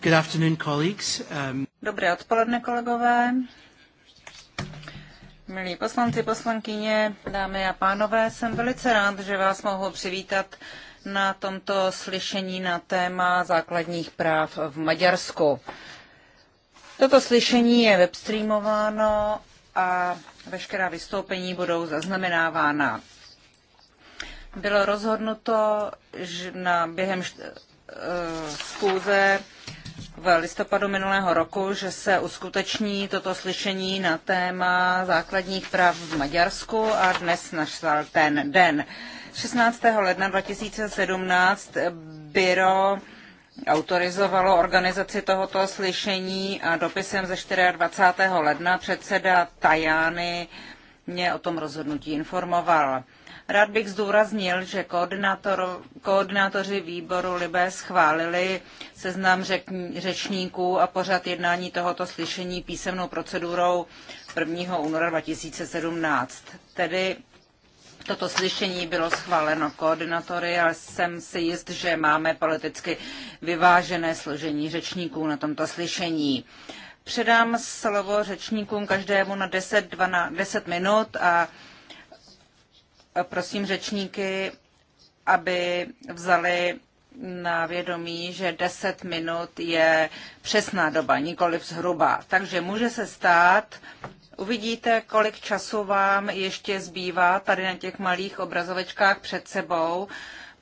Good afternoon, colleagues. Um, Dobré odpoledne, kolegové. Milí poslanci, poslankyně, dámy a pánové, jsem velice rád, že vás mohu přivítat na tomto slyšení na téma základních práv v Maďarsku. Toto slyšení je webstreamováno a veškerá vystoupení budou zaznamenávána. Bylo rozhodnuto, že na během št- eh, schůze v listopadu minulého roku, že se uskuteční toto slyšení na téma základních práv v Maďarsku a dnes našel ten den. 16. ledna 2017 byro autorizovalo organizaci tohoto slyšení a dopisem ze 24. ledna předseda Tajány mě o tom rozhodnutí informoval. Rád bych zdůraznil, že koordinátor, koordinátoři výboru Libé schválili seznam řekní, řečníků a pořad jednání tohoto slyšení písemnou procedurou 1. února 2017. Tedy Toto slyšení bylo schváleno koordinátory. ale jsem si jist, že máme politicky vyvážené složení řečníků na tomto slyšení. Předám slovo řečníkům každému na 10, 12, 10 minut a prosím řečníky, aby vzali na vědomí, že 10 minut je přesná doba, nikoli zhruba. Takže může se stát, uvidíte, kolik času vám ještě zbývá tady na těch malých obrazovečkách před sebou.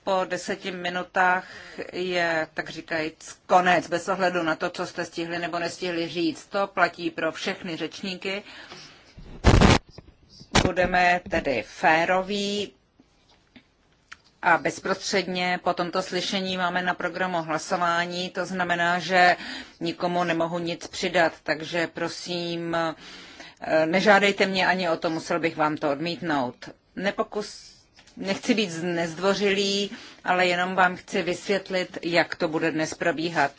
Po 10 minutách je, tak říkajíc, konec, bez ohledu na to, co jste stihli nebo nestihli říct. To platí pro všechny řečníky budeme tedy féroví a bezprostředně po tomto slyšení máme na programu hlasování, to znamená, že nikomu nemohu nic přidat, takže prosím, eh, nežádejte mě ani o to, musel bych vám to odmítnout. Nepokus, nechci být nezdvořilý, ale jenom vám chci vysvětlit, jak to bude dnes probíhat.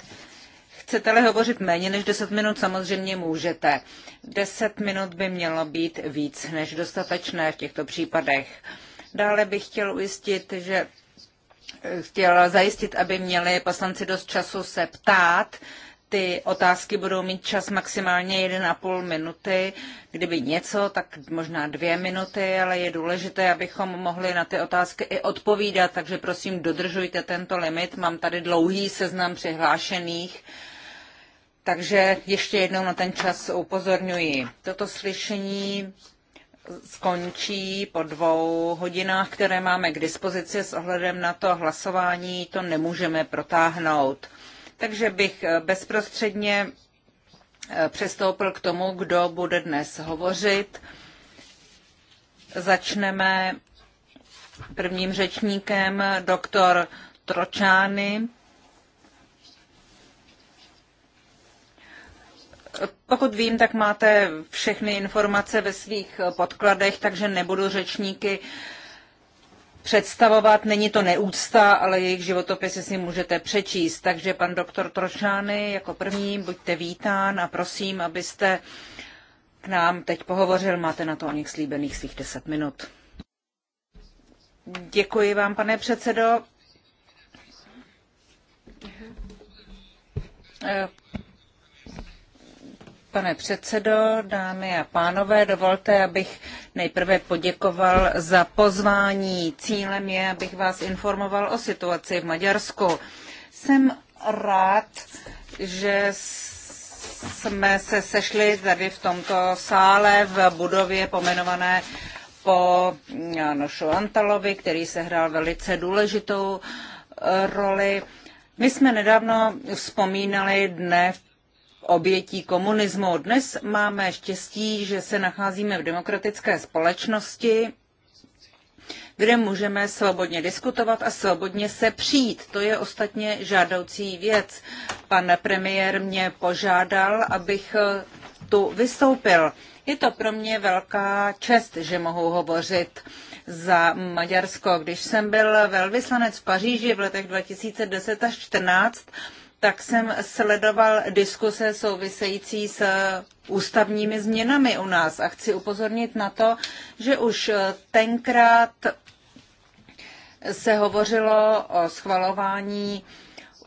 Chcete-li hovořit méně než 10 minut, samozřejmě můžete. 10 minut by mělo být víc než dostatečné v těchto případech. Dále bych chtěl ujistit, že chtěl zajistit, aby měli poslanci dost času se ptát. Ty otázky budou mít čas maximálně 1,5 minuty, kdyby něco, tak možná dvě minuty, ale je důležité, abychom mohli na ty otázky i odpovídat, takže prosím dodržujte tento limit. Mám tady dlouhý seznam přihlášených takže ještě jednou na ten čas upozorňuji. Toto slyšení skončí po dvou hodinách, které máme k dispozici s ohledem na to hlasování, to nemůžeme protáhnout. Takže bych bezprostředně eh, přestoupil k tomu, kdo bude dnes hovořit. Začneme prvním řečníkem doktor Tročány, Pokud vím, tak máte všechny informace ve svých podkladech, takže nebudu řečníky představovat. Není to neúcta, ale jejich životopisy si můžete přečíst. Takže pan doktor Trošány jako první, buďte vítán a prosím, abyste k nám teď pohovořil. Máte na to o nich slíbených svých 10 minut. Děkuji vám, pane předsedo. Pane předsedo, dámy a pánové, dovolte, abych nejprve poděkoval za pozvání. Cílem je, abych vás informoval o situaci v Maďarsku. Jsem rád, že jsme se sešli tady v tomto sále v budově pomenované po Janošu Antalovi, který se hrál velice důležitou eh, roli. My jsme nedávno vzpomínali dne v obětí komunismu. Dnes máme štěstí, že se nacházíme v demokratické společnosti, kde můžeme svobodně diskutovat a svobodně se přijít. To je ostatně žádoucí věc. Pan premiér mě požádal, abych eh, tu vystoupil. Je to pro mě velká čest, že mohu hovořit za Maďarsko. Když jsem byl velvyslanec v Paříži v letech 2010 až 2014, tak jsem sledoval diskuse související s eh, ústavními změnami u nás a chci upozornit na to, že už eh, tenkrát se hovořilo o schvalování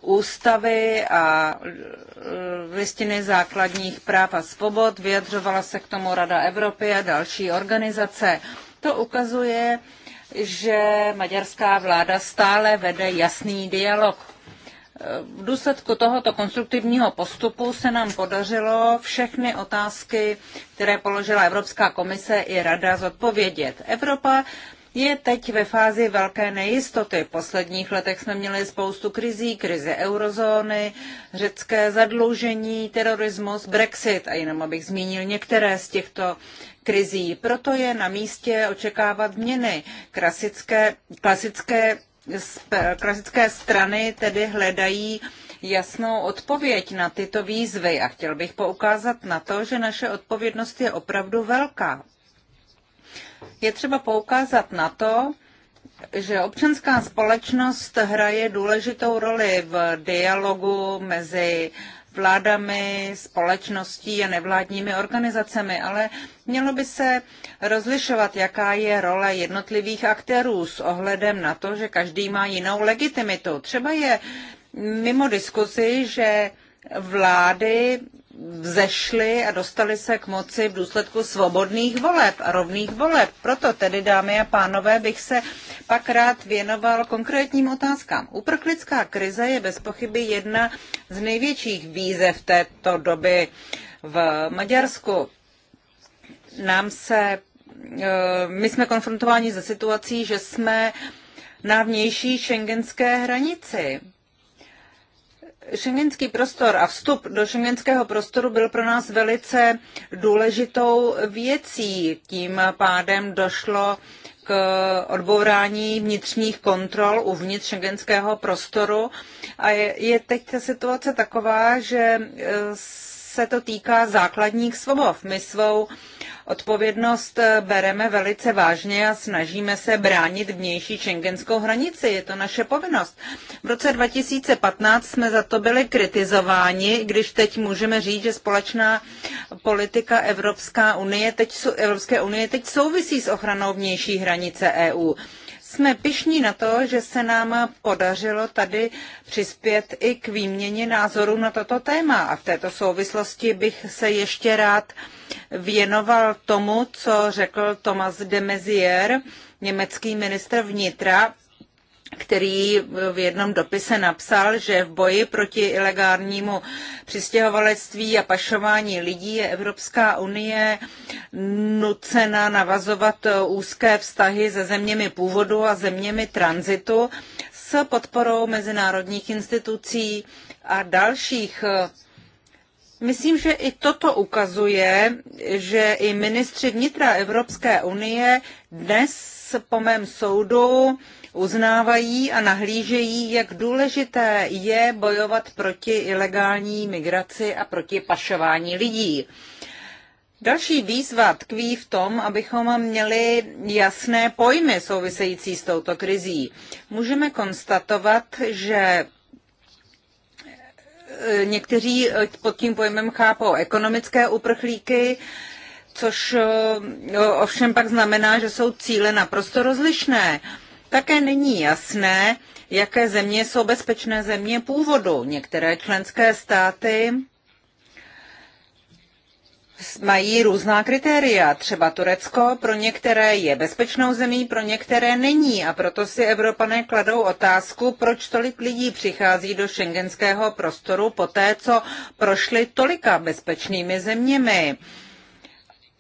ústavy a eh, listiny základních práv a svobod, vyjadřovala se k tomu Rada Evropy a další organizace. To ukazuje, že maďarská vláda stále vede jasný dialog v důsledku tohoto konstruktivního postupu se nám podařilo všechny otázky, které položila Evropská komise i Rada, zodpovědět. Evropa je teď ve fázi velké nejistoty. V posledních letech jsme měli spoustu krizí, krize eurozóny, řecké zadlužení, terorismus, Brexit a jenom abych zmínil některé z těchto krizí. Proto je na místě očekávat změny. Klasické, klasické klasické strany tedy hledají jasnou odpověď na tyto výzvy a chtěl bych poukázat na to, že naše odpovědnost je opravdu velká. Je třeba poukázat na to, že občanská společnost hraje důležitou roli v dialogu mezi uh, vládami, společností a nevládními organizacemi, ale mělo by se rozlišovat, jaká je role jednotlivých aktérů s ohledem na to, že každý má jinou legitimitu. Třeba je mimo diskuzi, že vlády vzešli a dostali se k moci v důsledku svobodných voleb a rovných voleb. Proto tedy, dámy a pánové, bych se pak rád věnoval konkrétním otázkám. Uprchlická krize je bez pochyby jedna z největších výzev této doby v Maďarsku. Nám se, eh, my jsme konfrontováni se situací, že jsme na vnější šengenské hranici Schengenský prostor a vstup do šengenského prostoru byl pro nás velice důležitou věcí. Tím pádem došlo k odbourání vnitřních kontrol uvnitř šengenského prostoru a je, je teď ta situace taková, že eh, se to týká základních svobod. My svou odpovědnost eh, bereme velice vážně a snažíme se bránit vnější šengenskou hranici. Je to naše povinnost. V roce 2015 jsme za to byli kritizováni, když teď můžeme říct, že společná politika Evropská unie teď, Evropské unie teď souvisí s ochranou vnější hranice EU. Jsme pišní na to, že se nám podařilo tady přispět i k výměně názorů na toto téma. A v této souvislosti bych se ještě rád věnoval tomu, co řekl Thomas de Maizière, německý ministr vnitra, který v jednom dopise napsal, že v boji proti ilegálnímu přistěhovalectví a pašování lidí je Evropská unie nucena navazovat úzké vztahy se zeměmi původu a zeměmi tranzitu s podporou mezinárodních institucí a dalších. Myslím, že i toto ukazuje, že i ministři vnitra Evropské unie dnes po mém soudu uznávají a nahlížejí, jak důležité je bojovat proti ilegální migraci a proti pašování lidí. Další výzva tkví v tom, abychom měli jasné pojmy související s touto krizí. Můžeme konstatovat, že eh, někteří eh, pod tím pojmem chápou ekonomické uprchlíky, což eh, no, ovšem pak znamená, že jsou cíle naprosto rozlišné. Také není jasné, jaké země jsou bezpečné země původu. Některé členské státy mají různá kritéria. Třeba Turecko pro některé je bezpečnou zemí, pro některé není. A proto si Evropané kladou otázku, proč tolik lidí přichází do šengenského prostoru po té, co prošli tolika bezpečnými zeměmi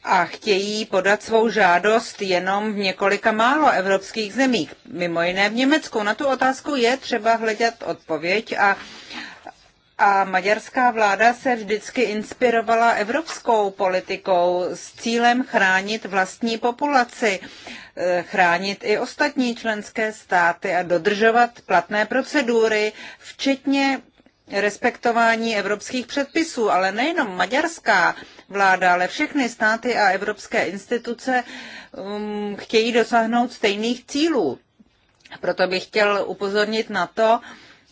a chtějí podat svou žádost jenom v několika málo evropských zemích, mimo jiné v Německu. Na tu otázku je třeba hledat odpověď a, a maďarská vláda se vždycky inspirovala evropskou politikou s cílem chránit vlastní populaci, eh, chránit i ostatní členské státy a dodržovat platné procedury, včetně respektování evropských předpisů, ale nejenom maďarská vláda, ale všechny státy a evropské instituce um, chtějí dosáhnout stejných cílů. Proto bych chtěl upozornit na to,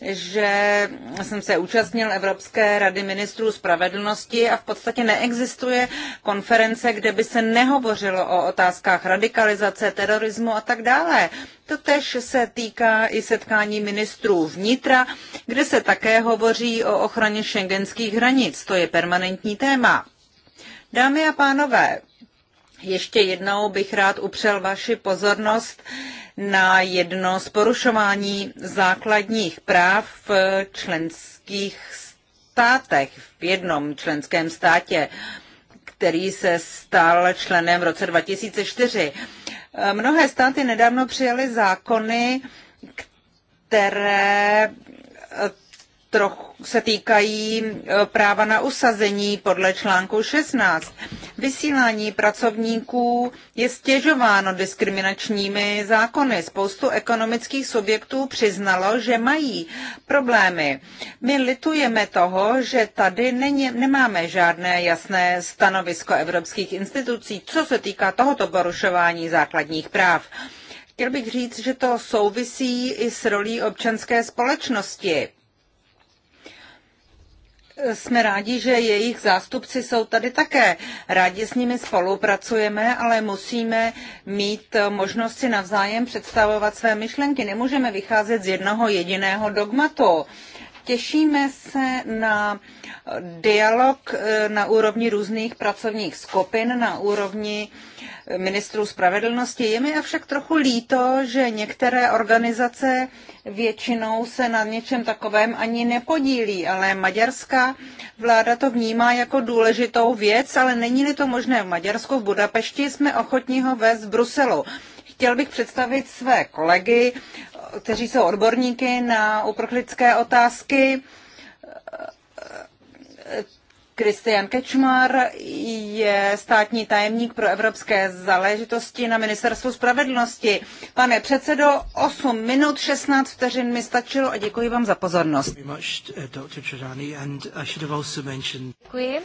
že jsem se účastnil Evropské rady ministrů spravedlnosti a v podstatě neexistuje konference, kde by se nehovořilo o otázkách radikalizace, terorismu a tak dále. To tež se týká i setkání ministrů vnitra, kde se také hovoří o ochraně šengenských hranic. To je permanentní téma. Dámy a pánové, ještě jednou bych rád upřel vaši pozornost na jedno z porušování základních práv v členských státech, v jednom členském státě, který se stal členem v roce 2004. Mnohé státy nedávno přijaly zákony, které Troch se týkají e, práva na usazení podle článku 16. Vysílání pracovníků je stěžováno diskriminačními zákony. Spoustu ekonomických subjektů přiznalo, že mají problémy. My litujeme toho, že tady není, nemáme žádné jasné stanovisko evropských institucí, co se týká tohoto porušování základních práv. Chtěl bych říct, že to souvisí i s rolí občanské společnosti jsme rádi, že jejich zástupci jsou tady také. Rádi s nimi spolupracujeme, ale musíme mít možnost si navzájem představovat své myšlenky. Nemůžeme vycházet z jednoho jediného dogmatu. Těšíme se na dialog eh, na úrovni různých pracovních skupin, na úrovni eh, ministrů spravedlnosti. Je mi avšak trochu líto, že některé organizace většinou se na něčem takovém ani nepodílí, ale maďarská vláda to vnímá jako důležitou věc, ale není-li to možné v Maďarsku, v Budapešti jsme ochotní ho vést v Bruselu chtěl bych představit své kolegy kteří jsou odborníky na uprchlické otázky. Kristian Kečmar je státní tajemník pro evropské záležitosti na Ministerstvu spravedlnosti. Pane předsedo, 8 minut 16 vteřin mi stačilo a děkuji vám za pozornost. Uh, děkuji.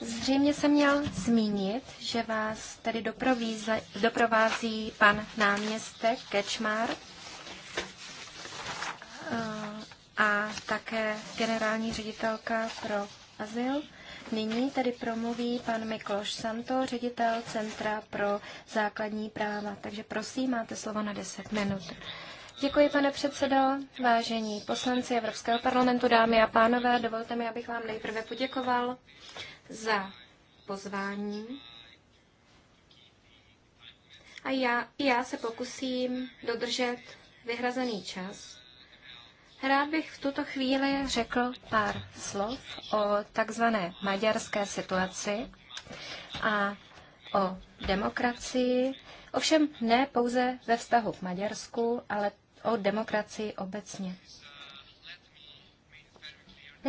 Zřejmě jsem měl zmínit, že vás tady doprovíze, doprovází pan náměstek Kečmar eh, a také generální ředitelka pro azyl. Nyní tady promluví pan Mikloš Santo, ředitel Centra pro základní práva. Takže prosím, máte slovo na 10 minut. Děkuji, pane předsedo. Vážení poslanci Evropského parlamentu, dámy a pánové, dovolte mi, abych vám nejprve poděkoval za pozvání. A já, já se pokusím dodržet vyhrazený čas. Rád bych v tuto chvíli řekl pár slov o takzvané maďarské situaci a o demokracii, ovšem ne pouze ve vztahu k Maďarsku, ale o demokracii obecně.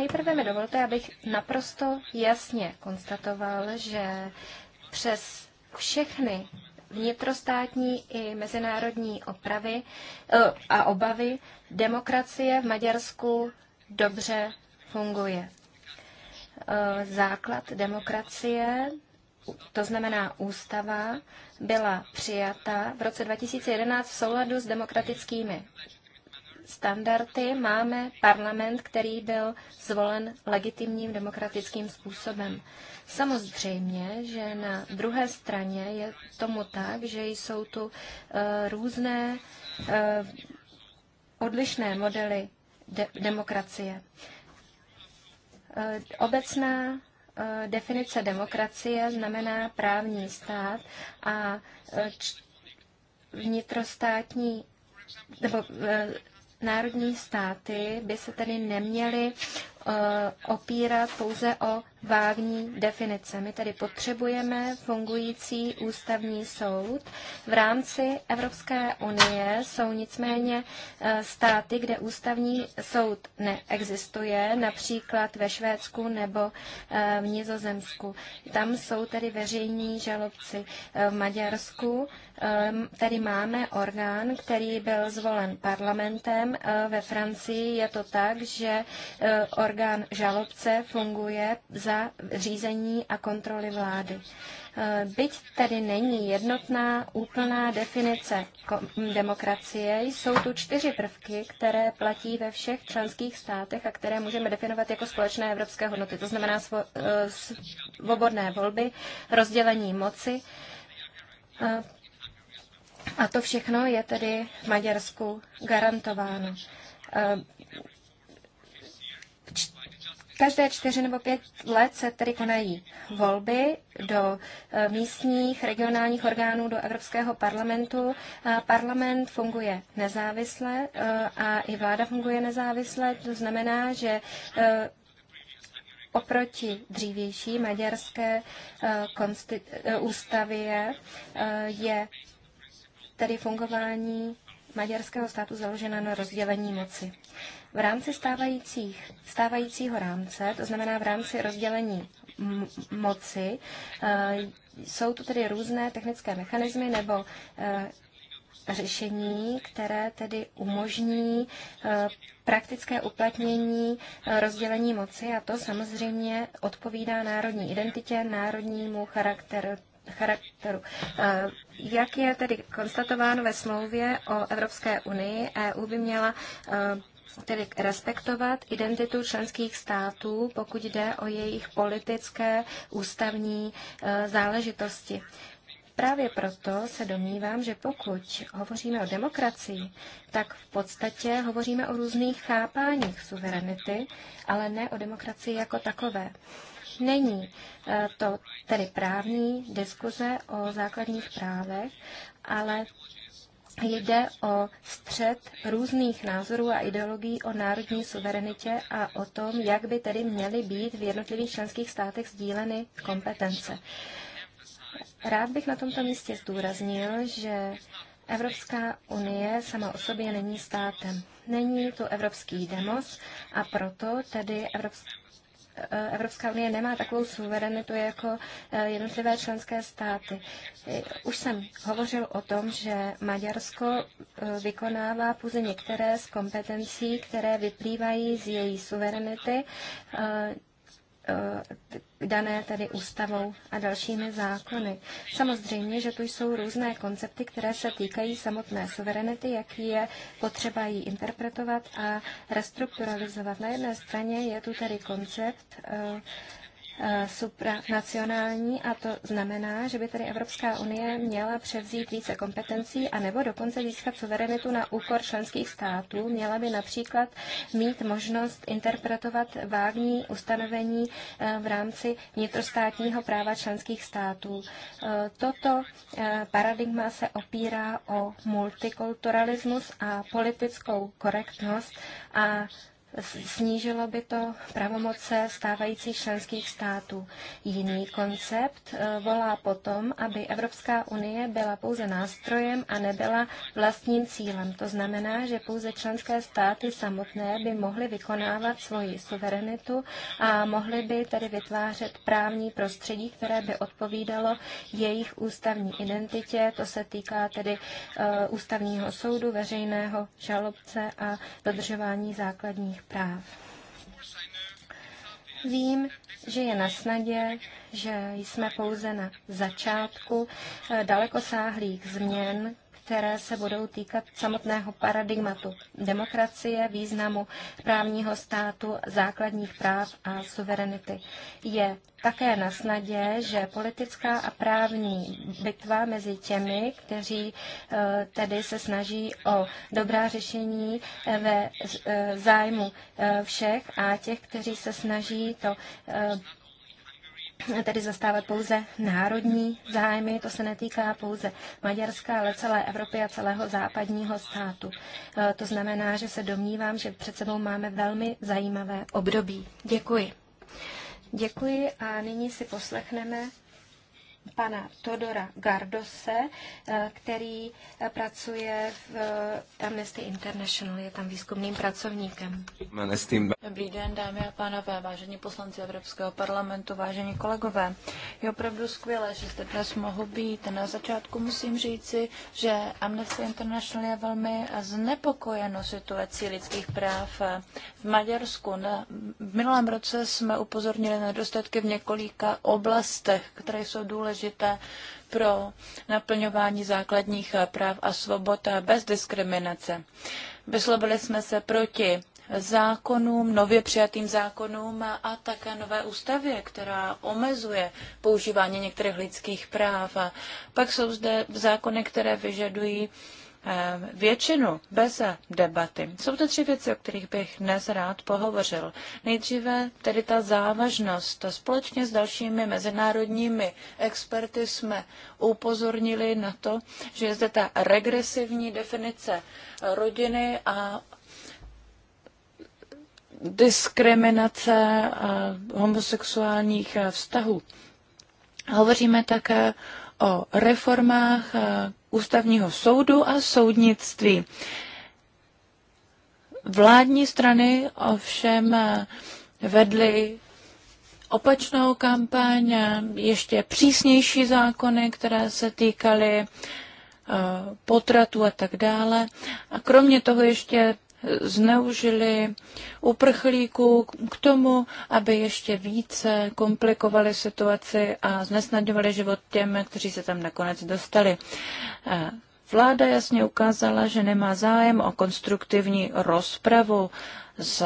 Nejprve mi dovolte, abych naprosto jasně konstatoval, že přes všechny vnitrostátní i mezinárodní opravy eh, a obavy demokracie v Maďarsku dobře funguje. Eh, základ demokracie, to znamená ústava, byla přijata v roce 2011 v souladu s demokratickými standardy máme parlament, který byl zvolen legitimním demokratickým způsobem. Samozřejmě, že na druhé straně je tomu tak, že jsou tu uh, různé uh, odlišné modely de- demokracie. Uh, obecná definice demokracie znamená právní stát a vnitrostátní nebo národní státy by se tedy neměly Eh, opírat pouze o vágní definice. My tedy potřebujeme fungující ústavní soud. V rámci Evropské unie jsou nicméně eh, státy, kde ústavní soud neexistuje, například ve Švédsku nebo eh, v Nizozemsku. Tam jsou tedy veřejní žalobci v Maďarsku. Ehm, Tady máme orgán, který byl zvolen parlamentem. Ve Francii je to tak, že orgán orgán žalobce funguje za řízení a kontroly vlády. Eh, byť tedy není jednotná úplná definice demokracie, jsou tu čtyři prvky, které platí ve všech členských státech a které můžeme definovat jako společné evropské hodnoty. To znamená eh, svobodné volby, rozdělení moci. Eh, a to všechno je tedy v Maďarsku garantováno. Každé čtyři nebo pět let se tedy konají volby do eh, místních regionálních orgánů do Evropského parlamentu. Parlament funguje nezávisle eh, a i vláda funguje nezávisle. To znamená, že eh, oproti dřívější maďarské ústavě je tedy fungování maďarského státu založena na rozdělení moci. V rámci stávajících, stávajícího rámce, to znamená v rámci rozdělení moci, eh, jsou tu tedy různé technické mechanismy nebo eh, řešení, které tedy umožní eh, praktické uplatnění rozdělení moci a to samozřejmě odpovídá národní identitě, národnímu charakteru charakteru. Jak je tedy konstatováno ve smlouvě o Evropské unii, EU by měla tedy respektovat identitu členských států, pokud jde o jejich politické ústavní e, záležitosti. Právě proto se domnívám, že pokud hovoříme o demokracii, tak v podstatě hovoříme o různých chápáních suverenity, ale ne o demokracii jako takové. Není e, to tedy právní diskuze o základních právech, ale Jde o střed různých názorů a ideologií o národní suverenitě a o tom, jak by tedy měly být v jednotlivých členských státech sdíleny kompetence. Rád bych na tomto místě zdůraznil, že Evropská unie sama o sobě není státem. Není to evropský demos a proto tedy Evropská Eh, Evropská unie nemá takovou suverenitu jako eh, jednotlivé členské státy. Eh, už jsem hovořil o tom, že Maďarsko vykonává pouze některé z kompetencí, které vyplývají z její suverenity. Eh, dané tedy ústavou a dalšími zákony. Samozřejmě, že tu jsou různé koncepty, které se týkají samotné suverenity, jak je potřeba ji interpretovat a restrukturalizovat. Na jedné straně je tu tedy koncept eh, Eh, supranacionální a to znamená, že by tedy Evropská unie měla převzít více kompetencí a nebo dokonce získat suverenitu na úkor členských států. Měla by například mít možnost interpretovat vágní ustanovení eh, v rámci vnitrostátního práva členských států. Eh, toto paradigma se opírá o multikulturalismus a politickou korektnost a Snížilo by to pravomoce stávajících členských států. Jiný koncept e, volá potom, aby Evropská unie byla pouze nástrojem a nebyla vlastním cílem. To znamená, že pouze členské státy samotné by mohly vykonávat svoji suverenitu a mohly by tedy vytvářet právní prostředí, které by odpovídalo jejich ústavní identitě. To se týká tedy e, ústavního soudu, veřejného žalobce a dodržování základních lidských práv. Vím, že je na snadě, že jsme pouze na začátku eh, dalekosáhlých změn, které se budou týkat samotného paradigmatu demokracie, významu právního státu, základních práv a suverenity. Je také na snadě, že politická a právní bitva mezi těmi, kteří eh, tedy se snaží o dobrá řešení eh, ve eh, zájmu všech a těch, kteří se snaží to tedy zastávat pouze národní zájmy, to se netýká pouze Maďarska, ale celé Evropy a celého západního státu. E, to znamená, že se domnívám, že před sebou máme velmi zajímavé období. Děkuji. Děkuji a nyní si poslechneme pana Todora Gardose, eh, který eh, pracuje v eh, Amnesty International, je tam výzkumným pracovníkem. Dobrý den, dámy a pánové, vážení poslanci Evropského parlamentu, vážení kolegové. Je opravdu skvělé, že jste dnes mohu být. Na začátku musím říci, že Amnesty International je velmi znepokojeno situací lidských práv v Maďarsku. Na, v minulém roce jsme upozornili na nedostatky v několika oblastech, které jsou důležité důležité pro naplňování základních eh, práv a svobod eh, bez diskriminace. Vyslovili jsme se proti zákonům, nově přijatým zákonům a také nové ústavě, která omezuje používání některých lidských práv. A pak jsou zde zákony, které vyžadují uh, Eh, většinu bez debaty. Jsou to tři věci, o kterých bych dnes rád pohovořil. Nejdříve tedy ta závažnost. Společně s dalšími mezinárodními experty jsme upozornili na to, že je zde ta regresivní definice rodiny a diskriminace eh, homosexuálních eh, vztahů. Hovoříme také o reformách eh, ústavního soudu a soudnictví. Vládní strany ovšem eh, vedly opačnou kampaň, eh, ještě přísnější zákony, které se týkaly potratu a tak dále. A kromě toho ještě zneužili uprchlíků k tomu, aby ještě více komplikovali situaci a znesnadňovali život těm, kteří se tam nakonec dostali. Eh, vláda jasně ukázala, že nemá zájem o konstruktivní rozpravu s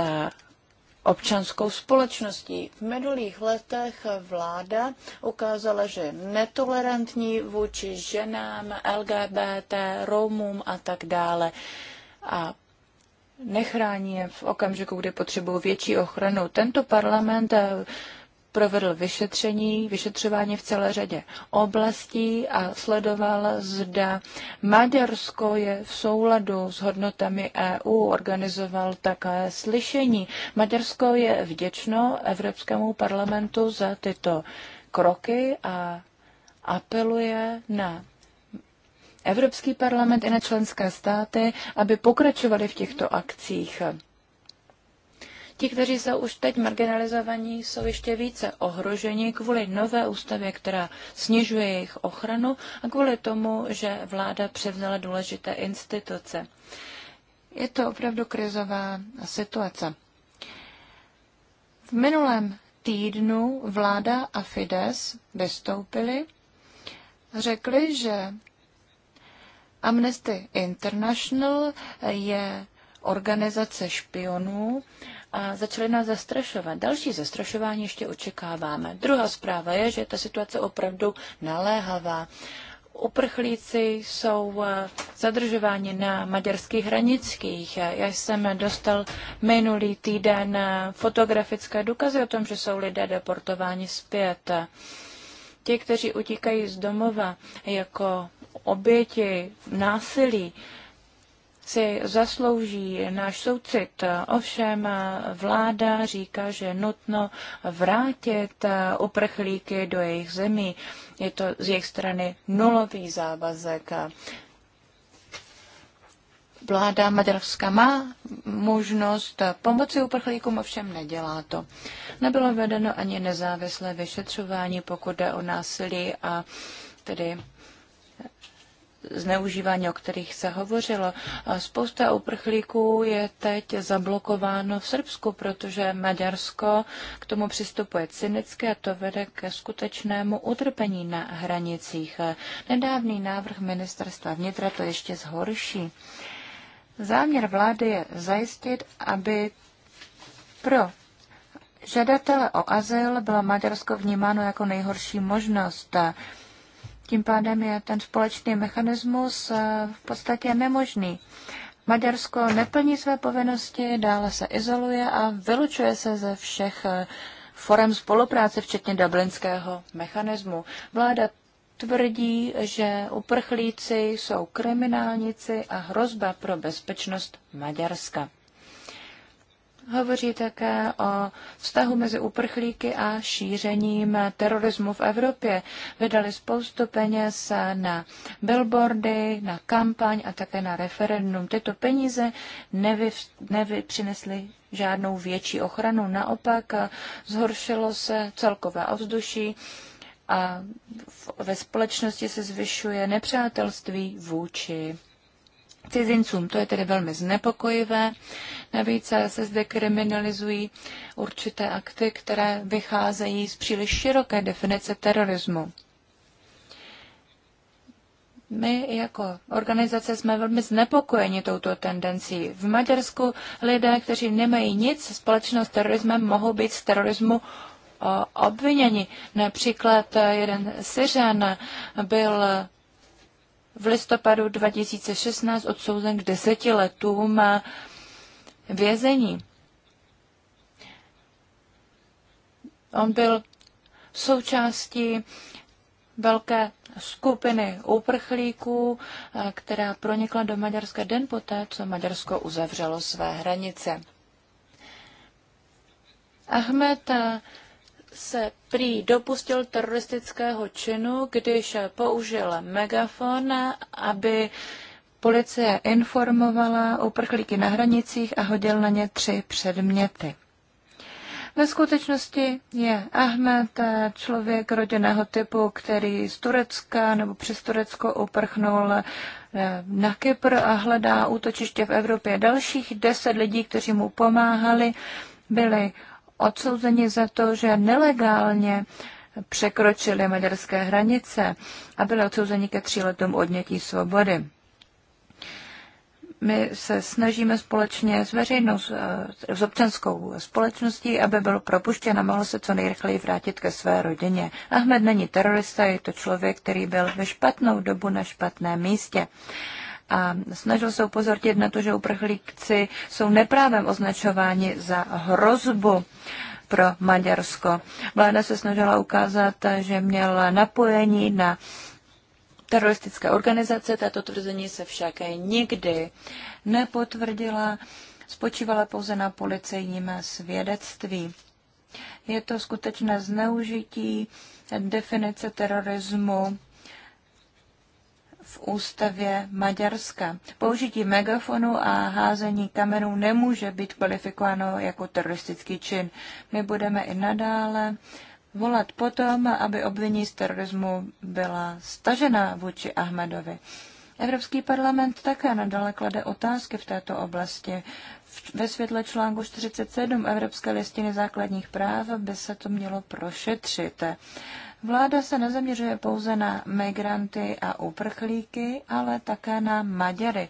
občanskou společností. V minulých letech vláda ukázala, že je netolerantní vůči ženám, LGBT, Romům a tak dále. A nechrání je v okamžiku, kdy potřebují větší ochranu. Tento parlament eh, provedl vyšetření, vyšetřování v celé řadě oblastí a sledoval, zda Maďarsko je v souladu s hodnotami EU, organizoval také slyšení. Maďarsko je vděčno Evropskému parlamentu za tyto kroky a apeluje na Evropský parlament i na členské státy, aby pokračovali v těchto akcích. Ti, kteří jsou už teď marginalizovaní, jsou ještě více ohroženi kvůli nové ústavě, která snižuje jejich ochranu a kvůli tomu, že vláda převzala důležité instituce. Je to opravdu krizová situace. V minulém týdnu vláda a Fides vystoupili, řekli, že Amnesty International je organizace špionů a začaly nás zastrašovat. Další zastrašování ještě očekáváme. Druhá zpráva je, že ta situace opravdu naléhavá. Uprchlíci jsou eh, zadržováni na maďarských hranických. Já jsem dostal minulý týden eh, fotografické důkazy o tom, že jsou lidé deportováni zpět. Ti, kteří utíkají z domova jako oběti násilí si zaslouží náš soucit. Ovšem vláda říká, že je nutno vrátit uprchlíky do jejich zemí. Je to z jejich strany nulový závazek. Vláda Maďarska má možnost pomoci uprchlíkům, ovšem nedělá to. Nebylo vedeno ani nezávislé vyšetřování, pokud jde o násilí a tedy zneužívání, o kterých se hovořilo. Spousta uprchlíků je teď zablokováno v Srbsku, protože Maďarsko k tomu přistupuje cynicky a to vede ke skutečnému utrpení na hranicích. Nedávný návrh ministerstva vnitra to ještě zhorší. Záměr vlády je zajistit, aby pro žadatele o azyl bylo Maďarsko vnímáno jako nejhorší možnost. Tím pádem je ten společný mechanismus eh, v podstatě nemožný. Maďarsko neplní své povinnosti, dále se izoluje a vylučuje se ze všech eh, forem spolupráce, včetně dublinského mechanismu. Vláda tvrdí, že uprchlíci jsou kriminálníci a hrozba pro bezpečnost Maďarska. Hovoří také o vztahu mezi uprchlíky a šířením terorismu v Evropě. Vydali spoustu peněz na billboardy, na kampaň a také na referendum. Tyto peníze nevy, přinesly žádnou větší ochranu. Naopak zhoršilo se celkové ovzduší a ve společnosti se zvyšuje nepřátelství vůči cizincům. To je tedy velmi znepokojivé. Navíc se zde kriminalizují určité akty, které vycházejí z příliš široké definice terorismu. My jako organizace jsme velmi znepokojeni touto tendencí. V Maďarsku lidé, kteří nemají nic společného s terorismem, mohou být z terorismu obviněni. Například jeden Syřan byl v listopadu 2016 odsouzen k deseti letům vězení. On byl součástí velké skupiny úprchlíků, která pronikla do Maďarska den poté, co Maďarsko uzavřelo své hranice. Ahmed se prý dopustil teroristického činu, když použil megafon, aby policie informovala uprchlíky na hranicích a hodil na ně tři předměty. Ve skutečnosti je Ahmed eh, člověk rodinného typu, který z Turecka nebo přes Turecko uprchnul eh, na Kypr a hledá útočiště v Evropě. Dalších deset lidí, kteří mu pomáhali, byli odsouzeni za to, že nelegálně překročili maďarské hranice a byli odsouzeni ke tří letům odnětí svobody. My se snažíme společně s veřejnou, s občanskou společností, aby byl propuštěn a mohl se co nejrychleji vrátit ke své rodině. Ahmed není terorista, je to člověk, který byl ve špatnou dobu na špatném místě a snažil se upozornit na to, že uprchlíci jsou neprávem označováni za hrozbu pro Maďarsko. Vláda se snažila ukázat, že měl napojení na teroristické organizace. Tato tvrzení se však nikdy nepotvrdila, spočívala pouze na policejním svědectví. Je to skutečné zneužití definice terorismu v ústavě Maďarska. Použití megafonu a házení kamerou nemůže být kvalifikováno jako teroristický čin. My budeme i nadále volat potom, aby obvinění z terorismu byla stažena vůči Ahmedovi. Evropský parlament také nadále klade otázky v této oblasti. Ve světle článku 47 Evropské listiny základních práv by se to mělo prošetřit. Vláda se nezaměřuje pouze na migranty a uprchlíky, ale také na Maďary.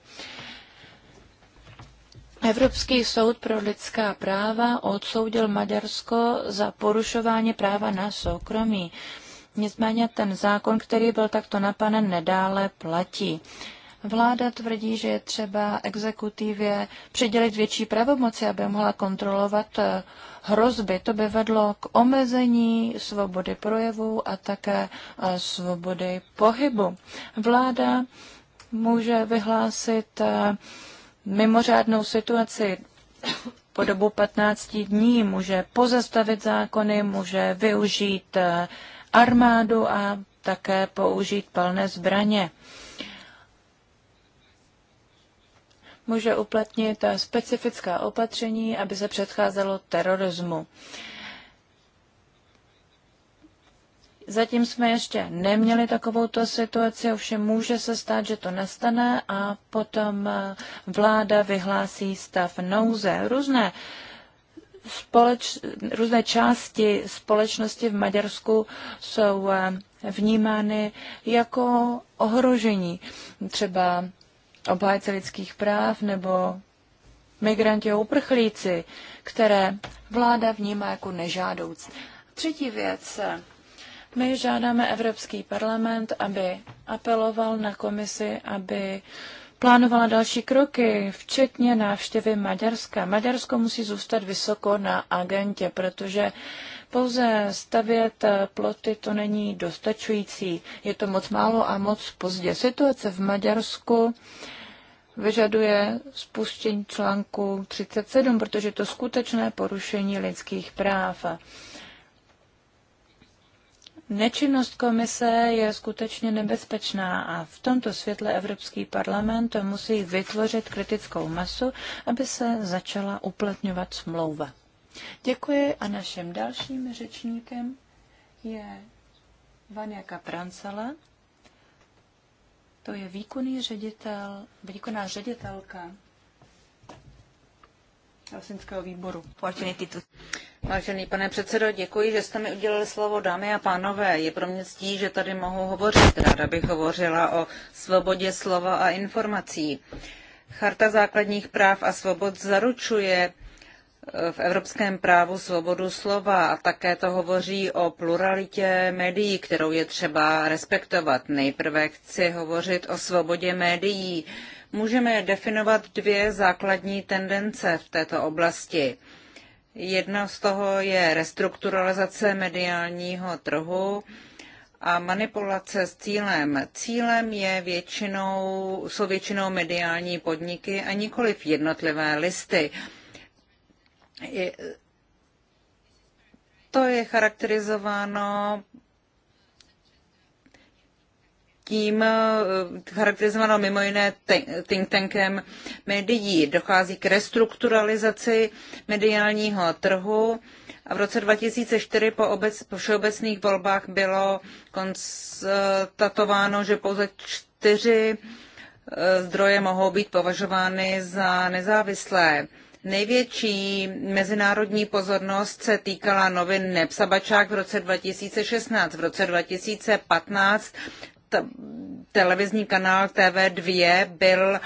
Evropský soud pro lidská práva odsoudil Maďarsko za porušování práva na soukromí. Nicméně ten zákon, který byl takto napaden, nedále platí. Vláda tvrdí, že je třeba exekutivě přidělit větší pravomoci, aby mohla kontrolovat eh, hrozby. To by vedlo k omezení svobody projevu a také eh, svobody pohybu. Vláda může vyhlásit eh, mimořádnou situaci po dobu 15 dní, může pozastavit zákony, může využít armádu a také použít palné zbraně. může uplatnit specifická opatření, aby se předcházelo terorismu. Zatím jsme ještě neměli takovouto situaci, ovšem může se stát, že to nastane a potom eh, vláda vyhlásí stav nouze. Různé, společ, různé části společnosti v Maďarsku jsou eh, vnímány jako ohrožení. Třeba obhájce lidských práv nebo migranti a uprchlíci, které vláda vnímá jako nežádoucí. Třetí věc. My žádáme Evropský parlament, aby apeloval na komisi, aby uh, plánovala další kroky, včetně návštěvy Maďarska. Maďarsko musí zůstat vysoko na agentě, protože pouze stavět ploty to není dostačující. Je to moc málo a moc pozdě. Situace v Maďarsku vyžaduje spuštění článku 37, protože to skutečné porušení lidských práv. Nečinnost komise je skutečně nebezpečná a v tomto světle Evropský parlament musí vytvořit kritickou masu, aby se začala uplatňovat smlouva. Děkuji a naším dalším řečníkem je Vania Kaprancela. To je výkonný ředitel, výkonná ředitelka Helsinského výboru. Vážený pane předsedo, děkuji, že jste mi udělali slovo, dámy a pánové. Je pro mě ctí, že tady mohu hovořit. Ráda bych hovořila o svobodě slova a informací. Charta základních práv a svobod zaručuje eh, v evropském právu svobodu slova a také to hovoří o pluralitě médií, kterou je třeba respektovat. Nejprve chci hovořit o svobodě médií. Můžeme definovat dvě základní tendence v této oblasti. Jedna z toho je restrukturalizace mediálního trhu a manipulace s cílem. Cílem je většinou, jsou většinou mediální podniky a nikoliv jednotlivé listy. To je charakterizováno tím eh, charakterizovanou mimo jiné think tankem médií. Dochází k restrukturalizaci mediálního trhu a v roce 2004 po, obec, po všeobecných volbách bylo konstatováno, že pouze čtyři eh, zdroje mohou být považovány za nezávislé. Největší mezinárodní pozornost se týkala novin Nepsabačák v roce 2016. V roce 2015 televizní kanál TV2 byl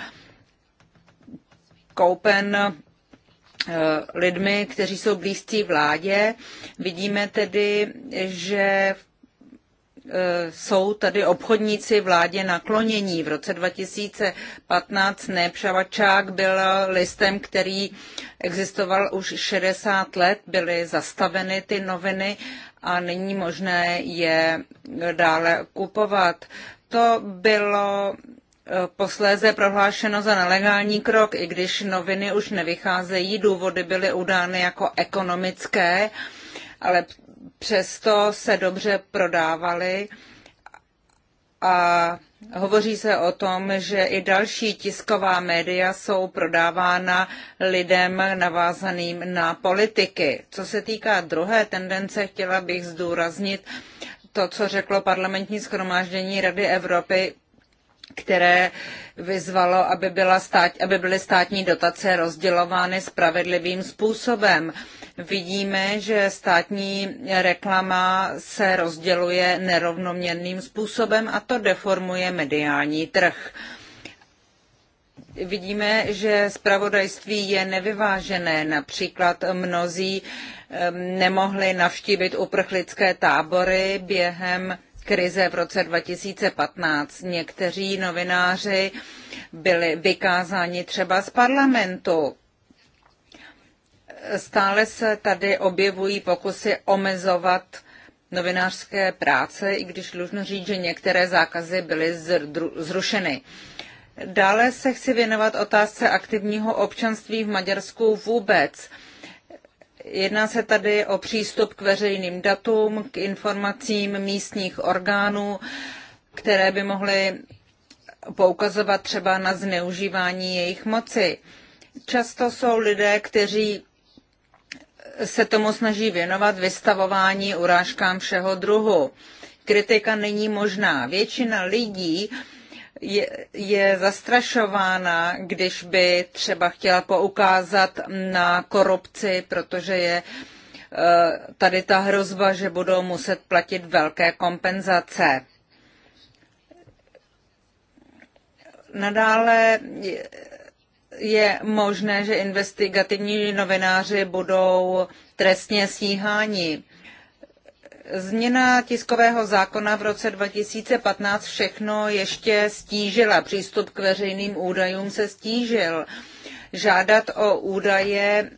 koupen eh, lidmi, kteří jsou blízcí vládě. Vidíme tedy, že eh, jsou tady obchodníci vládě naklonění. V roce 2015 Nepšavačák byl listem, který existoval už 60 let, byly zastaveny ty noviny a není možné je dále kupovat. To bylo eh, posléze prohlášeno za nelegální krok, i když noviny už nevycházejí, důvody byly udány jako ekonomické, ale přesto se dobře prodávaly a Hovoří se o tom, že i další tisková média jsou prodávána lidem navázaným na politiky. Co se týká druhé tendence, chtěla bych zdůraznit to, co řeklo parlamentní schromáždění Rady Evropy které vyzvalo, aby, byla stát, aby byly státní dotace rozdělovány spravedlivým způsobem vidíme, že státní reklama se rozděluje nerovnoměrným způsobem a to deformuje mediální trh. Vidíme, že zpravodajství je nevyvážené. Například mnozí nemohli navštívit uprchlické tábory během krize v roce 2015. Někteří novináři byli vykázáni třeba z parlamentu Stále se tady objevují pokusy omezovat novinářské práce, i když dlužno říct, že některé zákazy byly zrušeny. Dále se chci věnovat otázce aktivního občanství v Maďarsku vůbec. Jedná se tady o přístup k veřejným datům, k informacím místních orgánů, které by mohly poukazovat třeba na zneužívání jejich moci. Často jsou lidé, kteří se tomu snaží věnovat vystavování urážkám všeho druhu. Kritika není možná. Většina lidí je, je zastrašována, když by třeba chtěla poukázat na korupci, protože je eh, tady ta hrozba, že budou muset platit velké kompenzace. Nadále je možné, že investigativní novináři budou trestně stíháni. Změna tiskového zákona v roce 2015 všechno ještě stížila. Přístup k veřejným údajům se stížil. Žádat o údaje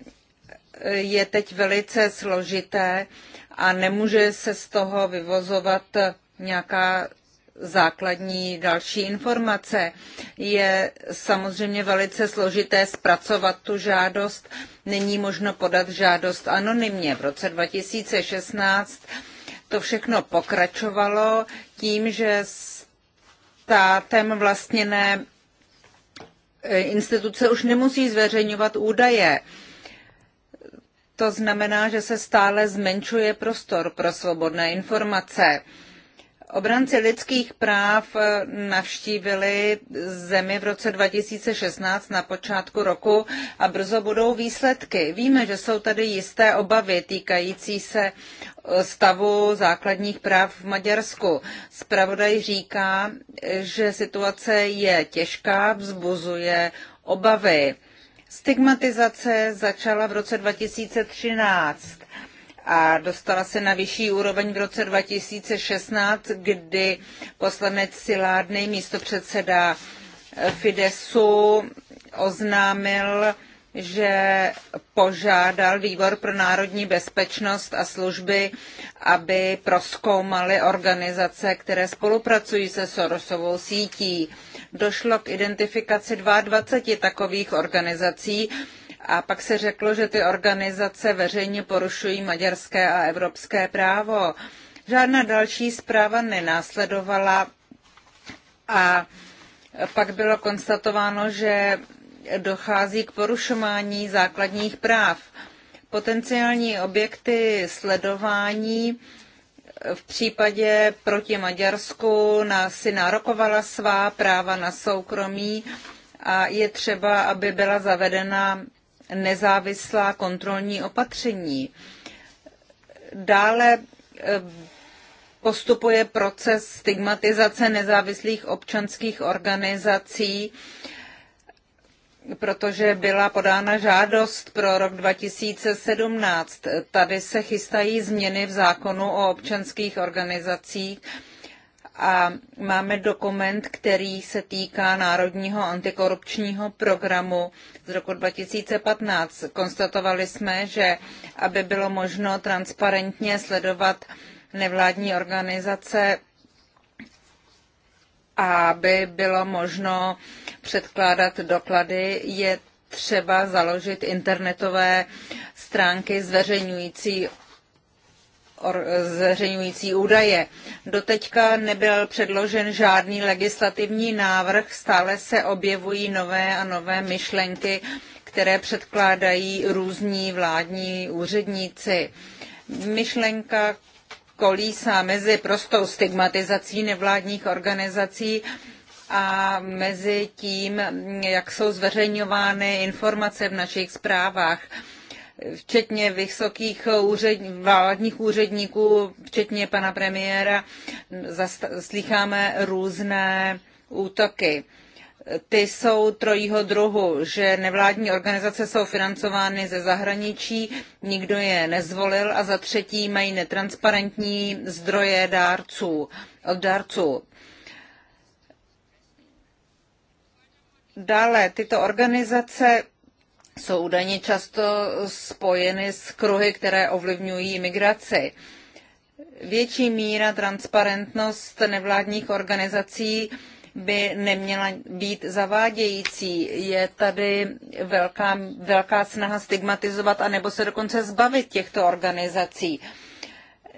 je teď velice složité a nemůže se z toho vyvozovat nějaká základní další informace. Je samozřejmě velice složité zpracovat tu žádost. Není možno podat žádost anonymně. V roce 2016 to všechno pokračovalo tím, že státem vlastněné eh, instituce už nemusí zveřejňovat údaje. To znamená, že se stále zmenšuje prostor pro svobodné informace. Obranci lidských práv eh, navštívili zemi v roce 2016 na počátku roku a brzo budou výsledky. Víme, že jsou tady jisté obavy týkající se eh, stavu základních práv v Maďarsku. Spravodaj říká, že situace je těžká, vzbuzuje obavy. Stigmatizace začala v roce 2013 a dostala se na vyšší úroveň v roce 2016, kdy poslanec Silárny, místopředseda Fidesu, oznámil, že požádal Výbor pro národní bezpečnost a služby, aby proskoumali organizace, které spolupracují se Sorosovou sítí. Došlo k identifikaci 22 takových organizací, a pak se řeklo, že ty organizace veřejně porušují maďarské a evropské právo. Žádná další zpráva nenásledovala a pak bylo konstatováno, že dochází k porušování základních práv. Potenciální objekty sledování v případě proti Maďarsku si nárokovala svá práva na soukromí a je třeba, aby byla zavedena nezávislá kontrolní opatření. Dále eh, postupuje proces stigmatizace nezávislých občanských organizací, protože byla podána žádost pro rok 2017. Tady se chystají změny v zákonu o občanských organizacích, a máme dokument, který se týká Národního antikorupčního programu z roku 2015. Konstatovali jsme, že aby bylo možno transparentně sledovat nevládní organizace, a aby bylo možno předkládat doklady, je třeba založit internetové stránky zveřejňující zveřejňující údaje. Doteďka nebyl předložen žádný legislativní návrh, stále se objevují nové a nové myšlenky, které předkládají různí vládní úředníci. Myšlenka kolísá mezi prostou stigmatizací nevládních organizací a mezi tím, jak jsou zveřejňovány informace v našich zprávách včetně vysokých úřed, vládních úředníků, včetně pana premiéra, slýcháme různé útoky. Ty jsou trojího druhu, že nevládní organizace jsou financovány ze zahraničí, nikdo je nezvolil a za třetí mají netransparentní zdroje dárců, od dárců. Dále tyto organizace jsou údajně často spojeny s kruhy, které ovlivňují imigraci. Větší míra transparentnost nevládních organizací by neměla být zavádějící. Je tady velká, velká snaha stigmatizovat a nebo se dokonce zbavit těchto organizací.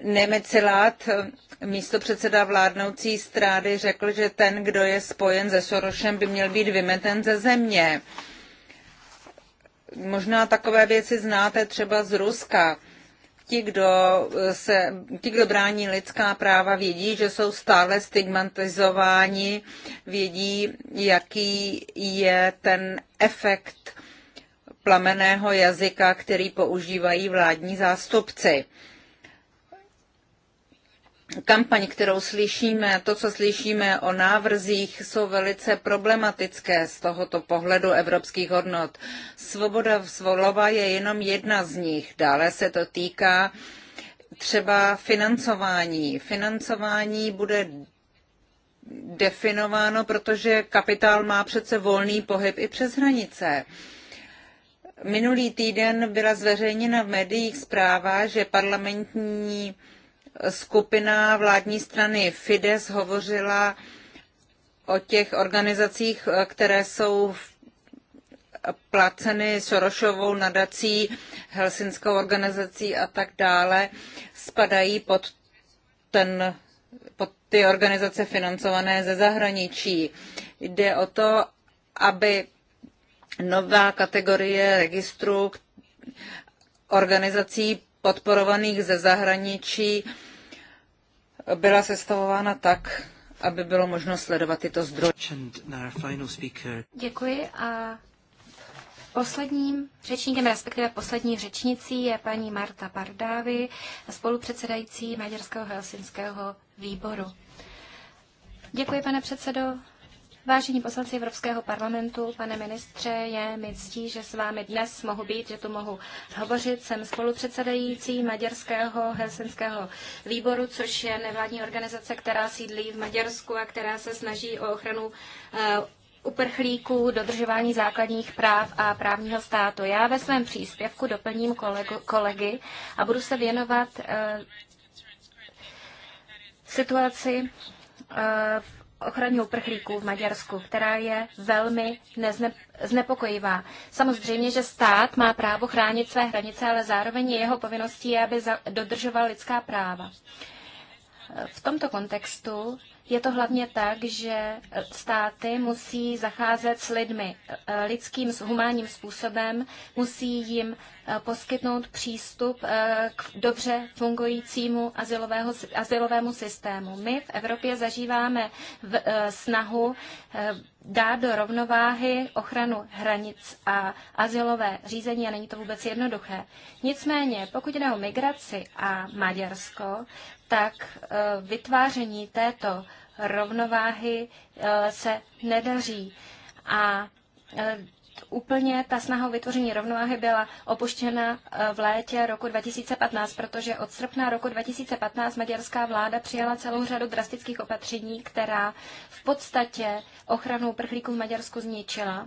Nemecilát, místo předseda vládnoucí strády, řekl, že ten, kdo je spojen se Sorošem, by měl být vymeten ze země. Možná takové věci znáte třeba z Ruska. Ti kdo, eh, se, ti, kdo brání lidská práva, vědí, že jsou stále stigmatizováni, vědí, jaký je ten efekt plameného jazyka, který používají vládní zástupci kampaň, kterou slyšíme, to, co slyšíme o návrzích, jsou velice problematické z tohoto pohledu evropských hodnot. Svoboda slova je jenom jedna z nich. Dále se to týká třeba financování. Financování bude definováno, protože kapitál má přece volný pohyb i přes hranice. Minulý týden byla zveřejněna v médiích zpráva, že parlamentní skupina vládní strany Fides hovořila o těch organizacích, které jsou placeny Sorošovou nadací, Helsinskou organizací a tak dále, spadají pod, ten, pod ty organizace financované ze zahraničí. Jde o to, aby nová kategorie registru organizací podporovaných ze zahraničí byla sestavována tak, aby bylo možno sledovat tyto zdroje. Děkuji a posledním řečníkem, respektive poslední řečnicí je paní Marta Pardávy, spolupředsedající Maďarského Helsinského výboru. Děkuji, pane předsedo. Vážení poslanci Evropského parlamentu, pane ministře, je mi ctí, že s vámi dnes mohu být, že tu mohu hovořit. Jsem spolupředsedající Maďarského helsinského výboru, což je nevládní organizace, která sídlí v Maďarsku a která se snaží o ochranu eh, uprchlíků, dodržování základních práv a právního státu. Já ve svém příspěvku doplním kolegu, kolegy a budu se věnovat uh, situaci uh, eh, v ochraně uprchlíků v Maďarsku, která je velmi nezne, znepokojivá. Samozřejmě, že stát má právo chránit své hranice, ale zároveň je jeho povinností, aby za, dodržoval lidská práva. V tomto kontextu je to hlavně tak, že eh, státy musí zacházet s lidmi eh, lidským, s humánním způsobem, musí jim eh, poskytnout přístup k dobře fungujícímu azylového, azylovému systému. My v Evropě zažíváme v, snahu dát do rovnováhy ochranu hranic a azylové řízení a není to vůbec jednoduché. Nicméně, pokud jde o migraci a Maďarsko, tak vytváření této rovnováhy eh, se nedaří. A eh, úplně ta snaha o vytvoření rovnováhy byla opuštěna eh, v létě roku 2015, protože od srpna roku 2015 maďarská vláda přijala celou řadu drastických opatření, která v podstatě ochranu prchlíků v Maďarsku zničila.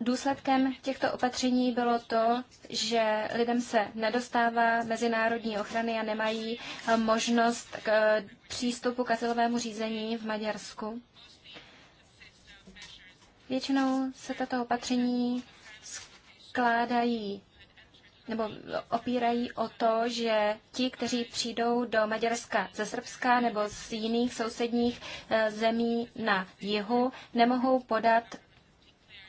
Důsledkem těchto opatření bylo to, že lidem se nedostává mezinárodní ochrany a nemají eh, možnost k eh, přístupu k asilovému řízení v Maďarsku. Většinou se tato opatření skládají nebo opírají o to, že ti, kteří přijdou do Maďarska ze Srbska nebo z jiných sousedních eh, zemí na jihu, nemohou podat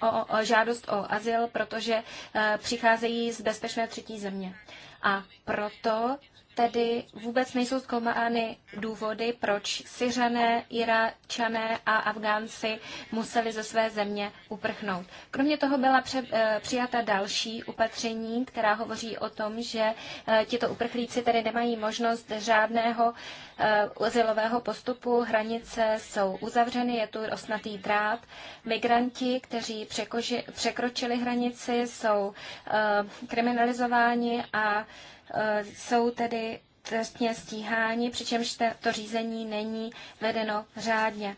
o, žádost o azyl, protože eh, přicházejí z bezpečné třetí země. A proto tedy vůbec nejsou zkoumány důvody, proč Syřané, Iráčané a Afgánci museli ze své země uprchnout. Kromě toho byla pře, eh, přijata další upatření, která hovoří o tom, že eh, tito uprchlíci tedy nemají možnost žádného eh, azylového postupu. Hranice jsou uzavřeny, je tu osnatý drát. Migranti, kteří překoži, překročili hranici, jsou kriminalizováni a Eh, jsou tedy trestně stíháni, přičemž to řízení není vedeno řádně.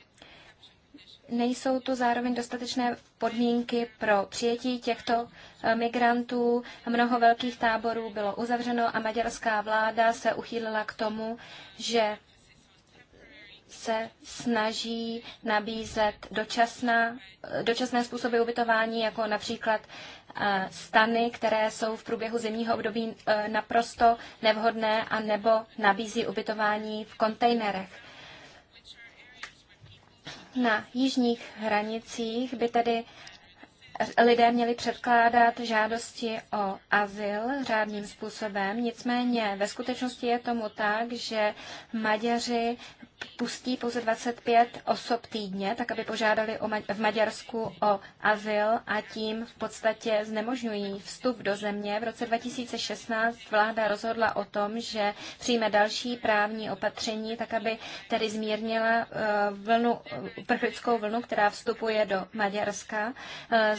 Nejsou tu zároveň dostatečné podmínky pro přijetí těchto eh, migrantů. Mnoho velkých táborů bylo uzavřeno a maďarská vláda se uchýlila k tomu, že se snaží nabízet dočasná, eh, dočasné způsoby ubytování, jako například Eh, stany, které jsou v průběhu zimního období eh, naprosto nevhodné a nebo nabízí ubytování v kontejnerech. Na jižních hranicích by tedy lidé měli předkládat žádosti o azyl řádným způsobem. Nicméně ve skutečnosti je tomu tak, že Maďaři pustí pouze 25 osob týdně, tak aby požádali o Ma- v Maďarsku o azyl a tím v podstatě znemožňují vstup do země. V roce 2016 vláda rozhodla o tom, že přijme další právní opatření, tak aby tedy zmírnila eh, vlnu, prchlickou vlnu, která vstupuje do Maďarska. Eh,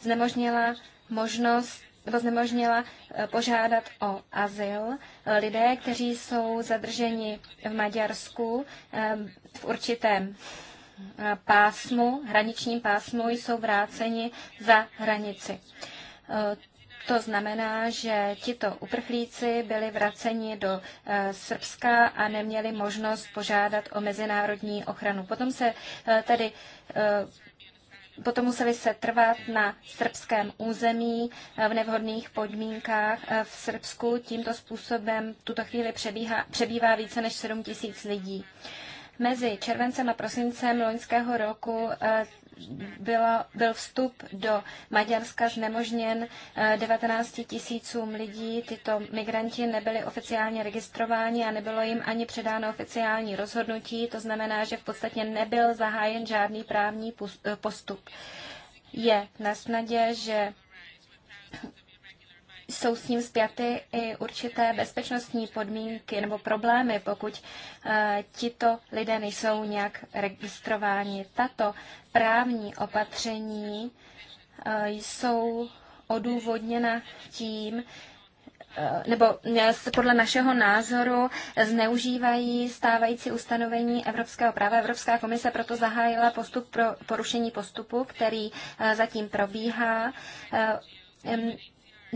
znemožnila možnost ho znemožnila eh, požádat o azyl. Eh, lidé, kteří jsou zadrženi v Maďarsku eh, v určitém pásmu, hraničním pásmu, jsou vráceni za hranici. To znamená, že tito uprchlíci byli vraceni do Srbska a neměli možnost požádat o mezinárodní ochranu. Potom se tedy potom museli se trvat na srbském území eh, v nevhodných podmínkách. Eh, v Srbsku tímto způsobem v tuto chvíli přebíhá, přebývá více než 7 tisíc lidí. Mezi červencem a prosincem loňského roku eh, bylo, byl vstup do Maďarska znemožněn 19 eh, tisícům lidí. Tyto migranti nebyli oficiálně registrováni a nebylo jim ani předáno oficiální rozhodnutí. To znamená, že v podstatě nebyl zahájen žádný právní eh, postup. Je na snadě, že jsou s ním zpěty i určité bezpečnostní podmínky nebo problémy, pokud eh, tito lidé nejsou nějak registrováni. Tato právní opatření eh, jsou odůvodněna tím, eh, nebo podle našeho názoru zneužívají stávající ustanovení evropského práva. Evropská komise proto zahájila postup pro porušení postupu, který zatím probíhá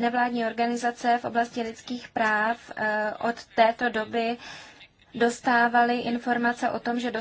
nevládní organizace v oblasti lidských práv eh, od této doby dostávali informace o tom, že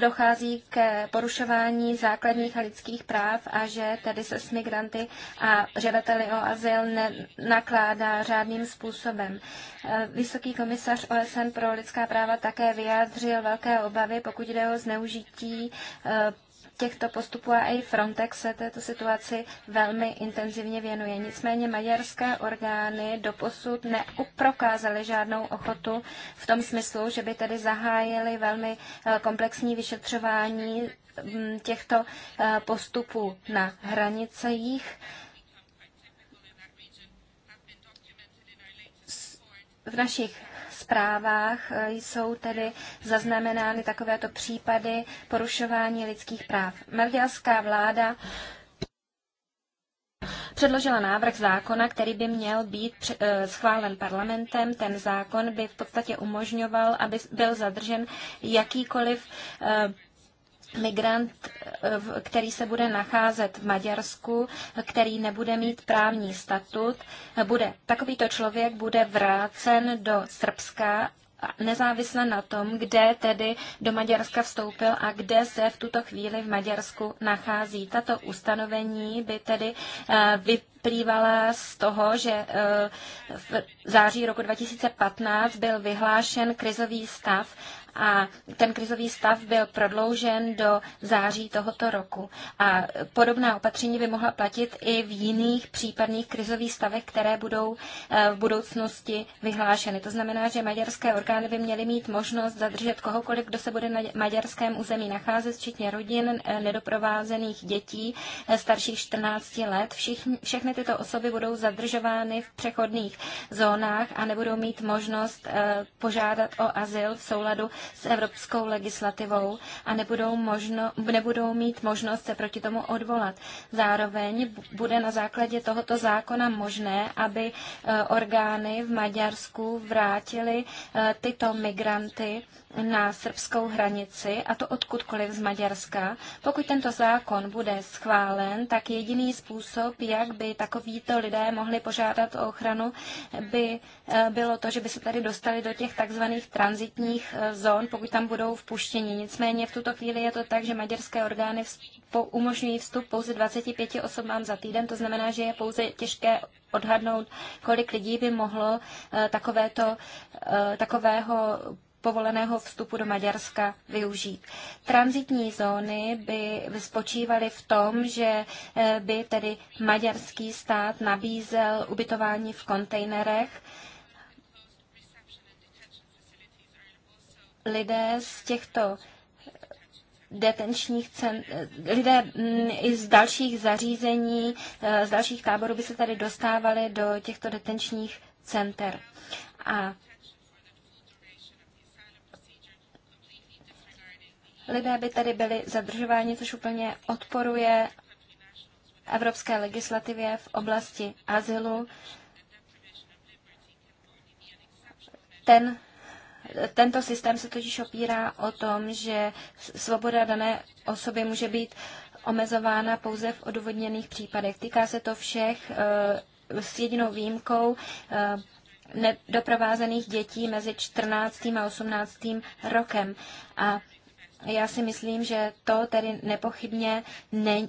dochází k porušování základních a lidských práv a že tedy se s migranty a žadateli o azyl nenakládá řádným způsobem. Eh, Vysoký komisař OSN pro lidská práva také vyjádřil velké obavy, pokud jde o zneužití eh, těchto postupů a i Frontex se této situaci velmi intenzivně věnuje. Nicméně maďarské orgány doposud neuprokázaly žádnou ochotu v tom smyslu, že by tedy zahájili velmi eh, komplexní vyšetřování mm, těchto eh, postupů na hranicích. V našich zprávách e, jsou tedy zaznamenány takovéto případy porušování lidských práv. Maďarská vláda předložila návrh zákona, který by měl být e, schválen parlamentem. Ten zákon by v podstatě umožňoval, aby byl zadržen jakýkoliv e, migrant, eh, který se bude nacházet v Maďarsku, který nebude mít právní statut, eh, bude, takovýto člověk bude vrácen do Srbska nezávisle na tom, kde tedy do Maďarska vstoupil a kde se v tuto chvíli v Maďarsku nachází. Tato ustanovení by tedy eh, vyplývala z toho, že v září roku 2015 byl vyhlášen krizový stav a ten krizový stav byl prodloužen do září tohoto roku. A podobná opatření by mohla platit i v jiných případných krizových stavech, které budou eh, v budoucnosti vyhlášeny. To znamená, že maďarské orgány by měly mít možnost zadržet kohokoliv, kdo se bude na maďarském území nacházet, včetně rodin, eh, nedoprovázených dětí eh, starších 14 let. Všichni, všechny tyto osoby budou zadržovány v přechodných zónách a nebudou mít možnost požádat o azyl v souladu s evropskou legislativou a nebudou, možno, nebudou mít možnost se proti tomu odvolat. Zároveň bude na základě tohoto zákona možné, aby eh, orgány v Maďarsku vrátili eh, tyto migranty na srbskou hranici, a to odkudkoliv z Maďarska. Pokud tento zákon bude schválen, tak jediný způsob, jak by takovýto lidé mohli požádat o ochranu, by eh, bylo to, že by se tady dostali do těch takzvaných transitních eh, zón, pokud tam budou vpuštěni. Nicméně v tuto chvíli je to tak, že maďarské orgány umožňují vstup pouze 25 osobám za týden, to znamená, že je pouze těžké odhadnout, kolik lidí by mohlo eh, takovéto, takového povoleného vstupu do Maďarska využít. Transitní zóny by spočívaly v tom, že eh, by tedy maďarský stát nabízel ubytování v kontejnerech. Lidé z těchto eh, detenčních cen, eh, lidé mm, i z dalších zařízení, z dalších táborů by se tady dostávali do těchto detenčních center. A Lidé by tady byli zadržováni, což úplně odporuje evropské legislativě v oblasti azylu. Ten, tento systém se totiž opírá o tom, že svoboda dané osoby může být omezována pouze v odůvodněných případech. Týká se to všech eh, s jedinou výjimkou eh, nedoprovázených dětí mezi 14. a 18. rokem. A já si myslím, že to tedy nepochybně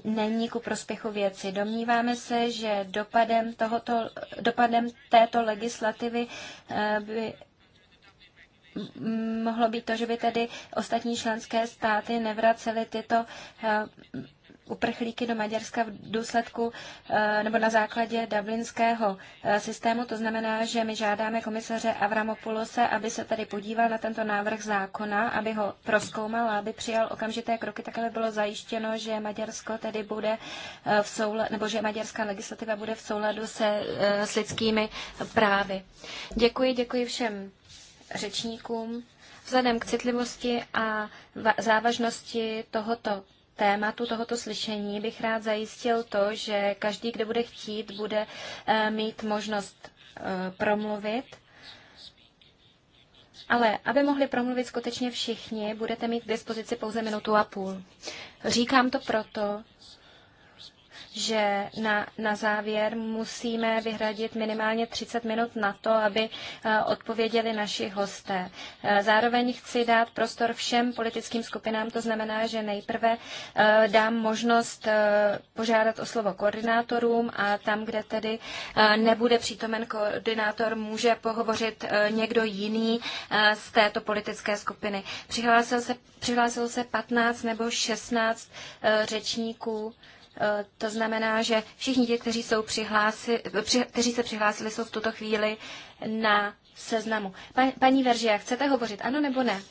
není ku prospěchu věci. Domníváme se, že dopadem, tohoto, dopadem této legislativy eh, by mohlo být to, že by tedy ostatní členské státy nevracely tyto eh, uprchlíky do Maďarska v důsledku eh, nebo na základě dublinského eh, systému. To znamená, že my žádáme komisaře Avramopulose, aby se tady podíval na tento návrh zákona, aby ho proskoumal a aby přijal okamžité kroky, tak aby bylo zajištěno, že Maďarsko tedy bude eh, v souladu, nebo že maďarská legislativa bude v souladu se s lidskými právy. Děkuji, děkuji všem řečníkům. Vzhledem k citlivosti a závažnosti tohoto tématu tohoto slyšení bych rád zajistil to, že každý, kdo bude chtít, bude eh, mít možnost eh, promluvit. Ale aby mohli promluvit skutečně všichni, budete mít k dispozici pouze minutu a půl. Říkám to proto, že na, na závěr musíme vyhradit minimálně 30 minut na to, aby eh, odpověděli naši hosté. Eh, zároveň chci dát prostor všem politickým skupinám, to znamená, že nejprve eh, dám možnost požádat o slovo koordinátorům a tam, kde tedy nebude přítomen koordinátor, může pohovořit někdo jiný z této politické skupiny. Přihlásil se, přihlásilo se 15 nebo 16 řečníků. Eh, to znamená, že všichni ti, kteří, jsou přihlási, při, kteří se přihlásili, jsou v tuto chvíli na seznamu. Pa, paní Veržia, chcete hovořit ano nebo ne?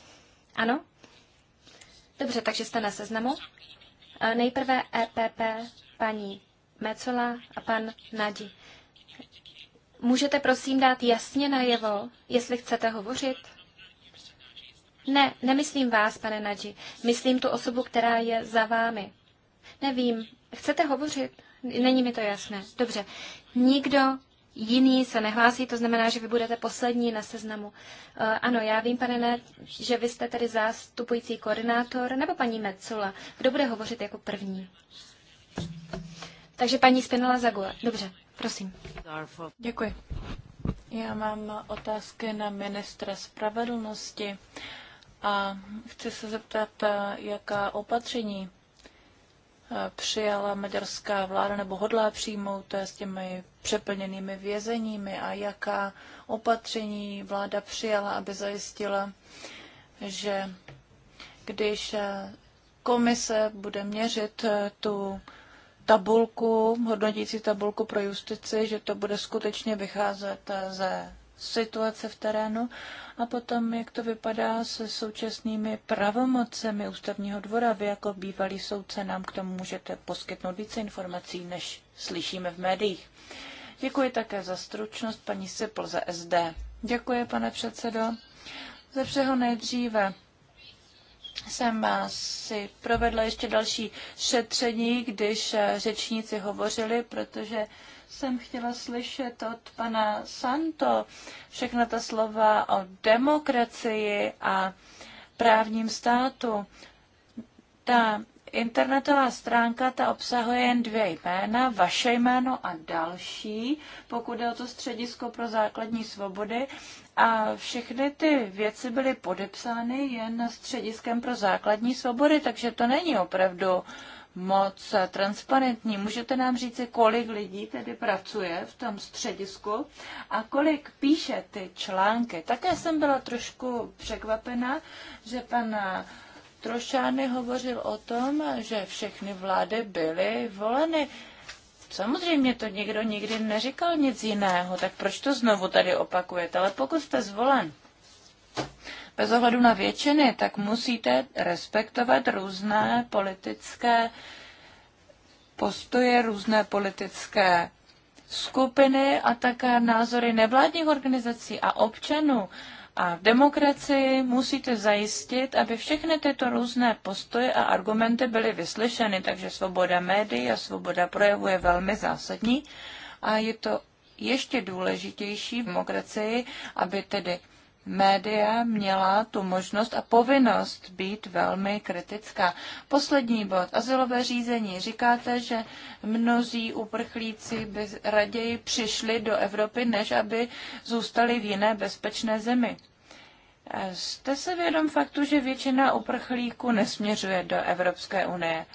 Ano? Dobře, takže jste na seznamu. Eh, nejprve EPP paní Mecola a pan Nadi. Můžete prosím dát jasně najevo, jestli chcete hovořit? Ne, nemyslím vás, pane Nadi. Myslím tu osobu, která je za vámi. Nevím. Chcete hovořit? Není mi to jasné. Dobře. Nikdo jiný se nehlásí, to znamená, že vy budete poslední na seznamu. Uh, ano, já vím, pane, ne, že vy jste tady zástupující koordinátor, nebo paní Metzula. Kdo bude hovořit jako první? Takže paní Spinola Zagula. Dobře, prosím. Děkuji. Já mám otázky na ministra spravedlnosti a chci se zeptat, eh, jaká opatření přijala maďarská vláda nebo hodlá přijmout s těmi přeplněnými vězeními a jaká opatření vláda přijala, aby zajistila, že když eh, komise bude měřit eh, tu tabulku, hodnotící tabulku pro justici, že to bude skutečně vycházet eh, ze situace v terénu a potom, jak to vypadá se současnými pravomocemi ústavního dvora. Vy jako bývalý soudce nám k tomu můžete poskytnout více informací, než slyšíme v médiích. Děkuji také za stručnost paní Sipl za SD. Děkuji, pane předsedo. Ze všeho nejdříve jsem si provedla ještě další šetření, když řečníci hovořili, protože jsem chtěla slyšet od pana Santo všechna ta slova o demokracii a právním státu. Ta internetová stránka, ta obsahuje jen dvě jména, vaše jméno a další, pokud je o to středisko pro základní svobody. A všechny ty věci byly podepsány jen střediskem pro základní svobody, takže to není opravdu uh, moc transparentní. Můžete nám říci, kolik lidí tedy pracuje v tom středisku a kolik píše ty články. Také jsem byla trošku překvapena, že pan Trošány hovořil o tom, že všechny vlády byly voleny. Samozřejmě to nikdo nikdy neříkal nic jiného, tak proč to znovu tady opakujete? Ale pokud jste zvolen, bez ohledu na většiny, tak musíte respektovat různé politické postoje, různé politické skupiny a také názory nevládních organizací a občanů. A v demokracii musíte zajistit, aby všechny tyto různé postoje a argumenty byly vyslyšeny, takže svoboda médií a svoboda projevu je velmi zásadní a je to ještě důležitější v demokracii, aby tedy média měla tu možnost a povinnost být velmi kritická. Poslední bod, azylové řízení. Říkáte, že mnozí uprchlíci by raději přišli do Evropy, než aby zůstali v jiné bezpečné zemi. Jste se vědom faktu, že většina uprchlíků nesměřuje do Evropské unie.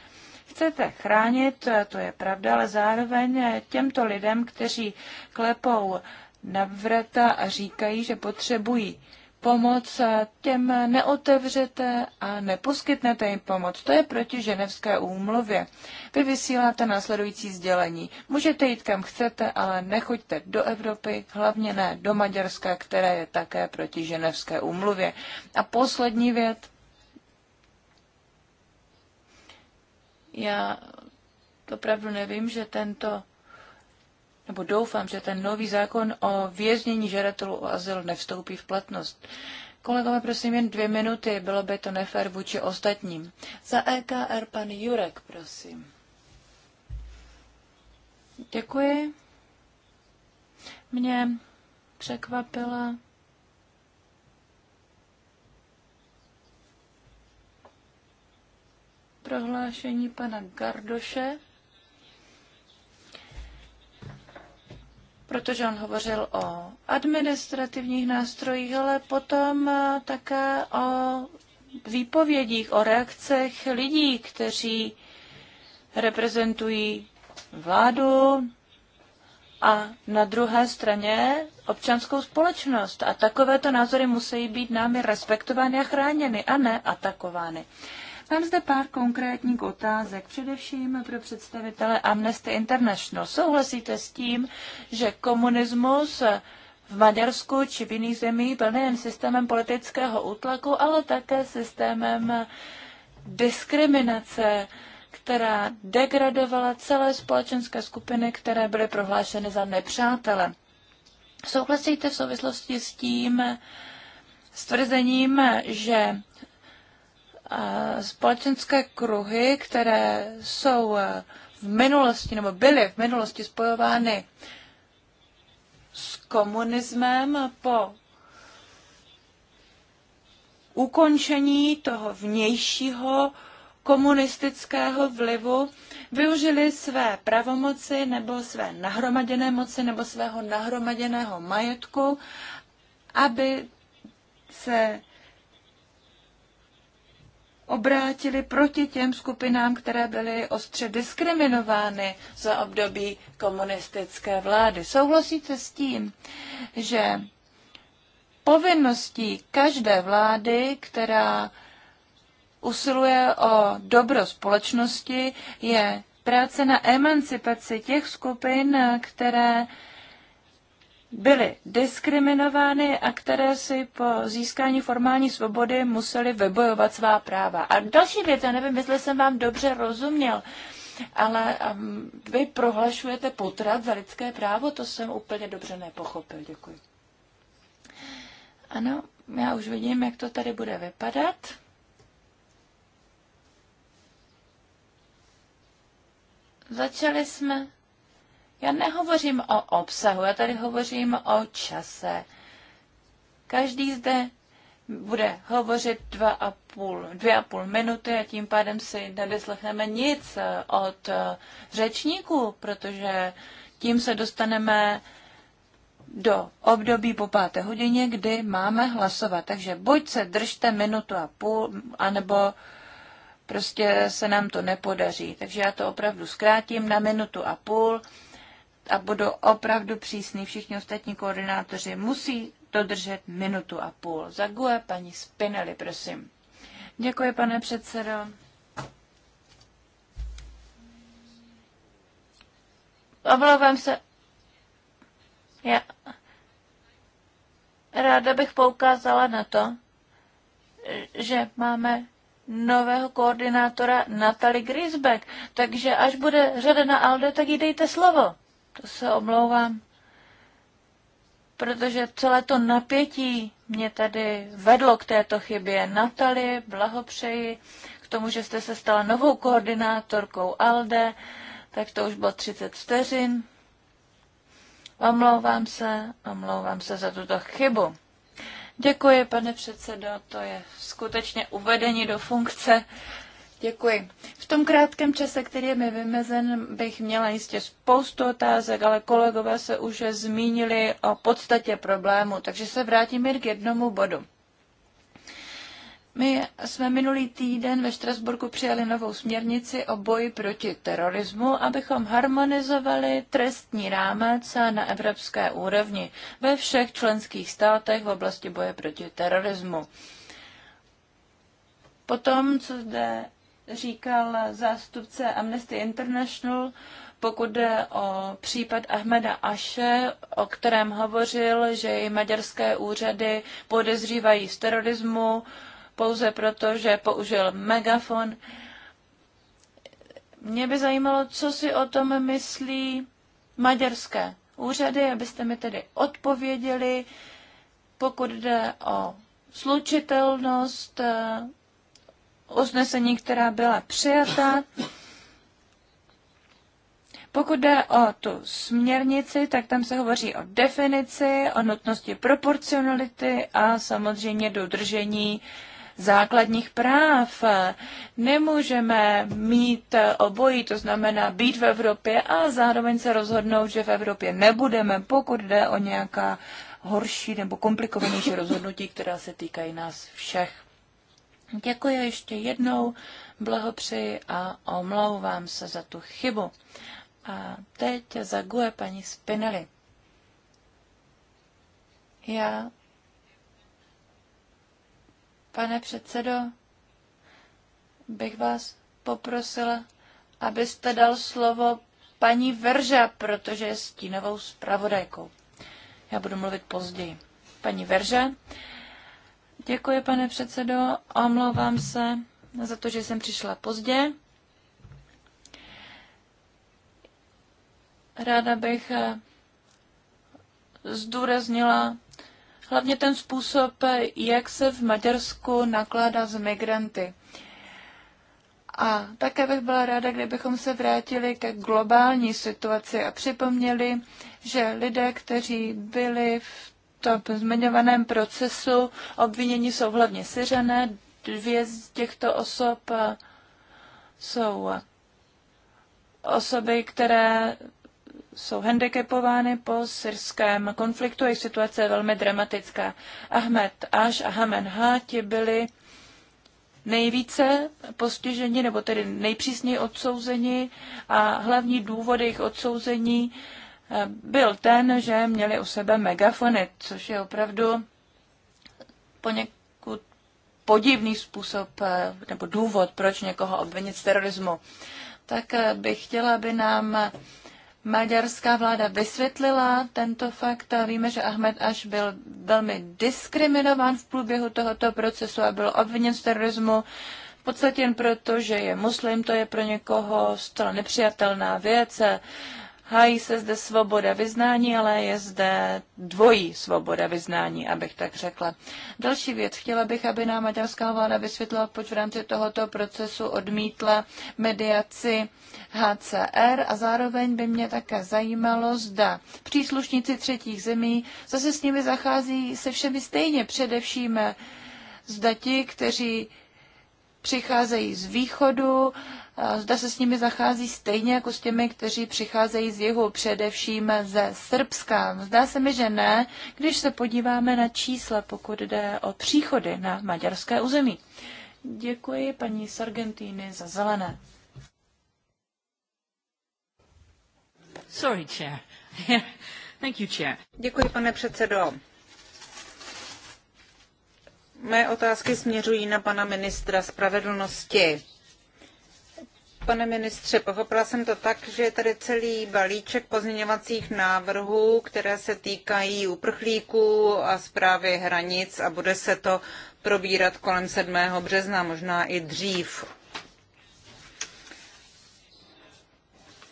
Chcete chránit, to je pravda, ale zároveň těmto lidem, kteří klepou na vrata a říkají, že potřebují pomoc a těm neotevřete a neposkytnete jim pomoc. To je proti ženevské úmluvě. Vy vysíláte následující sdělení. Můžete jít kam chcete, ale nechoďte do Evropy, hlavně ne do Maďarska, které je také proti ženevské úmluvě. A poslední věc. Já opravdu nevím, že tento nebo doufám, že ten nový zákon o věznění žadatelů o azyl nevstoupí v platnost. Kolegové, prosím, jen dvě minuty, bylo by to nefér vůči ostatním. Za EKR pan Jurek, prosím. Děkuji. Mě překvapila prohlášení pana Gardoše. protože on hovořil o administrativních nástrojích, ale potom eh, také o výpovědích, o reakcech lidí, kteří reprezentují vládu a na druhé straně občanskou společnost. A takovéto názory musí být námi respektovány a chráněny, a ne atakovány. Mám zde pár konkrétních otázek, především pro představitele Amnesty International. Souhlasíte s tím, že komunismus v Maďarsku či v jiných zemích byl nejen systémem politického útlaku, ale také systémem diskriminace, která degradovala celé společenské skupiny, které byly prohlášeny za nepřátele. Souhlasíte v souvislosti s tím, s tvrzením, že společenské kruhy, které jsou eh, v minulosti nebo byly v minulosti spojovány s komunismem po ukončení toho vnějšího komunistického vlivu využili své pravomoci nebo své nahromaděné moci nebo svého nahromaděného majetku, aby se obrátili proti těm skupinám, které byly ostře diskriminovány za období komunistické vlády. Souhlasíte s tím, že povinností každé vlády, která usiluje o dobro společnosti, je práce na emancipaci těch skupin, které byly diskriminovány a které si po získání formální svobody museli vybojovat svá práva. A další věc, já nevím, jestli jsem vám dobře rozuměl, ale um, vy prohlašujete potrat za lidské právo, to jsem úplně dobře nepochopil. Děkuji. Ano, já už vidím, jak to tady bude vypadat. Začali jsme já nehovořím o obsahu, já tady hovořím o čase. Každý zde bude hovořit dva a půl, dvě a půl minuty a tím pádem si nevyslechneme nic eh, od eh, řečníků, protože tím se dostaneme do období po páté hodině, kdy máme hlasovat. Takže buď se držte minutu a půl, anebo prostě se nám to nepodaří. Takže já to opravdu zkrátím na minutu a půl a budu opravdu přísný, všichni ostatní koordinátoři musí dodržet minutu a půl. Za GUE paní Spinelli, prosím. Děkuji, pane předsedo. Omlouvám se. Já ráda bych poukázala na to, že máme nového koordinátora Natalie Grisbeck, takže až bude řada na Alde, tak jí dejte slovo to se omlouvám, protože celé to napětí mě tady vedlo k této chybě. Natali, blahopřeji k tomu, že jste se stala novou koordinátorkou ALDE, tak to už bylo 30 vteřin. Omlouvám se, omlouvám se za tuto chybu. Děkuji, pane předsedo, to je skutečně uvedení do funkce Děkuji. V tom krátkém čase, který je mi vymezen, bych měla jistě spoustu otázek, ale kolegové se už zmínili o podstatě problému, takže se jen k jednomu bodu. My jsme minulý týden ve Štrasburku přijali novou směrnici o boji proti terorismu, abychom harmonizovali trestní rámec na evropské úrovni ve všech členských státech v oblasti boje proti terorismu. Potom, co zde říkal zástupce Amnesty International, pokud jde o případ Ahmeda Aše, o kterém hovořil, že i maďarské úřady podezřívají z terorismu pouze proto, že použil megafon. Mě by zajímalo, co si o tom myslí maďarské úřady, abyste mi tedy odpověděli, pokud jde o slučitelnost usnesení, která byla přijata. Pokud jde o tu směrnici, tak tam se hovoří o definici, o nutnosti proporcionality a samozřejmě dodržení základních práv. Nemůžeme mít obojí, to znamená být v Evropě a zároveň se rozhodnout, že v Evropě nebudeme, pokud jde o nějaká horší nebo komplikovanější rozhodnutí, která se týkají nás všech. Děkuji ještě jednou, blahopřeji a omlouvám se za tu chybu. A teď zaguje paní Spinelli. Já, pane předsedo, bych vás poprosila, abyste dal slovo paní Verža, protože je stínovou zpravodajkou. Já budu mluvit později. Paní Verža, Děkuji, pane předsedo. Omlouvám se za to, že jsem přišla pozdě. Ráda bych eh, zdůraznila hlavně ten způsob, jak se v Maďarsku nakládá s migranty. A také bych byla ráda, kdybychom se vrátili ke globální situaci a připomněli, že lidé, kteří byli v tomto zmiňovaném procesu obvinění jsou hlavně Syřané. Dvě z těchto osob eh, jsou eh, osoby, které jsou handicapovány po syrském konfliktu. Jejich situace je velmi dramatická. Ahmed Až a Hamen H. ti byli nejvíce postiženi, nebo tedy nejpřísněji odsouzeni a hlavní důvod jejich odsouzení byl ten, že měli u sebe megafony, což je opravdu poněkud podivný způsob eh, nebo důvod, proč někoho obvinit z terorismu. Tak eh, bych chtěla, aby nám maďarská vláda vysvětlila tento fakt. Víme, že Ahmed Až byl velmi diskriminován v průběhu tohoto procesu a byl obviněn z terorismu. V podstatě jen proto, že je muslim, to je pro někoho zcela nepřijatelná věc. Hájí se zde svoboda vyznání, ale je zde dvojí svoboda vyznání, abych tak řekla. Další věc. Chtěla bych, aby nám maďarská vláda vysvětlila, proč v rámci tohoto procesu odmítla mediaci HCR a zároveň by mě také zajímalo, zda příslušníci třetích zemí zase s nimi zachází se všemi stejně, především zda ti, kteří přicházejí z východu, zda se s nimi zachází stejně jako s těmi, kteří přicházejí z jihu, především ze Srbska. Zdá se mi, že ne, když se podíváme na čísla, pokud jde o příchody na maďarské území. Děkuji paní Sargentini za zelené. Sorry, chair. Thank you, chair. Děkuji, pane předsedo. Mé otázky směřují na pana ministra spravedlnosti. Pane ministře, pochopila jsem to tak, že je tady celý balíček pozměňovacích návrhů, které se týkají uprchlíků a zprávy hranic a bude se to probírat kolem 7. března, možná i dřív.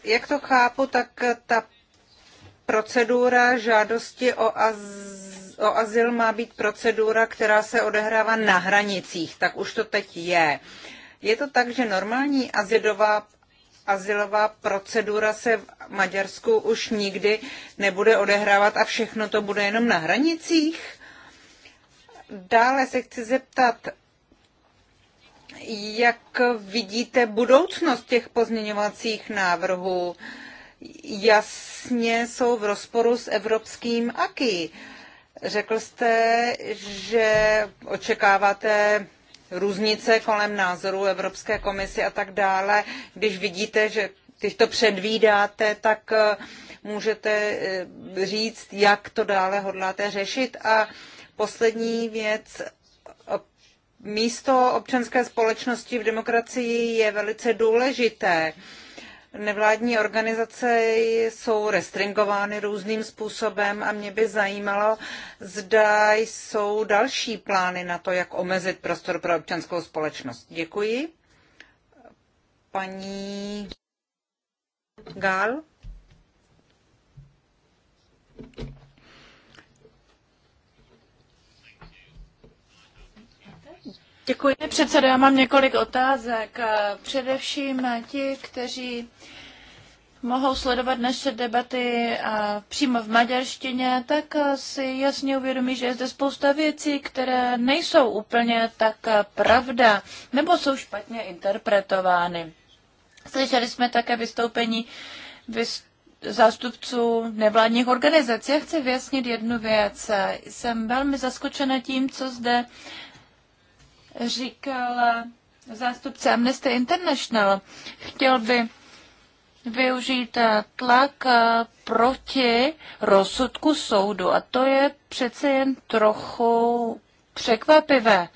Jak to chápu, tak ta procedura žádosti o azyl o azyl má být procedura, která se odehrává na hranicích, tak už to teď je. Je to tak, že normální azidová, azylová procedura se v Maďarsku už nikdy nebude odehrávat a všechno to bude jenom na hranicích? Dále se chci zeptat, jak vidíte budoucnost těch pozměňovacích návrhů? Jasně jsou v rozporu s evropským aký. Řekl jste, že očekáváte různice kolem názoru Evropské komisy a tak dále. Když vidíte, že když to předvídáte, tak eh, můžete eh, říct, jak to dále hodláte řešit. A poslední věc, místo občanské společnosti v demokracii je velice důležité. Nevládní organizace jsou restringovány různým způsobem a mě by zajímalo, zda jsou další plány na to, jak omezit prostor pro občanskou společnost. Děkuji. Paní Gál. Děkuji. předsedo, já mám několik otázek. Především ti, kteří mohou sledovat naše debaty přímo v maďarštině, tak si jasně uvědomí, že je zde spousta věcí, které nejsou úplně tak pravda nebo jsou špatně interpretovány. Slyšeli jsme také vystoupení zástupců nevládních organizací. Já chci vyjasnit jednu věc. Jsem velmi zaskočena tím, co zde uh, říkal zástupce Amnesty International. Chtěl by využít tlak eh, proti rozsudku soudu. A to je přece jen trochu překvapivé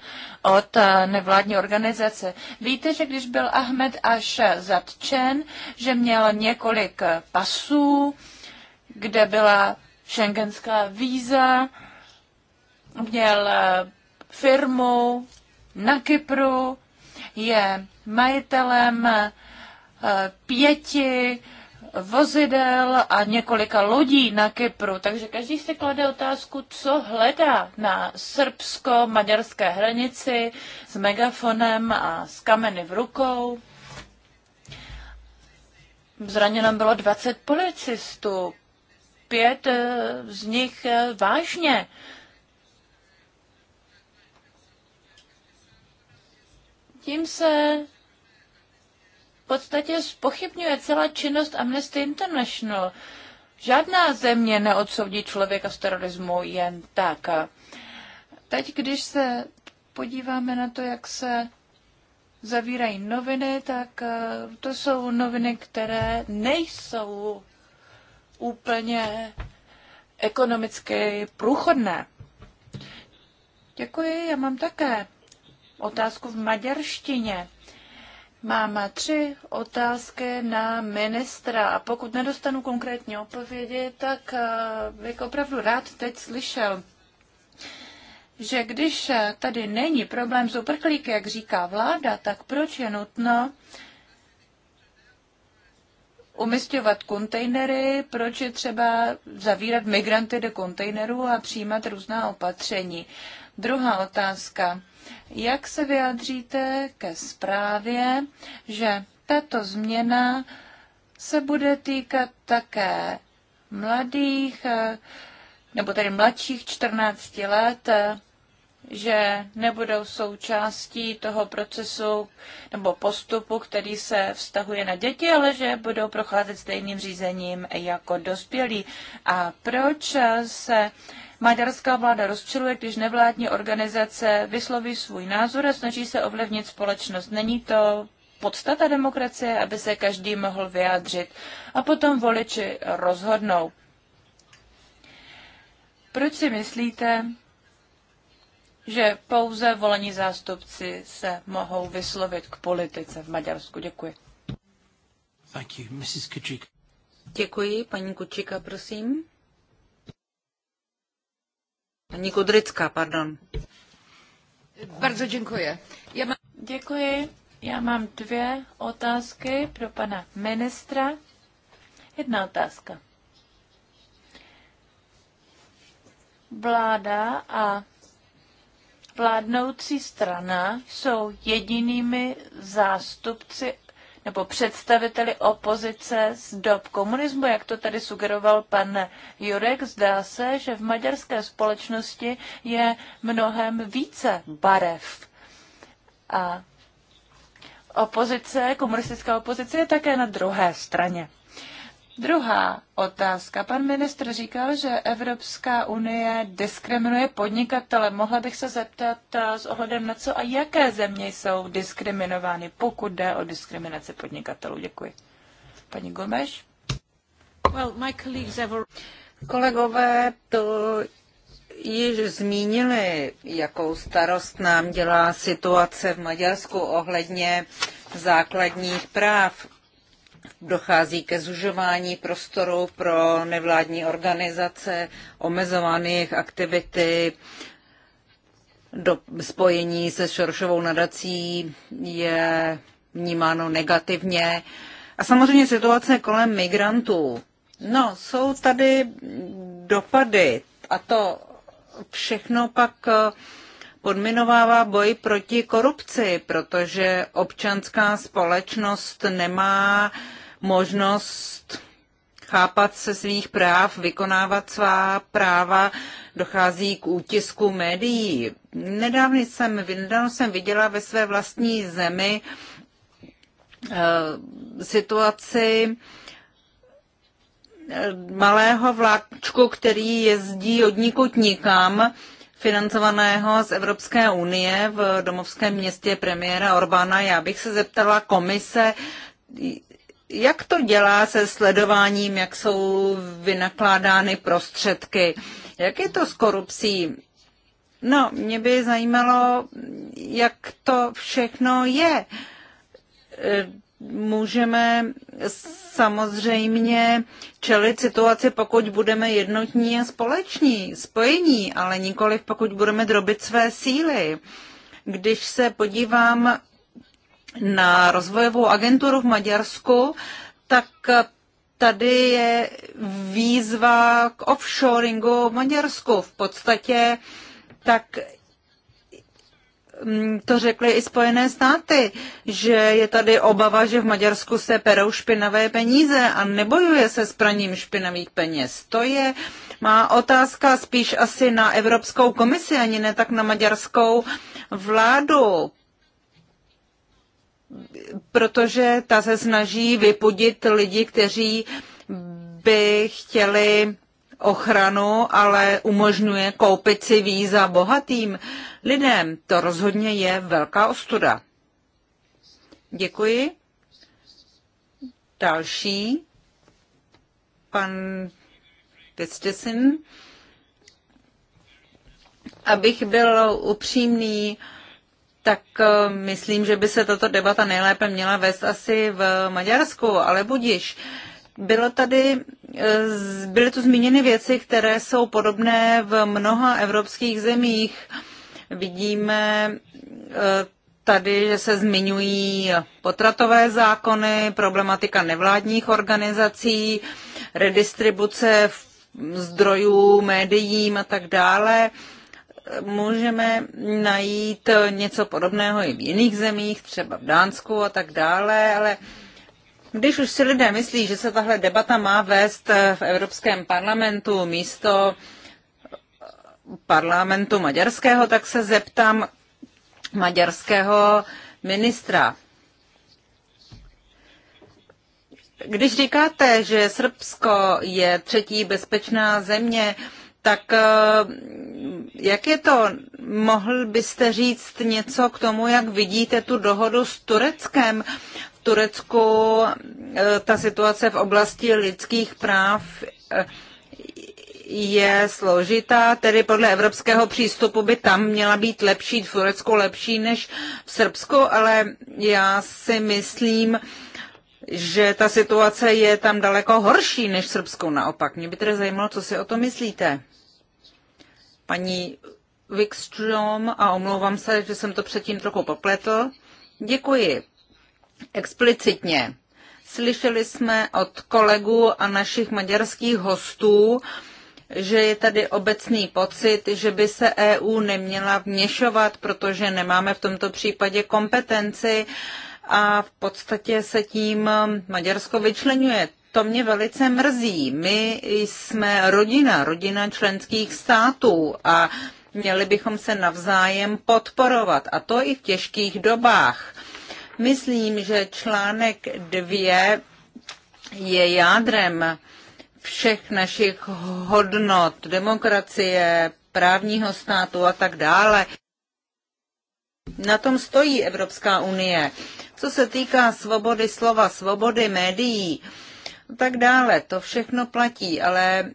od eh, nevládní organizace. Víte, že když byl Ahmed až zatčen, že měl několik pasů, kde byla šengenská víza, měl eh, firmu, na Kypru, je majitelem eh, pěti vozidel a několika lodí na Kypru. Takže každý si klade otázku, co hledá na srbsko-maďarské hranici s megafonem a s kameny v rukou. Zraněno bylo 20 policistů, pět eh, z nich eh, vážně. Tím se v podstatě spochybňuje celá činnost Amnesty International. Žádná země neodsoudí člověka z terorismu jen tak. teď, když se podíváme na to, jak se zavírají noviny, tak eh, to jsou noviny, které nejsou úplně ekonomicky průchodné. Děkuji, já mám také otázku v maďarštině. Mám tři otázky na ministra a pokud nedostanu konkrétní odpovědi, tak eh, bych opravdu rád teď slyšel, že když eh, tady není problém s uprchlíky, jak říká vláda, tak proč je nutno umistovat kontejnery, proč je třeba zavírat migranty do kontejnerů a přijímat různá opatření. Druhá otázka. Jak se vyjadříte ke zprávě, že tato změna se bude týkat také mladých, eh, nebo tedy mladších 14 let, eh, že nebudou součástí toho procesu nebo postupu, který se vztahuje na děti, ale že budou procházet stejným řízením jako dospělí. A proč se maďarská vláda rozčiluje, když nevládní organizace vysloví svůj názor a snaží se ovlivnit společnost? Není to podstata demokracie, aby se každý mohl vyjádřit a potom voliči rozhodnou. Proč si myslíte, že pouze volení zástupci se mohou vyslovit k politice v Maďarsku. Děkuji. Thank you. Mrs. Děkuji. Paní Kučika, prosím. Paní Kudrická, pardon. Bardzo děkuji. Já mám... Děkuji. Já mám dvě otázky pro pana ministra. Jedna otázka. Vláda a vládnoucí strana jsou jedinými zástupci nebo představiteli opozice z dob komunismu, jak to tady sugeroval pan Jurek, zdá se, že v maďarské společnosti je mnohem více barev. A opozice, komunistická opozice je také na druhé straně. Druhá otázka. Pan ministr říkal, že Evropská unie diskriminuje podnikatele. Mohla bych se zeptat eh, s ohledem na co a jaké země jsou diskriminovány, pokud jde o diskriminaci podnikatelů. Děkuji. Paní Gomeš? Well, my colleagues have... Kolegové to již zmínili, jakou starost nám dělá situace v Maďarsku ohledně základních práv dochází ke zužování prostoru pro nevládní organizace, omezování jejich aktivity, do spojení se Šorošovou nadací je vnímáno negativně. A samozřejmě situace kolem migrantů. No, jsou tady dopady a to všechno pak eh, podminovává boj proti korupci, protože občanská společnost nemá uh, možnost chápat se svých práv, vykonávat svá práva, dochází k útisku médií. Nedávno jsem, nedávno jsem viděla ve své vlastní zemi e, situaci eh, malého vláčku, který jezdí od nikud nikam, financovaného z Evropské unie v domovském městě premiéra Orbána. Já bych se zeptala komise, jak to dělá se sledováním, jak jsou vynakládány prostředky? Jak je to s korupcí? No, mě by zajímalo, jak to všechno je. E, můžeme samozřejmě čelit situaci, pokud budeme jednotní a společní, spojení, ale nikoli pokud budeme drobit své síly. Když se podívám na rozvojovou agenturu v Maďarsku, tak tady je výzva k offshoringu v Maďarsku. V podstatě tak mm, to řekly i Spojené státy, že je tady obava, že v Maďarsku se perou špinavé peníze a nebojuje se s praním špinavých peněz. To je má otázka spíš asi na Evropskou komisi, ani ne tak na maďarskou vládu protože ta se snaží vypudit lidi, kteří by chtěli ochranu, ale umožňuje koupit si víza bohatým lidem. To rozhodně je velká ostuda. Děkuji. Další. Pan Vestesin. Abych byl upřímný, tak eh, myslím, že by se tato debata nejlépe měla vést asi v Maďarsku, ale budiš. Bylo tady, eh, byly tu zmíněny věci, které jsou podobné v mnoha evropských zemích. Vidíme eh, tady, že se zmiňují potratové zákony, problematika nevládních organizací, redistribuce zdrojů, médiím a tak dále můžeme najít něco podobného i v jiných zemích, třeba v Dánsku a tak dále, ale když už si lidé myslí, že se tahle debata má vést v Evropském parlamentu místo parlamentu maďarského, tak se zeptám maďarského ministra. Když říkáte, že Srbsko je třetí bezpečná země, tak eh, jak je to? Mohl byste říct něco k tomu, jak vidíte tu dohodu s Tureckem? V Turecku eh, ta situace v oblasti lidských práv eh, je složitá, tedy podle evropského přístupu by tam měla být lepší, v Turecku lepší než v Srbsku, ale já si myslím, že ta situace je tam daleko horší než v Srbsku naopak. Mě by tedy zajímalo, co si o to myslíte. Paní Wikström, a omlouvám se, že jsem to předtím trochu popletl, děkuji. Explicitně. Slyšeli jsme od kolegů a našich maďarských hostů, že je tady obecný pocit, že by se EU neměla vněšovat, protože nemáme v tomto případě kompetenci a v podstatě se tím um, Maďarsko vyčlenuje. To mě velice mrzí. My jsme rodina, rodina členských států a měli bychom se navzájem podporovat a to i v těžkých dobách. Myslím, že článek 2 je jádrem všech našich hodnot, demokracie, právního státu a tak dále. Na tom stojí Evropská unie. Co se týká svobody slova, svobody médií, tak dále, to všechno platí, ale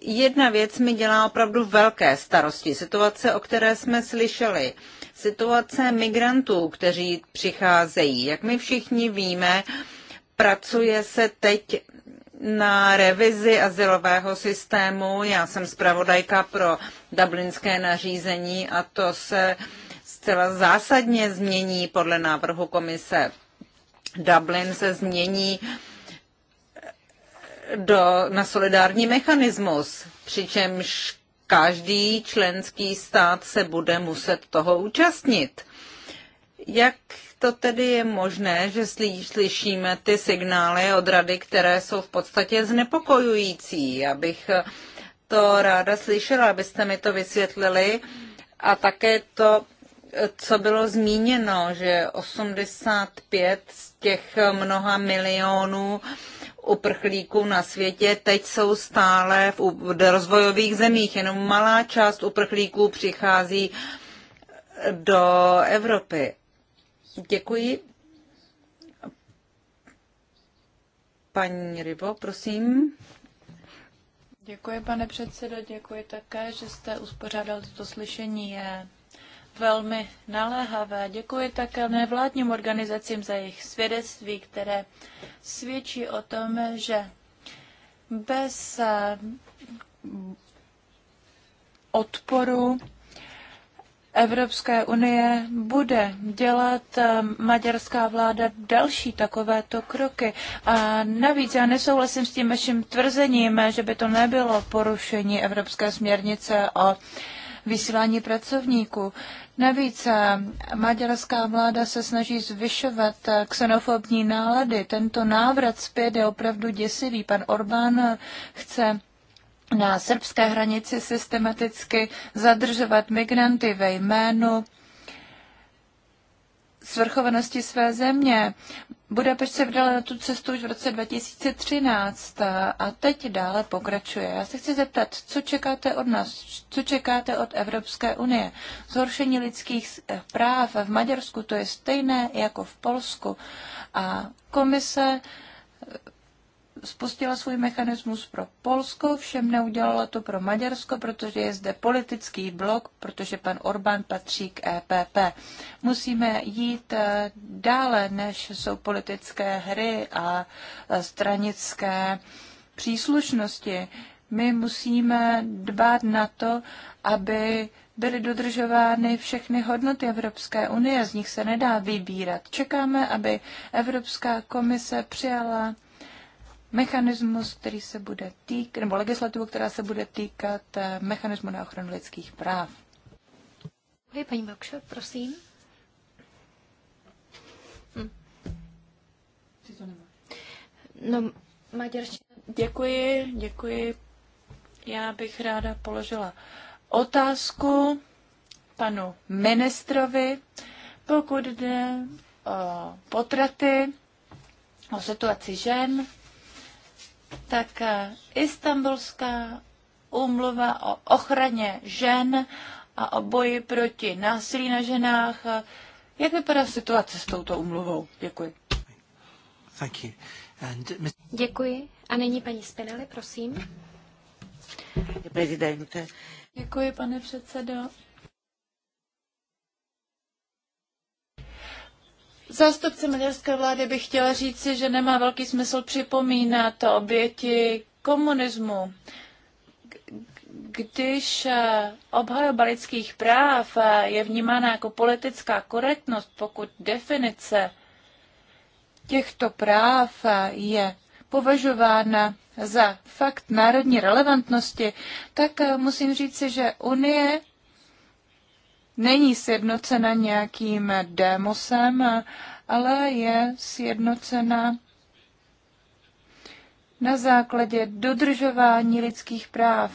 jedna věc mi dělá opravdu velké starosti. Situace, o které jsme slyšeli. Situace migrantů, kteří přicházejí. Jak my všichni víme, pracuje se teď na revizi asilového systému. Já jsem zpravodajka pro dublinské nařízení a to se uh, zcela zásadně změní podle návrhu komise. Dublin se změní do, na solidární mechanismus, přičemž každý členský stát se bude muset toho účastnit. Jak to tedy je možné, že slyšíme ty signály od rady, které jsou v podstatě znepokojující? Já bych to ráda slyšela, abyste mi to vysvětlili. A také to co bylo zmíněno, že 85 z těch mnoha milionů uprchlíků na světě teď jsou stále v rozvojových zemích. Jenom malá část uprchlíků přichází do Evropy. Děkuji. Paní Rybo, prosím. Děkuji, pane předsedo, děkuji také, že jste uspořádal toto slyšení. Je velmi naléhavé. Děkuji také nevládním organizacím za jejich svědectví, které svědčí o tom, že bez eh, odporu Evropské unie bude dělat eh, maďarská vláda další takovéto kroky. A navíc já nesouhlasím s tím vaším tvrzením, že by to nebylo porušení Evropské směrnice o vysílání pracovníků. Navíc eh, maďarská vláda se snaží zvyšovat xenofobní eh, nálady. Tento návrat zpět je opravdu děsivý. Pan Orbán eh, chce na srbské hranici systematicky zadržovat migranty ve jménu svrchovanosti své země. Budapešť se vydala na tu cestu už v roce 2013 a teď dále pokračuje. Já se chci zeptat, co čekáte od nás, co čekáte od Evropské unie? Zhoršení lidských práv v Maďarsku to je stejné jako v Polsku a komise spustila svůj mechanismus pro Polsko, všem neudělala to pro Maďarsko, protože je zde politický blok, protože pan Orbán patří k EPP. Musíme jít eh, dále, než jsou politické hry a eh, stranické příslušnosti. My musíme dbát na to, aby byly dodržovány všechny hodnoty Evropské unie, z nich se nedá vybírat. Čekáme, aby Evropská komise přijala mechanismus, který se bude týkat, nebo legislativu, která se bude týkat eh, mechanismu na ochranu lidských práv. Vy, paní Bokšo, prosím. Hm. No, maďarština. Děkuji, děkuji. Já bych ráda položila otázku panu ministrovi, pokud jde o potraty, o situaci žen tak eh, Istanbulská úmluva o ochraně žen a o boji proti násilí na ženách. Eh, jak vypadá situace s touto úmluvou? Děkuji. Thank you. And... Uh, Děkuji. A nyní paní Spinelli, prosím. Prezidente. Děkuji, pane předsedo. Zástupce maďarské vlády by chtěla říci, že nemá velký smysl připomínat oběti komunismu. Když eh, obhajoba lidských práv eh, je vnímána jako politická korektnost, pokud definice těchto práv eh, je považována za fakt národní relevantnosti, tak musím říci, že Unie není sjednocena nějakým démosem, ale je sjednocena na základě dodržování lidských práv,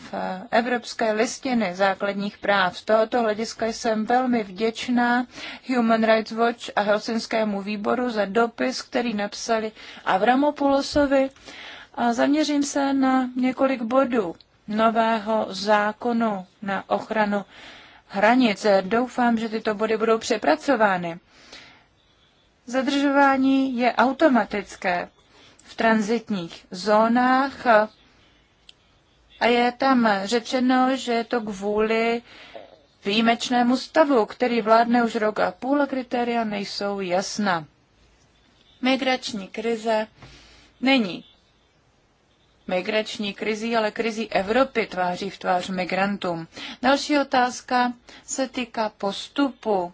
Evropské listiny základních práv. Z tohoto hlediska jsem velmi vděčná Human Rights Watch a Helsinskému výboru za dopis, který napsali Avramopoulosovi. A zaměřím se na několik bodů nového zákonu na ochranu hranice. Doufám, že tyto body budou přepracovány. Zadržování je automatické v transitních zónách a je tam řečeno, že je to kvůli výjimečnému stavu, který vládne už rok a půl a kritéria nejsou jasná. Migrační krize není migrační krizi, ale krizi Evropy tváří v tvář migrantům. Další otázka se týká postupu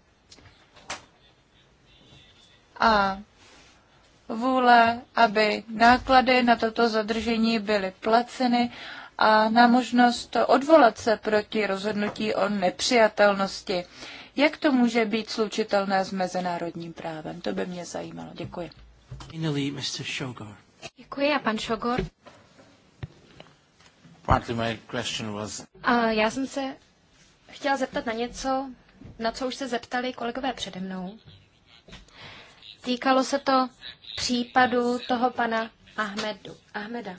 a vůle, aby náklady na toto zadržení byly placeny a na možnost odvolat se proti rozhodnutí o nepřijatelnosti. Jak to může být slučitelné s mezinárodním právem? To by mě zajímalo. Děkuji. Děkuji a pan Šogor. A já jsem se chtěla zeptat na něco, na co už se zeptali kolegové přede mnou. Týkalo se to případu toho pana Ahmedu, Ahmeda.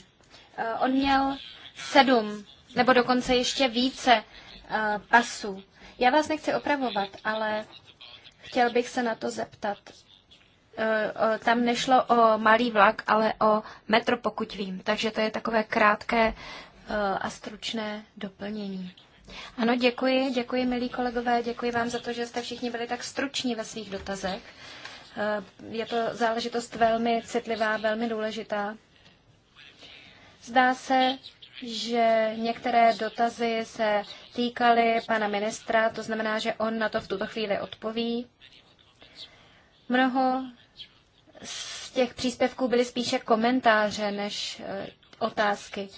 E, on měl sedm, nebo dokonce ještě více e, pasů. Já vás nechci opravovat, ale chtěl bych se na to zeptat. E, tam nešlo o malý vlak, ale o metro, pokud vím. Takže to je takové krátké Eh, a stručné doplnění. Ano, děkuji, děkuji, milí kolegové, děkuji vám za to, že jste všichni byli tak struční ve svých dotazech. Eh, je to záležitost velmi citlivá, velmi důležitá. Zdá se, že některé dotazy se týkaly pana ministra, to znamená, že on na to v tuto chvíli odpoví. Mnoho z těch příspěvků byly spíše komentáře než eh, otázky.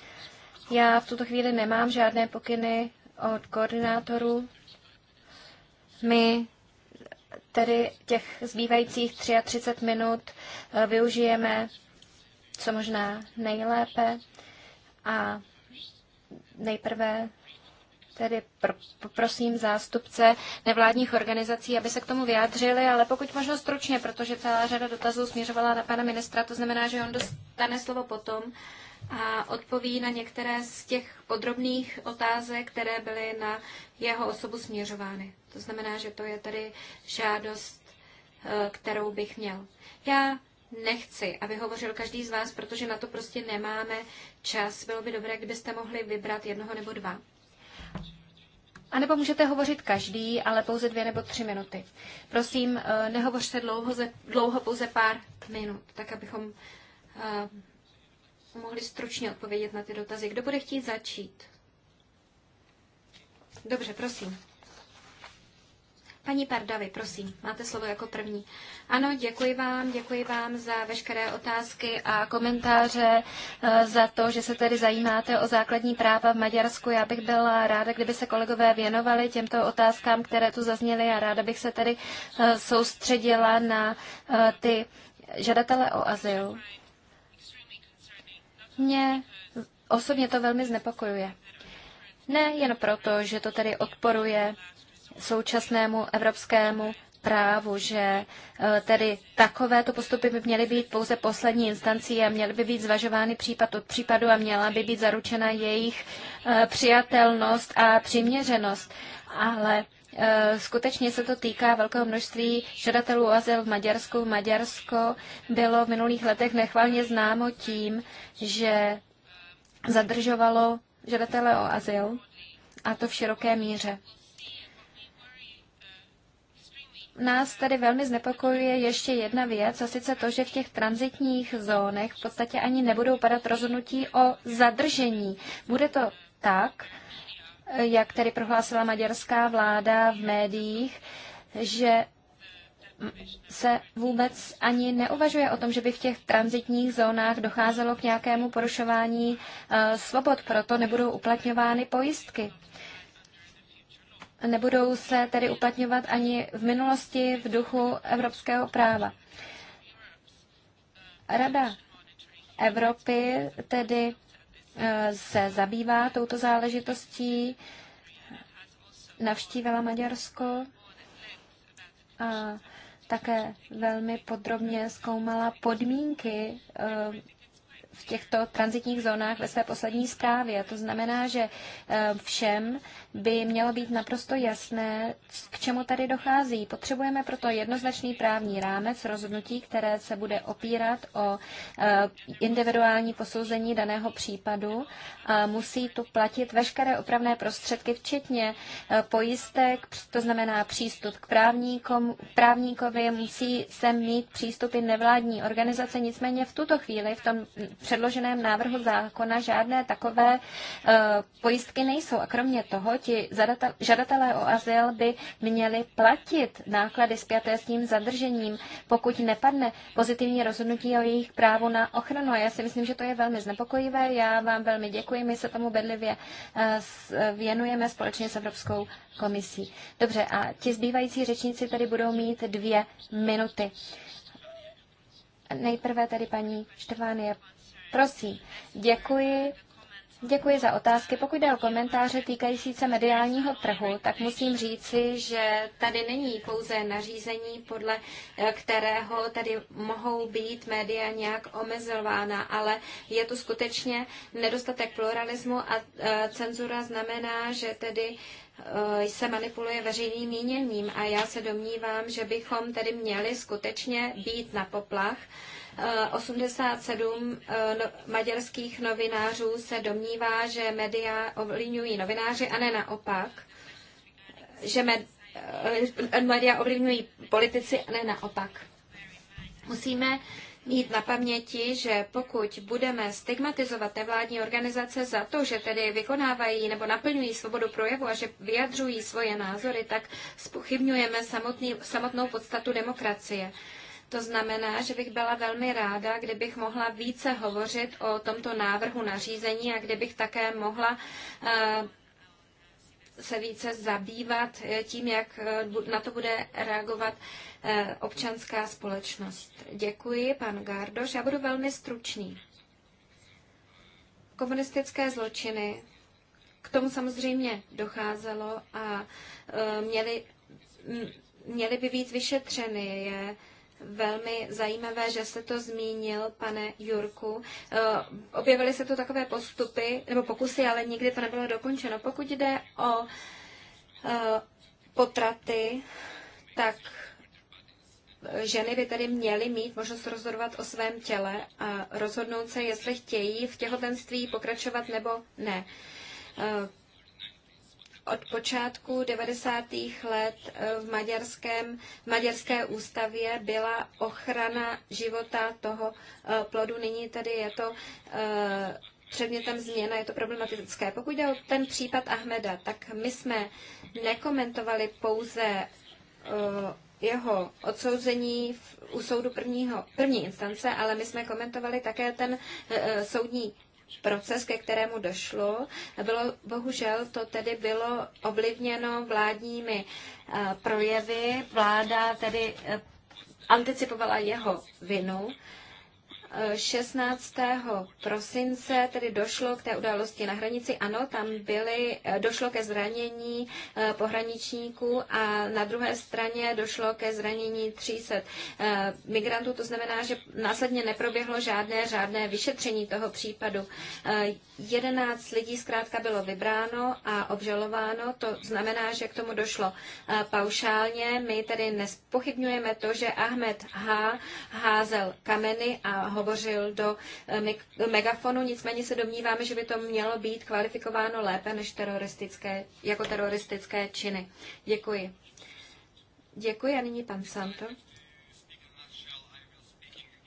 Já v tuto chvíli nemám žádné pokyny od koordinátorů. My tedy těch zbývajících 33 minut eh, využijeme co možná nejlépe a nejprve tedy poprosím zástupce nevládních organizací, aby se k tomu vyjádřili, ale pokud možno stručně, protože celá řada dotazů směřovala na pana ministra, to znamená, že on dostane slovo potom, a odpoví na některé z těch podrobných otázek, které byly na jeho osobu směřovány. To znamená, že to je tedy žádost, eh, kterou bych měl. Já nechci, aby hovořil každý z vás, protože na to prostě nemáme čas. Bylo by dobré, kdybyste mohli vybrat jednoho nebo dva. A nebo můžete hovořit každý, ale pouze dvě nebo tři minuty. Prosím, eh, nehovořte dlouho, dlouho pouze pár minut, tak abychom eh, mohli stručně odpovědět na ty dotazy. Kdo bude chtít začít? Dobře, prosím. Paní Pardavy, prosím, máte slovo jako první. Ano, děkuji vám, děkuji vám za veškeré otázky a komentáře, eh, za to, že se tedy zajímáte o základní práva v Maďarsku. Já bych byla ráda, kdyby se kolegové věnovali těmto otázkám, které tu zazněly a ráda bych se tedy eh, soustředila na eh, ty žadatele o azyl mě osobně to velmi znepokojuje. Ne jen proto, že to tedy odporuje současnému evropskému právu, že e, tedy takovéto postupy by měly být pouze poslední instancí a měly by být zvažovány případ od případu a měla by být zaručena jejich e, přijatelnost a přiměřenost. Ale Eh, skutečně se to týká velkého množství žadatelů o azyl v Maďarsku. Maďarsko bylo v minulých letech nechvalně známo tím, že zadržovalo žadatele o azyl, a to v široké míře. Nás tady velmi znepokojuje ještě jedna věc, a sice to, že v těch transitních zónech v podstatě ani nebudou padat rozhodnutí o zadržení. Bude to tak, jak tedy prohlásila maďarská vláda v médiích, že se vůbec ani neuvažuje o tom, že by v těch transitních zónách docházelo k nějakému porušování eh, svobod, proto nebudou uplatňovány pojistky. Nebudou se tedy uplatňovat ani v minulosti v duchu evropského práva. Rada Evropy tedy se zabývá touto záležitostí, navštívila Maďarsko a také velmi podrobně zkoumala podmínky v těchto transitních zónách ve své poslední zprávě. A to znamená, že eh, všem by mělo být naprosto jasné, k čemu tady dochází. Potřebujeme proto jednoznačný právní rámec rozhodnutí, které se bude opírat o eh, individuální posouzení daného případu. A musí tu platit veškeré opravné prostředky, včetně eh, pojistek, to znamená přístup k právníkom, právníkovi, musí sem mít přístupy nevládní organizace, nicméně v tuto chvíli v tom předloženém návrhu zákona žádné takové eh, pojistky nejsou. A kromě toho, ti žadatelé o azyl by měli platit náklady spjaté s tím zadržením, pokud nepadne pozitivní rozhodnutí o jejich právu na ochranu. A já si myslím, že to je velmi znepokojivé. Já vám velmi děkuji. My se tomu bedlivě eh, věnujeme společně s Evropskou komisí. Dobře, a ti zbývající řečníci tady budou mít dvě minuty. Nejprve tady paní Štefánie Prosím, děkuji. Děkuji za otázky. Pokud jde o komentáře týkající se mediálního trhu, tak musím říci, že tady není pouze nařízení, podle eh, kterého tady mohou být média nějak omezována, ale je tu skutečně nedostatek pluralismu a eh, cenzura znamená, že tedy eh, se manipuluje veřejným míněním a já se domnívám, že bychom tedy měli skutečně být na poplach 87 eh, eh, no, maďarských novinářů se domnívá, že média ovlivňují novináři a ne naopak, že eh, média ovlivňují politici a ne naopak. Musíme mít na paměti, že pokud budeme stigmatizovat nevládní organizace za to, že tedy vykonávají nebo naplňují svobodu projevu a že vyjadřují svoje názory, tak spochybňujeme samotnou podstatu demokracie. To znamená, že bych byla velmi ráda, kdybych mohla více hovořit o tomto návrhu nařízení a kdybych také mohla eh, se více zabývat eh, tím, jak eh, na to bude reagovat občanská společnost. Děkuji, pan Gardoš. Já budu velmi stručný. Komunistické zločiny. K tomu samozřejmě docházelo a měly, měly by být vyšetřeny. Je velmi zajímavé, že jste to zmínil, pane Jurku. Eh, objevily se tu takové postupy nebo pokusy, ale nikdy to nebylo dokončeno. Pokud jde o eh, potraty, tak eh, ženy by tedy měly mít možnost rozhodovat o svém těle a rozhodnout se, jestli chtějí v těhotenství pokračovat nebo ne od počátku 90. let eh, v, maďarském, v maďarské ústavě byla ochrana života toho eh, plodu. Nyní tedy je to eh, předmětem změna, je to problematické. Pokud jde o ten případ Ahmeda, tak my jsme nekomentovali pouze jeho odsouzení v, u soudu prvního, první instance, ale my jsme komentovali také ten e, soudní proces, ke kterému došlo. Bylo, bohužel to tedy bylo ovlivněno vládními eh, projevy. Vláda tedy eh, anticipovala jeho vinu 16. prosince tedy došlo k té události na hranici. Ano, tam byly, eh, došlo ke zranění eh, pohraničníků a na druhé straně došlo ke zranění 300 eh, migrantů. To znamená, že následně neproběhlo žádné řádné vyšetření toho případu. 11 lidí zkrátka bylo vybráno a obžalováno. To znamená, že k tomu došlo paušálně. My tedy nespochybňujeme to, že Ahmed H. házel kameny a ho hovořil do eh, megafonu, nicméně se domníváme, že by to mělo být kvalifikováno lépe než teroristické, jako teroristické činy. Děkuji. Děkuji a nyní pan Santo.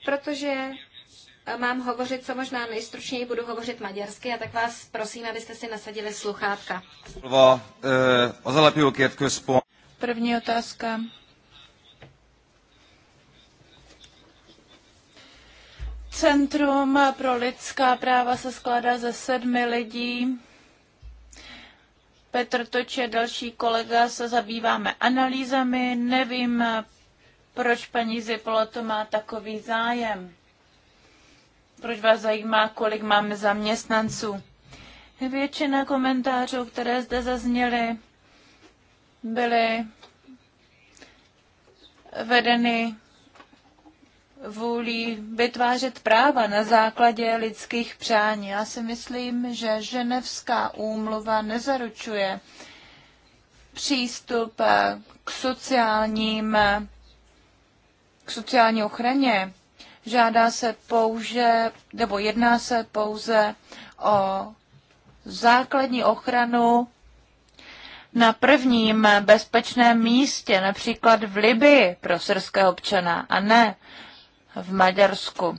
Protože eh, mám hovořit co možná nejstručněji, budu hovořit maďarsky a tak vás prosím, abyste si nasadili sluchátka. Eh, První otázka Centrum pro lidská práva se skládá ze sedmi lidí. Petr Toče, další kolega, se zabýváme analýzami. Nevím, proč paní Zipola to má takový zájem. Proč vás zajímá, kolik máme zaměstnanců? Většina komentářů, které zde zazněly, byly vedeny vůlí vytvářet práva na základě lidských přání. Já si myslím, že Ženevská úmluva nezaručuje přístup eh, k sociálním, eh, k sociální ochraně. Žádá se pouze, nebo jedná se pouze o základní ochranu na prvním bezpečném místě, například v Libii pro srbské občana, a ne v Maďarsku.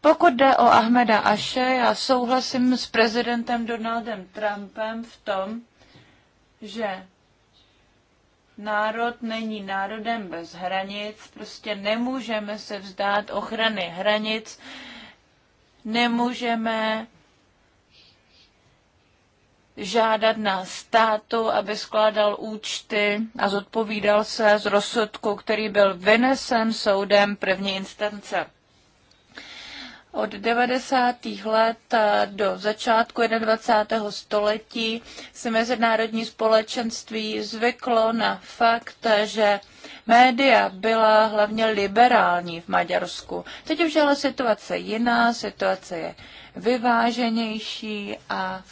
Pokud jde o Ahmeda Aše, já souhlasím s prezidentem Donaldem Trumpem v tom, že národ není národem bez hranic, prostě nemůžeme se vzdát ochrany hranic, nemůžeme žádat na státu, aby skládal účty a zodpovídal se z rozsudku, který byl vynesen soudem první instance. Od 90. let do začátku 21. století se mezinárodní společenství zvyklo na fakt, že média byla hlavně liberální v Maďarsku. Teď už je ale situace jiná, situace je vyváženější a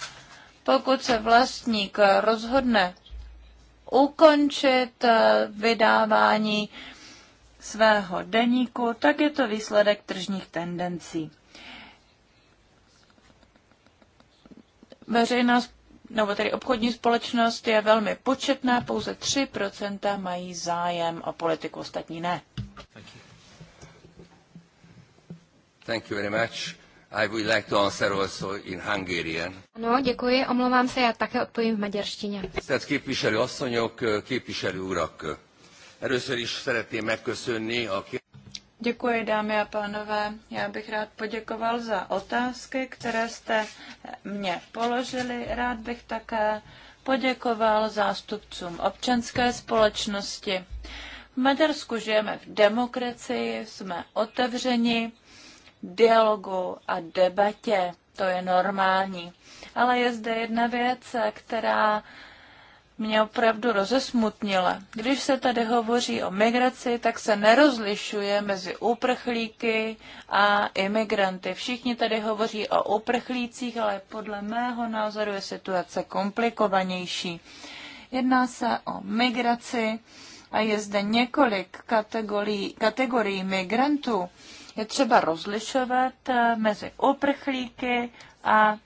pokud se vlastník rozhodne ukončit eh, vydávání svého deníku, tak je to výsledek tržních tendencí. Veřejná nebo tedy obchodní společnost je velmi početná, pouze 3% mají zájem o politiku, ostatní ne. Thank you. Thank you very much. I would like to answer also in Hungarian. Ano, děkuji, omlouvám se, já také odpovím v maďarštině. Tisztelt képviselő asszonyok, képviselő urak! Először is szeretném megköszönni a Děkuji, dámy a pánové. Já bych rád poděkoval za otázky, které jste mě položili. Rád bych také poděkoval zástupcům občanské společnosti. V Maďarsku žijeme v demokracii, jsme otevřeni dialogu a debatě. To je normální. Ale je zde jedna věc, která mě opravdu rozesmutnila. Když se tady hovoří o migraci, tak se nerozlišuje mezi úprchlíky a imigranty. Všichni tady hovoří o úprchlících, ale podle mého názoru je situace komplikovanější. Jedná se o migraci a je zde několik kategorií, kategorií migrantů. Je třeba rozlišovat eh, mezi uprchlíky a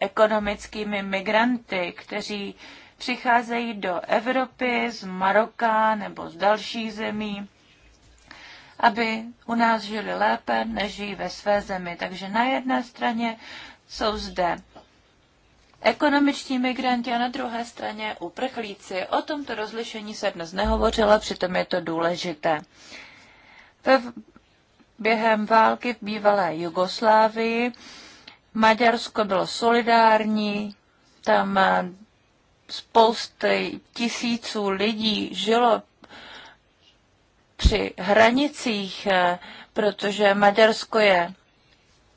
ekonomickými migranty, kteří přicházejí do Evropy z Maroka nebo z dalších zemí, aby u nás žili lépe, než žijí ve své zemi. Takže na jedné straně jsou zde ekonomičtí migranti a na druhé straně uprchlíci. O tomto rozlišení se dnes nehovořilo, přitom je to důležité během války v bývalé Jugoslávii. Maďarsko bylo solidární, tam eh, spousty tisíců lidí žilo při hranicích, eh, protože Maďarsko je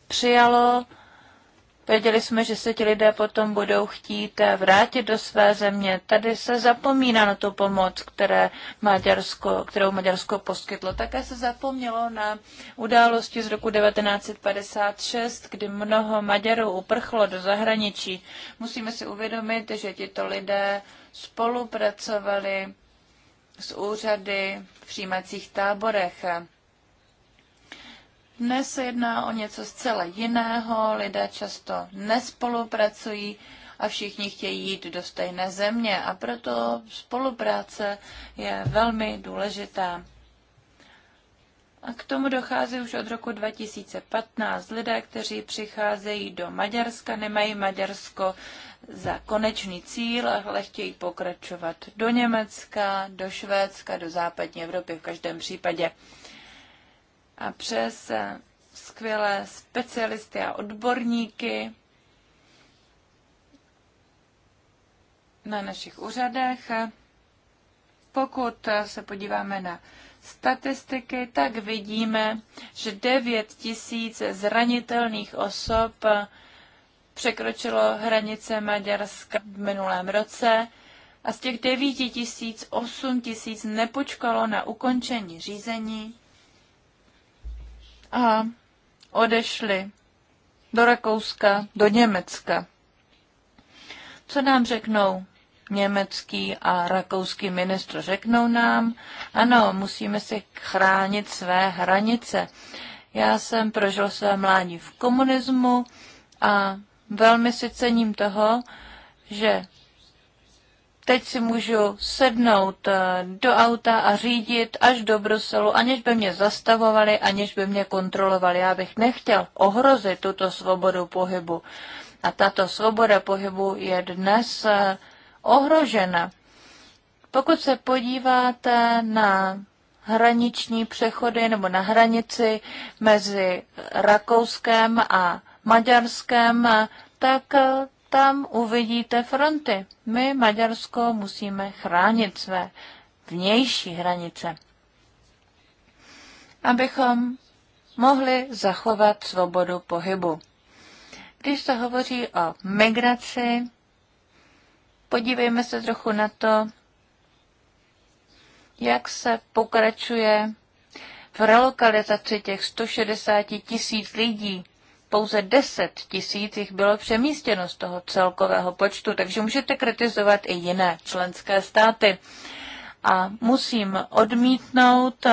přijalo Věděli jsme, že se ti lidé potom budou chtít vrátit do své země. Tady se zapomíná na tu pomoc, které Maďarsko, kterou Maďarsko poskytlo. Také se zapomnělo na události z roku 1956, kdy mnoho Maďarů uprchlo do zahraničí. Musíme si uvědomit, že tito lidé spolupracovali s úřady v přijímacích táborech. Dnes se jedná o něco zcela jiného, lidé často nespolupracují a všichni chtějí jít do stejné země a proto spolupráce je velmi důležitá. A k tomu dochází už od roku 2015. Lidé, kteří přicházejí do Maďarska, nemají Maďarsko za konečný cíl, ale chtějí pokračovat do Německa, do Švédska, do západní Evropy v každém případě a přes eh, skvělé specialisty a odborníky na našich úřadech. Pokud se podíváme na statistiky, tak vidíme, že 9 tisíc zranitelných osob překročilo hranice Maďarska v minulém roce a z těch 9 tisíc 8 tisíc nepočkalo na ukončení řízení a odešli do Rakouska, do Německa. Co nám řeknou německý a rakouský ministr? Řeknou nám, ano, musíme si chránit své hranice. Já jsem prožil své mládí v komunismu a velmi si cením toho, že Teď si můžu sednout eh, do auta a řídit až do Bruselu, aniž by mě zastavovali, aniž by mě kontrolovali. Já bych nechtěl ohrozit tuto svobodu pohybu. A tato svoboda pohybu je dnes eh, ohrožena. Pokud se podíváte na hraniční přechody nebo na hranici mezi Rakouskem a Maďarskem, eh, tak tam uvidíte fronty. My, Maďarsko, musíme chránit své vnější hranice, abychom mohli zachovat svobodu pohybu. Když se hovoří o migraci, podívejme se trochu na to, jak se pokračuje v relokalizaci těch 160 tisíc lidí pouze 10 tisíc jich bylo přemístěno z toho celkového počtu, takže můžete kritizovat i jiné členské státy. A musím odmítnout,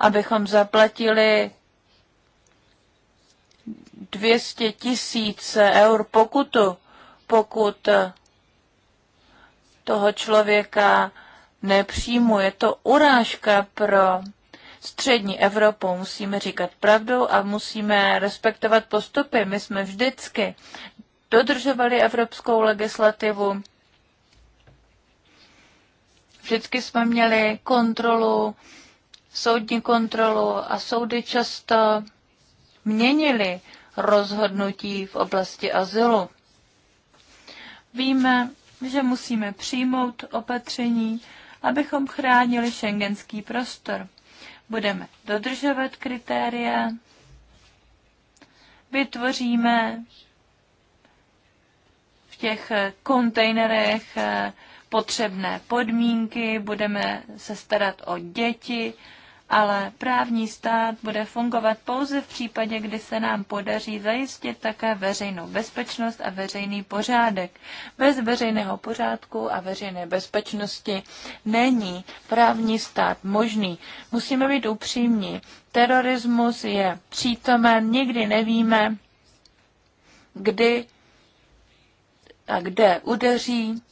abychom zaplatili 200 tisíc eur pokutu, pokud toho člověka nepřijmu, Je to urážka pro střední Evropou. Musíme říkat pravdu a musíme respektovat postupy. My jsme vždycky dodržovali evropskou legislativu. Vždycky jsme měli kontrolu, soudní kontrolu a soudy často měnili rozhodnutí v oblasti azylu. Víme, že musíme přijmout opatření, abychom chránili šengenský prostor budeme dodržovat kritéria, vytvoříme v těch kontejnerech eh, potřebné podmínky, budeme se starat o děti, ale právní stát bude fungovat pouze v případě, kdy se nám podaří zajistit také veřejnou bezpečnost a veřejný pořádek. Bez veřejného pořádku a veřejné bezpečnosti není právní stát možný. Musíme být upřímní. Terorismus je přítomen, nikdy nevíme, kdy a kde udeří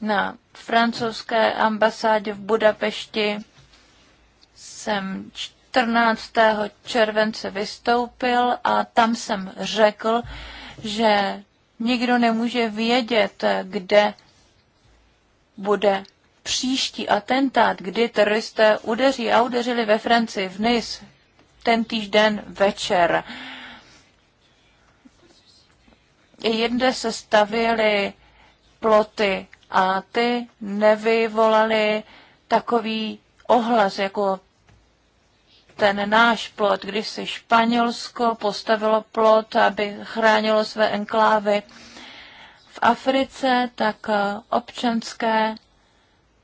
na francouzské ambasádě v Budapešti jsem 14. července vystoupil a tam jsem řekl, že nikdo nemůže vědět, kde bude příští atentát, kdy teroristé udeří a udeřili ve Francii v NIS ten týžden večer. Jinde se stavěly ploty a ty nevyvolaly takový ohlas jako ten náš plot, když se Španělsko postavilo plot, aby chránilo své enklávy v Africe, tak eh, občanské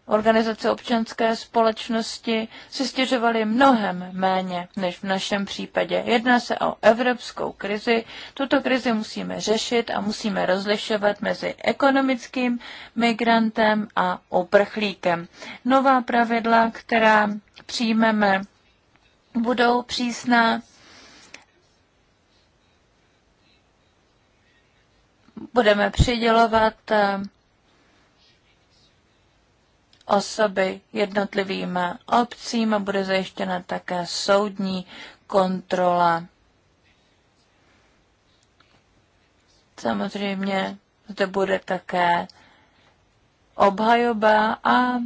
organizace občanské společnosti si stěžovaly mnohem méně než v našem případě. Jedná se o evropskou krizi. Tuto krizi musíme řešit a musíme rozlišovat mezi ekonomickým migrantem a uprchlíkem. Nová pravidla, která přijmeme budou přísná, budeme přidělovat eh, osoby jednotlivým eh, obcím a bude zajištěna také soudní kontrola. Samozřejmě zde bude také obhajoba a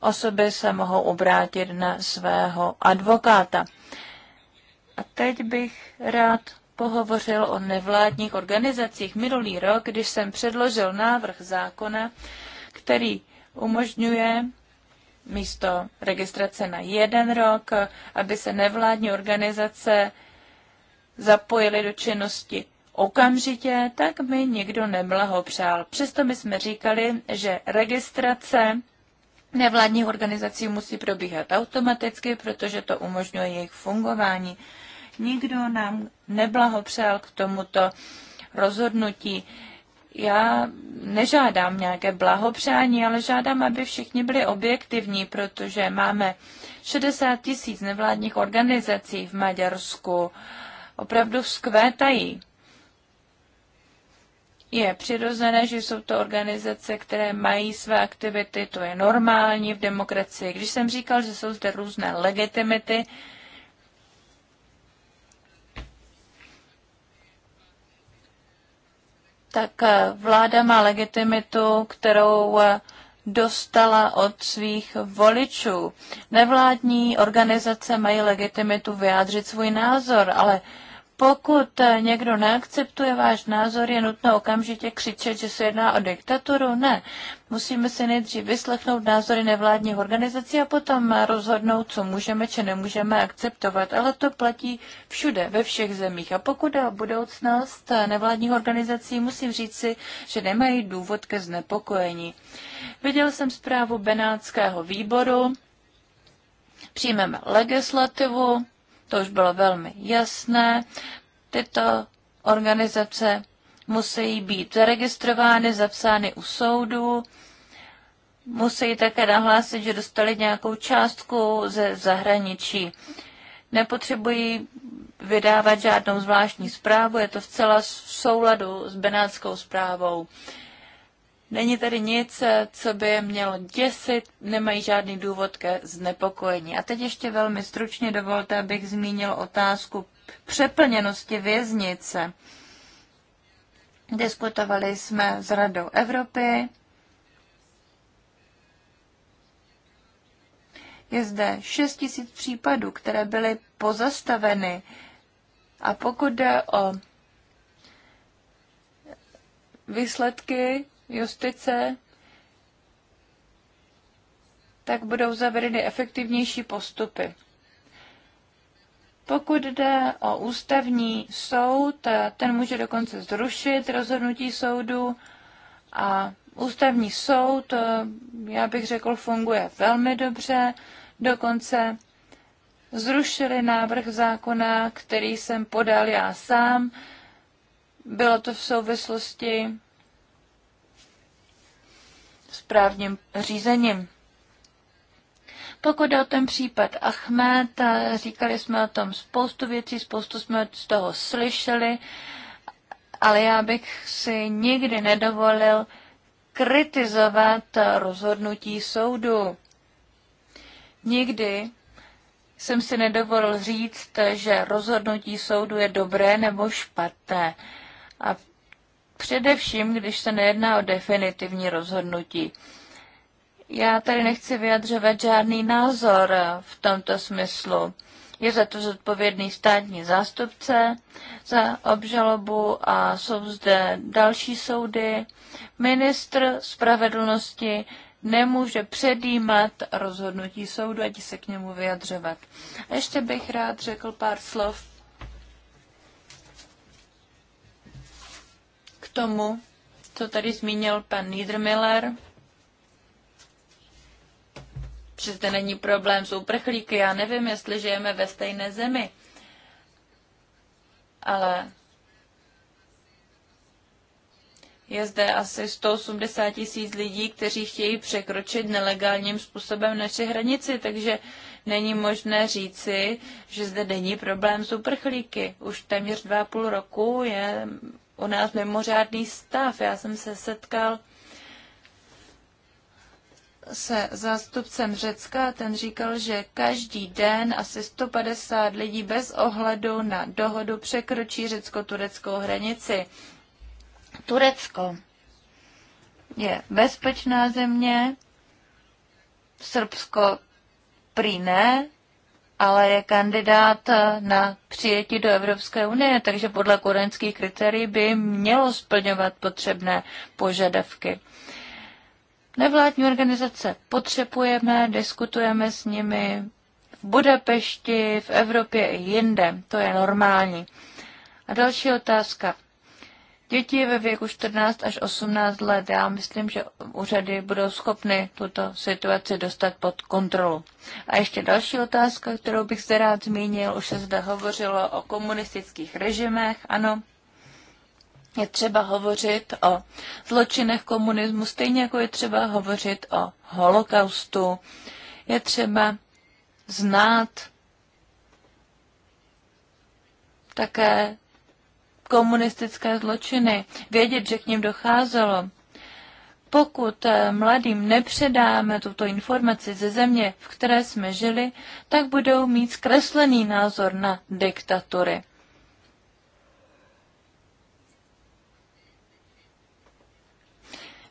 osoby se mohou obrátit na svého advokáta. A teď bych rád pohovořil o nevládních organizacích. Minulý rok, když jsem předložil návrh zákona, který umožňuje místo registrace na jeden rok, aby se nevládní organizace zapojily do činnosti okamžitě, tak mi nikdo neblahopřál. Přesto my jsme říkali, že registrace nevládních organizací musí probíhat automaticky, protože to umožňuje jejich fungování. Nikdo nám neblahopřál k tomuto rozhodnutí. Já nežádám nějaké blahopřání, ale žádám, aby všichni byli objektivní, protože máme 60 tisíc nevládních organizací v Maďarsku. Opravdu vzkvétají je přirozené, že jsou to organizace, které mají své aktivity, to je normální v demokracii. Když jsem říkal, že jsou zde různé legitimity, tak eh, vláda má legitimitu, kterou eh, dostala od svých voličů. Nevládní organizace mají legitimitu vyjádřit svůj názor, ale pokud někdo neakceptuje váš názor, je nutno okamžitě křičet, že se jedná o diktaturu? Ne. Musíme si nejdřív vyslechnout názory nevládních organizací a potom rozhodnout, co můžeme či nemůžeme akceptovat. Ale to platí všude, ve všech zemích. A pokud je o budoucnost nevládních organizací, musím říci, že nemají důvod ke znepokojení. Viděl jsem zprávu Benátského výboru, přijmeme legislativu, to už bylo velmi jasné. Tyto organizace musí být zaregistrovány, zapsány u soudu, musí také nahlásit, že dostali nějakou částku ze zahraničí. Nepotřebují vydávat žádnou zvláštní zprávu, je to vcela v souladu s benátskou zprávou. Není tady nic, eh, co by je mělo děsit, nemají žádný důvod ke znepokojení. A teď ještě velmi stručně dovolte, abych zmínil otázku přeplněnosti věznice. Diskutovali jsme s Radou Evropy. Je zde 6 tisíc případů, které byly pozastaveny. A pokud jde o výsledky justice, tak budou zavedeny efektivnější postupy. Pokud jde o ústavní soud, ten může dokonce zrušit rozhodnutí soudu a ústavní soud, já bych řekl, funguje velmi dobře. Dokonce zrušili návrh zákona, který jsem podal já sám. Bylo to v souvislosti správním řízením. Pokud jde o ten případ Achmed, říkali jsme o tom spoustu věcí, spoustu jsme z toho slyšeli, ale já bych si nikdy nedovolil kritizovat rozhodnutí soudu. Nikdy jsem si nedovolil říct, že rozhodnutí soudu je dobré nebo špatné. A Především, když se nejedná o definitivní rozhodnutí. Já tady nechci vyjadřovat žádný názor v tomto smyslu. Je za to zodpovědný státní zástupce za obžalobu a jsou zde další soudy. Ministr spravedlnosti nemůže předjímat rozhodnutí soudu ať se k němu vyjadřovat. ještě bych rád řekl pár slov tomu, co tady zmínil pan Niedermiller, že zde není problém s uprchlíky. Já nevím, jestli žijeme ve stejné zemi, ale je zde asi 180 tisíc lidí, kteří chtějí překročit nelegálním způsobem naše hranici, takže není možné říci, že zde není problém s uprchlíky. Už téměř dva a půl roku je u nás mimořádný stav. Já jsem se setkal se zástupcem Řecka, ten říkal, že každý den asi 150 lidí bez ohledu na dohodu překročí řecko-tureckou hranici. Turecko je bezpečná země, Srbsko prý ne, ale je kandidát eh, na přijetí do Evropské unie, takže podle korenských kritérií by mělo splňovat potřebné požadavky. Nevládní organizace potřebujeme, diskutujeme s nimi v Budapešti, v Evropě i jinde. To je normální. A další otázka děti ve věku 14 až 18 let. Já myslím, že úřady budou schopny tuto situaci dostat pod kontrolu. A ještě další otázka, kterou bych se rád zmínil, už se zde hovořilo o komunistických režimech, ano. Je třeba hovořit o zločinech komunismu, stejně jako je třeba hovořit o holokaustu. Je třeba znát také komunistické zločiny, vědět, že k ním docházelo. Pokud eh, mladým nepředáme tuto informaci ze země, v které jsme žili, tak budou mít zkreslený názor na diktatury.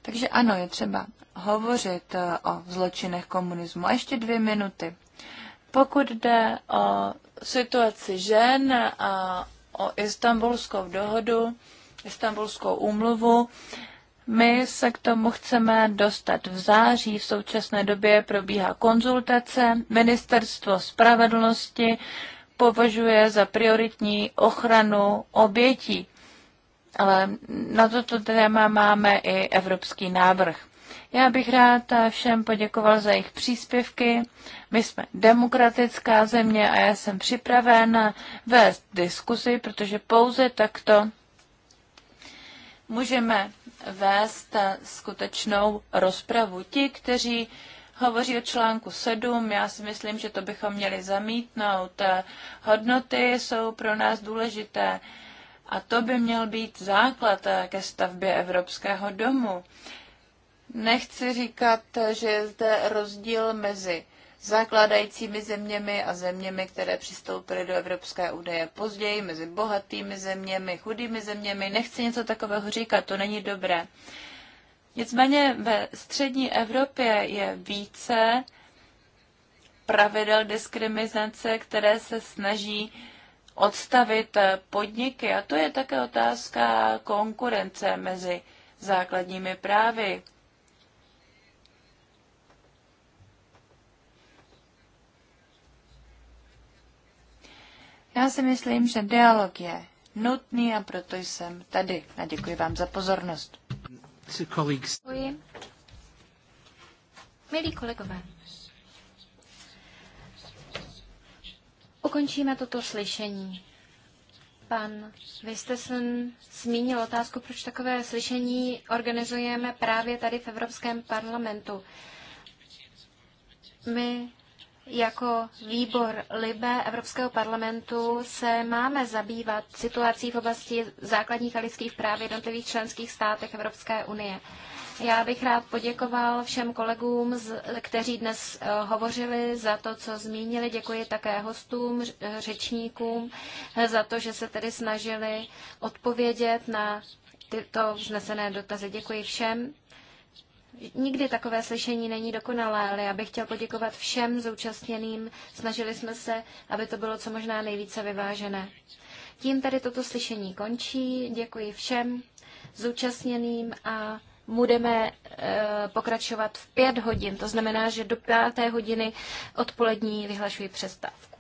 Takže ano, je třeba hovořit eh, o zločinech komunismu. A ještě dvě minuty. Pokud jde o situaci žen a o istambulskou dohodu, istambulskou úmluvu. My se k tomu chceme dostat v září. V současné době probíhá konzultace. Ministerstvo spravedlnosti považuje za prioritní ochranu obětí. Ale na toto téma máme i evropský návrh. Já bych rád všem poděkoval za jejich příspěvky. My jsme demokratická země a já jsem připraven vést diskuzi, protože pouze takto můžeme vést skutečnou rozpravu. Ti, kteří hovoří o článku 7. Já si myslím, že to bychom měli zamítnout. Hodnoty jsou pro nás důležité a to by měl být základ ke stavbě Evropského domu. Nechci říkat, že je zde rozdíl mezi zakládajícími zeměmi a zeměmi, které přistoupily do Evropské unie později, mezi bohatými zeměmi, chudými zeměmi. Nechci něco takového říkat, to není dobré. Nicméně ve střední Evropě je více pravidel diskriminace, které se snaží odstavit podniky. A to je také otázka konkurence mezi základními právy Já si myslím, že dialog je nutný a proto jsem tady. A děkuji vám za pozornost. Děkuji. Milí kolegové, ukončíme toto slyšení. Pan Vistesen zmínil otázku, proč takové slyšení organizujeme právě tady v Evropském parlamentu. My jako výbor LIBE Evropského parlamentu se máme zabývat situací v oblasti základních a lidských práv v jednotlivých členských státech Evropské unie. Já bych rád poděkoval všem kolegům, kteří dnes eh, hovořili za to, co zmínili. Děkuji také hostům, eh, řečníkům eh, za to, že se tedy snažili odpovědět na tyto vznesené dotazy. Děkuji všem. Nikdy takové slyšení není dokonalé, ale já bych chtěl poděkovat všem zúčastněným. Snažili jsme se, aby to bylo co možná nejvíce vyvážené. Tím tady toto slyšení končí. Děkuji všem zúčastněným a budeme eh, pokračovat v pět hodin. To znamená, že do páté hodiny odpolední vyhlašuji přestávku.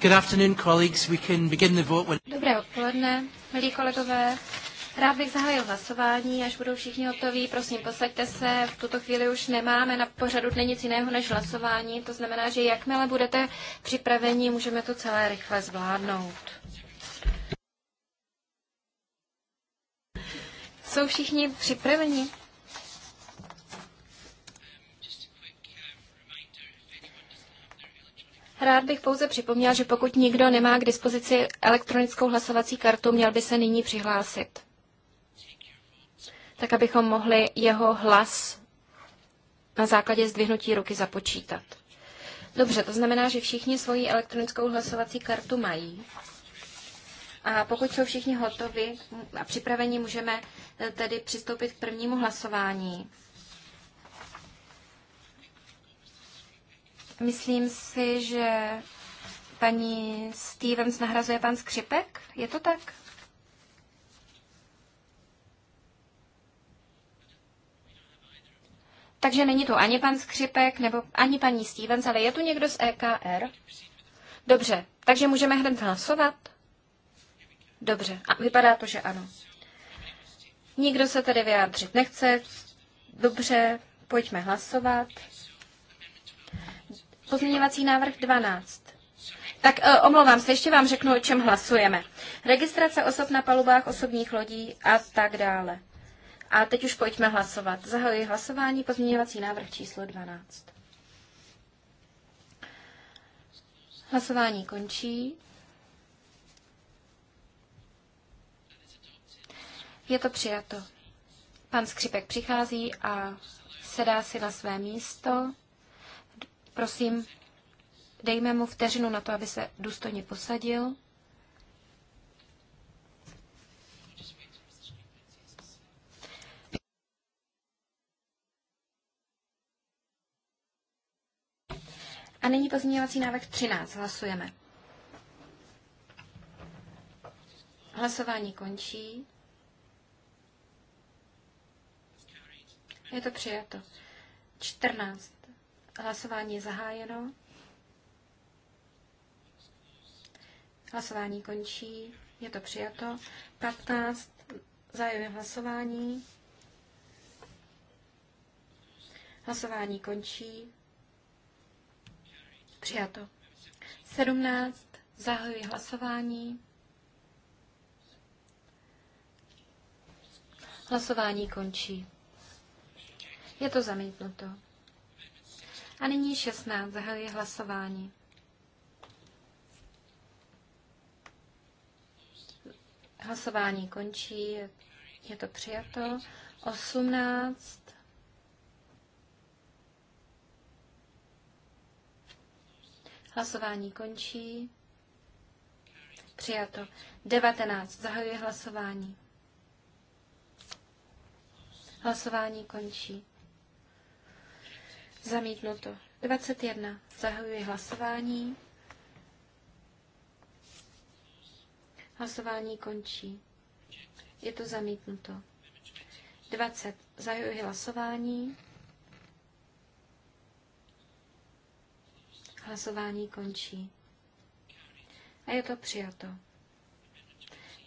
Good afternoon, colleagues. We can begin the vote when... Dobré odpoledne, milí kolegové. Rád bych zahájil hlasování, až budou všichni hotoví. Prosím, posaďte se. V tuto chvíli už nemáme na pořadu dne nic jiného než hlasování. To znamená, že jakmile budete připraveni, můžeme to celé rychle zvládnout. Jsou všichni připraveni? Rád bych pouze připomněl, že pokud nikdo nemá k dispozici elektronickou hlasovací kartu, měl by se nyní přihlásit, tak abychom mohli jeho hlas na základě zdvihnutí ruky započítat. Dobře, to znamená, že všichni svoji elektronickou hlasovací kartu mají. A pokud jsou všichni hotovi a připraveni, můžeme eh, tedy přistoupit k prvnímu hlasování. Myslím si, že paní Stevens nahrazuje pan Skřipek. Je to tak? Takže není tu ani pan Skřipek, nebo ani paní Stevens, ale je tu někdo z EKR? Dobře, takže můžeme hned hlasovat? Dobře, a vypadá to, že ano. Nikdo se tedy vyjádřit nechce. Dobře, pojďme hlasovat. Pozměňovací návrh 12. Tak e, omlouvám se, ještě vám řeknu, o čem hlasujeme. Registrace osob na palubách osobních lodí a tak dále. A teď už pojďme hlasovat. Zahajuji hlasování, pozměňovací návrh číslo 12. Hlasování končí. Je to přijato. Pan Skřipek přichází a sedá si na své místo. Prosím, dejme mu vteřinu na to, aby se důstojně posadil. A nyní pozměňovací návrh 13. Hlasujeme. Hlasování končí. Je to přijato. 14. Hlasování je zahájeno. Hlasování končí. Je to přijato. 15. Zájem hlasování. Hlasování končí. Přijato. 17. Zahajuji hlasování. Hlasování končí. Je to zamítnuto. A nyní 16. Zahajuji hlasování. Hlasování končí, je to přijato. 18. Hlasování končí. Přijato. 19. Zahajuji hlasování. Hlasování končí. Zamítnuto. 21. Zahajuji hlasování. Hlasování končí. Je to zamítnuto. 20. Zahajuji hlasování. Hlasování končí. A je to přijato.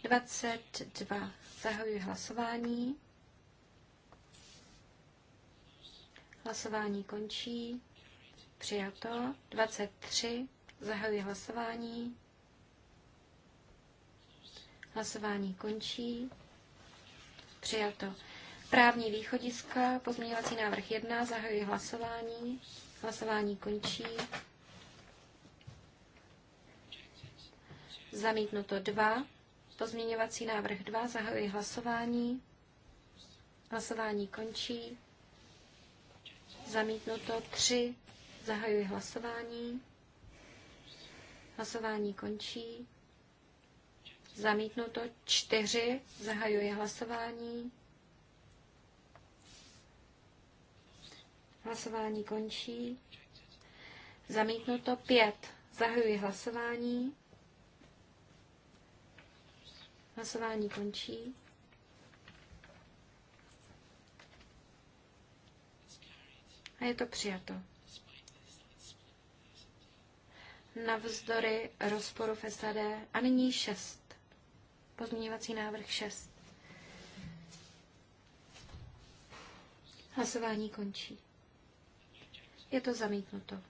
22. Zahajuji hlasování. Hlasování končí. Přijato. 23. Zahajuji hlasování. Hlasování končí. Přijato. Právní východiska, pozměňovací návrh 1, zahajuji hlasování. Hlasování končí. Zamítnuto 2. Pozměňovací návrh 2, zahajuji hlasování. Hlasování končí. Zamítnuto tři, Zahajuji hlasování. Hlasování končí. Zamítnuto čtyři, Zahajuji hlasování. Hlasování končí. Zamítnuto pět, Zahajuji hlasování. Hlasování končí. je to přijato. Navzdory rozporu FSAD a nyní šest Pozměňovací návrh šest Hlasování končí. Je to zamítnuto.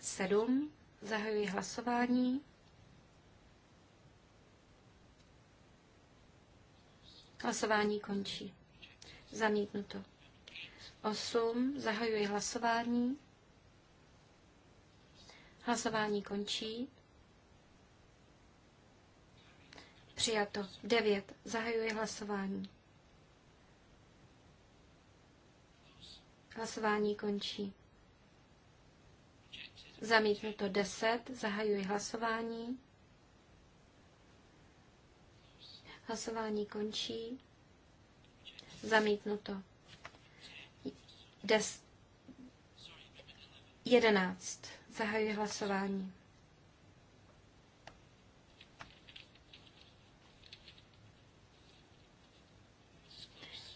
sedm Zahajuji hlasování. Hlasování končí. Zamítnuto. 8. Zahajuji hlasování. Hlasování končí. Přijato. 9. Zahajuji hlasování. Hlasování končí. Zamítnuto 10. Zahajuji hlasování. Hlasování končí. Zamítnuto. Des 11. Zahajuji hlasování.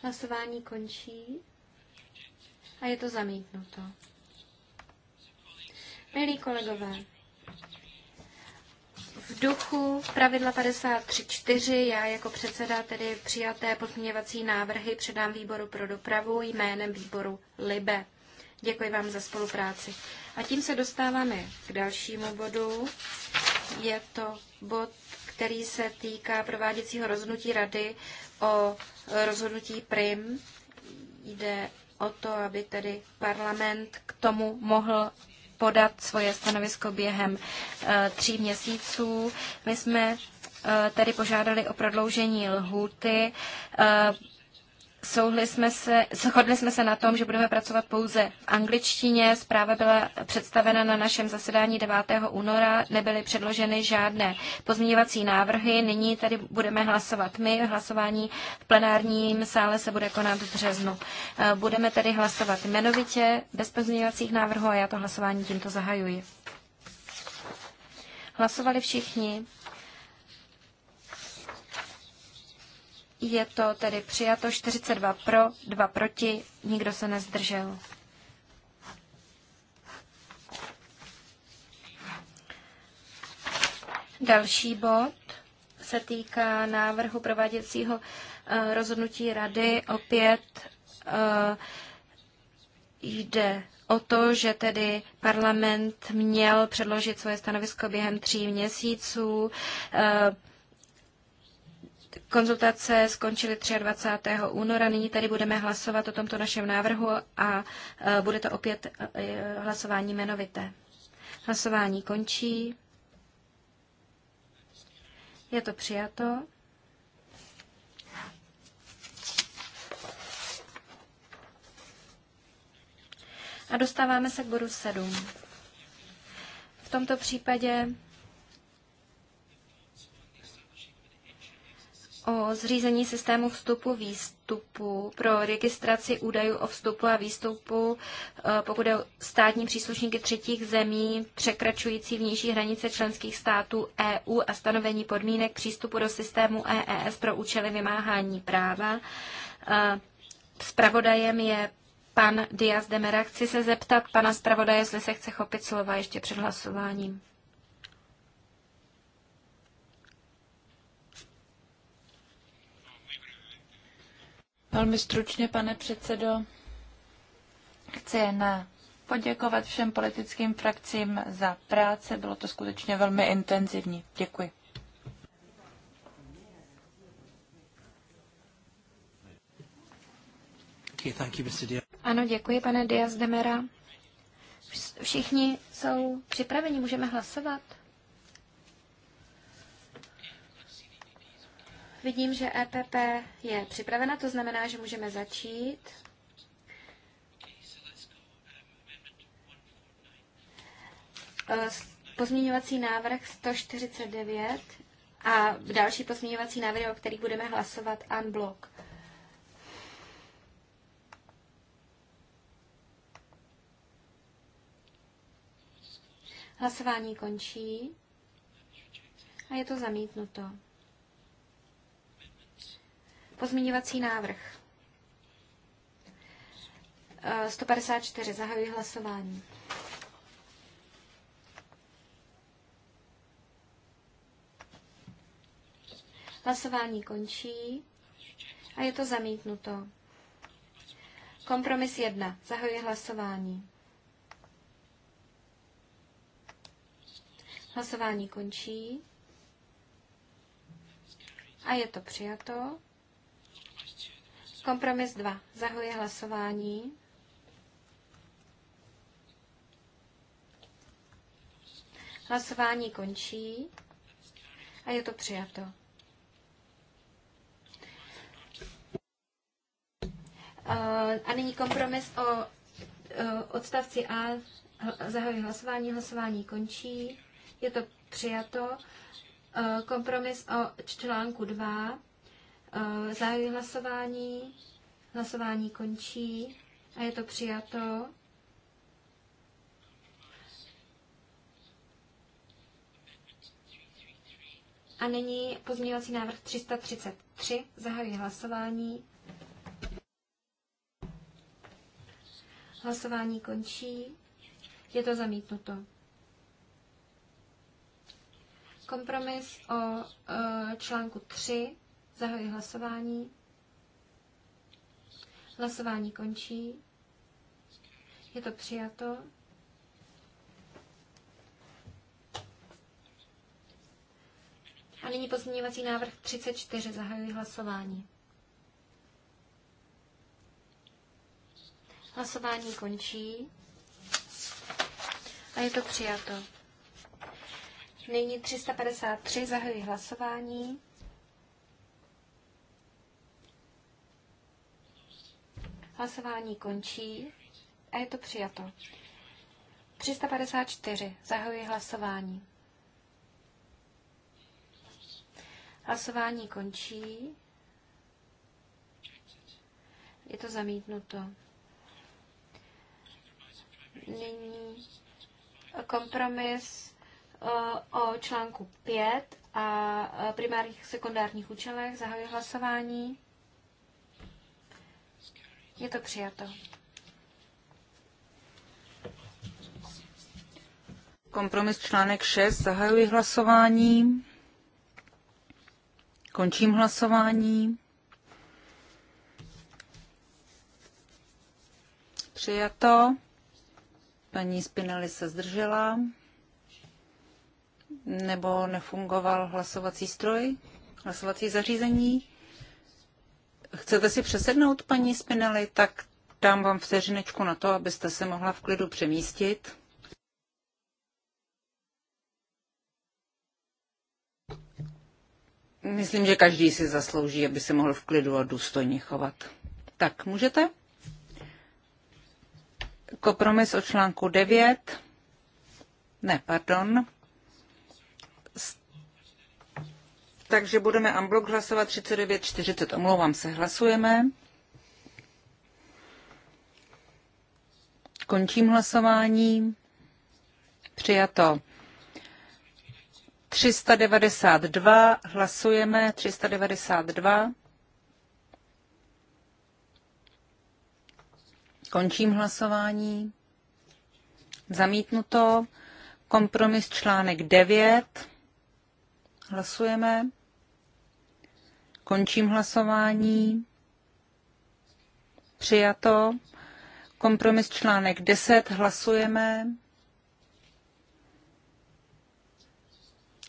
Hlasování končí a je to zamítnuto. Milí kolegové, v duchu pravidla 53.4 já jako předseda tedy přijaté pozměňovací návrhy předám výboru pro dopravu jménem výboru LIBE. Děkuji vám za spolupráci. A tím se dostáváme k dalšímu bodu. Je to bod, který se týká prováděcího rozhodnutí rady o rozhodnutí PRIM. Jde o to, aby tedy parlament k tomu mohl podat svoje stanovisko během eh, tří měsíců. My jsme eh, tedy požádali o prodloužení lhůty eh, jsme se, shodli jsme se na tom, že budeme pracovat pouze v angličtině. Zpráva byla představena na našem zasedání 9. února, nebyly předloženy žádné pozměňovací návrhy. Nyní tady budeme hlasovat my. Hlasování v plenárním sále se bude konat v březnu. Eh, budeme tedy hlasovat jmenovitě, bez pozměňovacích návrhů a já to hlasování tímto zahajuji. Hlasovali všichni. Je to tedy přijato 42 pro, 2 proti, nikdo se nezdržel. Další bod se týká návrhu prováděcího eh, rozhodnutí rady. Opět eh, jde o to, že tedy parlament měl předložit svoje stanovisko během tří měsíců. Eh, Konzultace skončily 23. února, nyní tady budeme hlasovat o tomto našem návrhu a e, bude to opět e, e, hlasování jmenovité. Hlasování končí. Je to přijato. A dostáváme se k bodu 7. V tomto případě o zřízení systému vstupu výstupu pro registraci údajů o vstupu a výstupu, eh, pokud je státní příslušníky třetích zemí překračující vnější hranice členských států EU a stanovení podmínek přístupu do systému EES pro účely vymáhání práva. Spravodajem eh, je pan Diaz Demera. Chci se zeptat pana zpravodaje, jestli se chce chopit slova ještě před hlasováním. Velmi stručně, pane předsedo, chci jen poděkovat všem politickým frakcím za práce. Bylo to skutečně velmi intenzivní. Děkuji. Ano, děkuji, pane Diaz Demera. Všichni jsou připraveni, můžeme hlasovat. Vidím, že EPP je připravena, to znamená, že můžeme začít. E, pozměňovací návrh 149 a další pozměňovací návrhy, o kterých budeme hlasovat unblock. Hlasování končí a je to zamítnuto. Pozměňovací návrh. Eh, 154. Zahajuji hlasování. Hlasování končí a je to zamítnuto. Kompromis 1. Zahajuji hlasování. Hlasování končí a je to přijato. Kompromis 2. Zahoji hlasování. Hlasování končí a je to přijato. Eh, a nyní kompromis o eh, odstavci A. Zahajuji hlasování, hlasování končí, je to přijato. Eh, kompromis o článku 2. Eh, zahajuji hlasování. Hlasování končí a je to přijato. A nyní pozměňovací návrh 333. Zahajuji hlasování. Hlasování končí. Je to zamítnuto. Kompromis o eh, článku 3 Zahajuji hlasování. Hlasování končí. Je to přijato. A nyní pozměňovací návrh 34. Zahajuji hlasování. Hlasování končí. A je to přijato. Nyní 353. Zahajuji hlasování. Hlasování končí a je to přijato. 354. Zahajuji hlasování. Hlasování končí. Je to zamítnuto. Nyní kompromis o článku 5 a e, primárních sekundárních účelech. Zahajuji hlasování. Je to přijato. Kompromis článek 6. Zahajuji hlasování. Končím hlasování. Přijato. Paní Spinelli se zdržela. Nebo nefungoval hlasovací stroj, hlasovací zařízení. Chcete si přesednout, paní Spinelli, tak dám vám vteřinečku na to, abyste se mohla v klidu přemístit. Myslím, že každý si zaslouží, aby se mohl v klidu a důstojně chovat. Tak, můžete? Kompromis o článku 9. Ne, pardon. takže budeme unblock hlasovat 39.40. Omlouvám se, hlasujeme. Končím hlasování. Přijato. 392, hlasujeme 392. Končím hlasování. Zamítnuto. Kompromis článek 9. Hlasujeme. Končím hlasování. Přijato. Kompromis článek 10. Hlasujeme.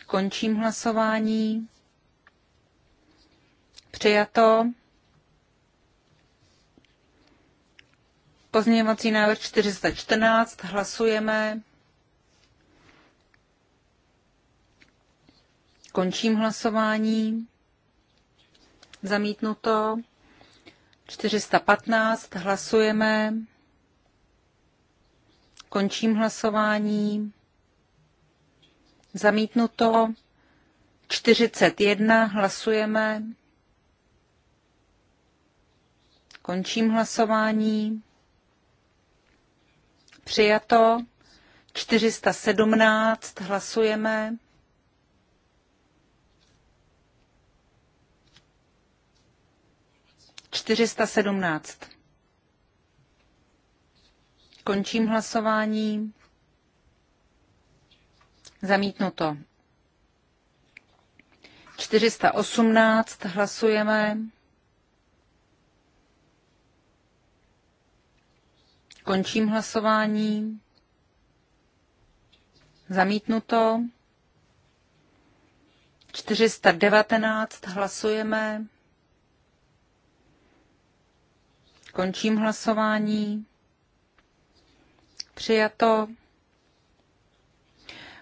Končím hlasování. Přijato. Pozměňovací návrh 414. Hlasujeme. Končím hlasování zamítnuto. 415 hlasujeme. Končím hlasování. Zamítnuto. 41 hlasujeme. Končím hlasování. Přijato. 417 hlasujeme. 417. Končím hlasování. Zamítnuto. 418 hlasujeme. Končím hlasování. Zamítnuto. 419 hlasujeme. Končím hlasování. Přijato.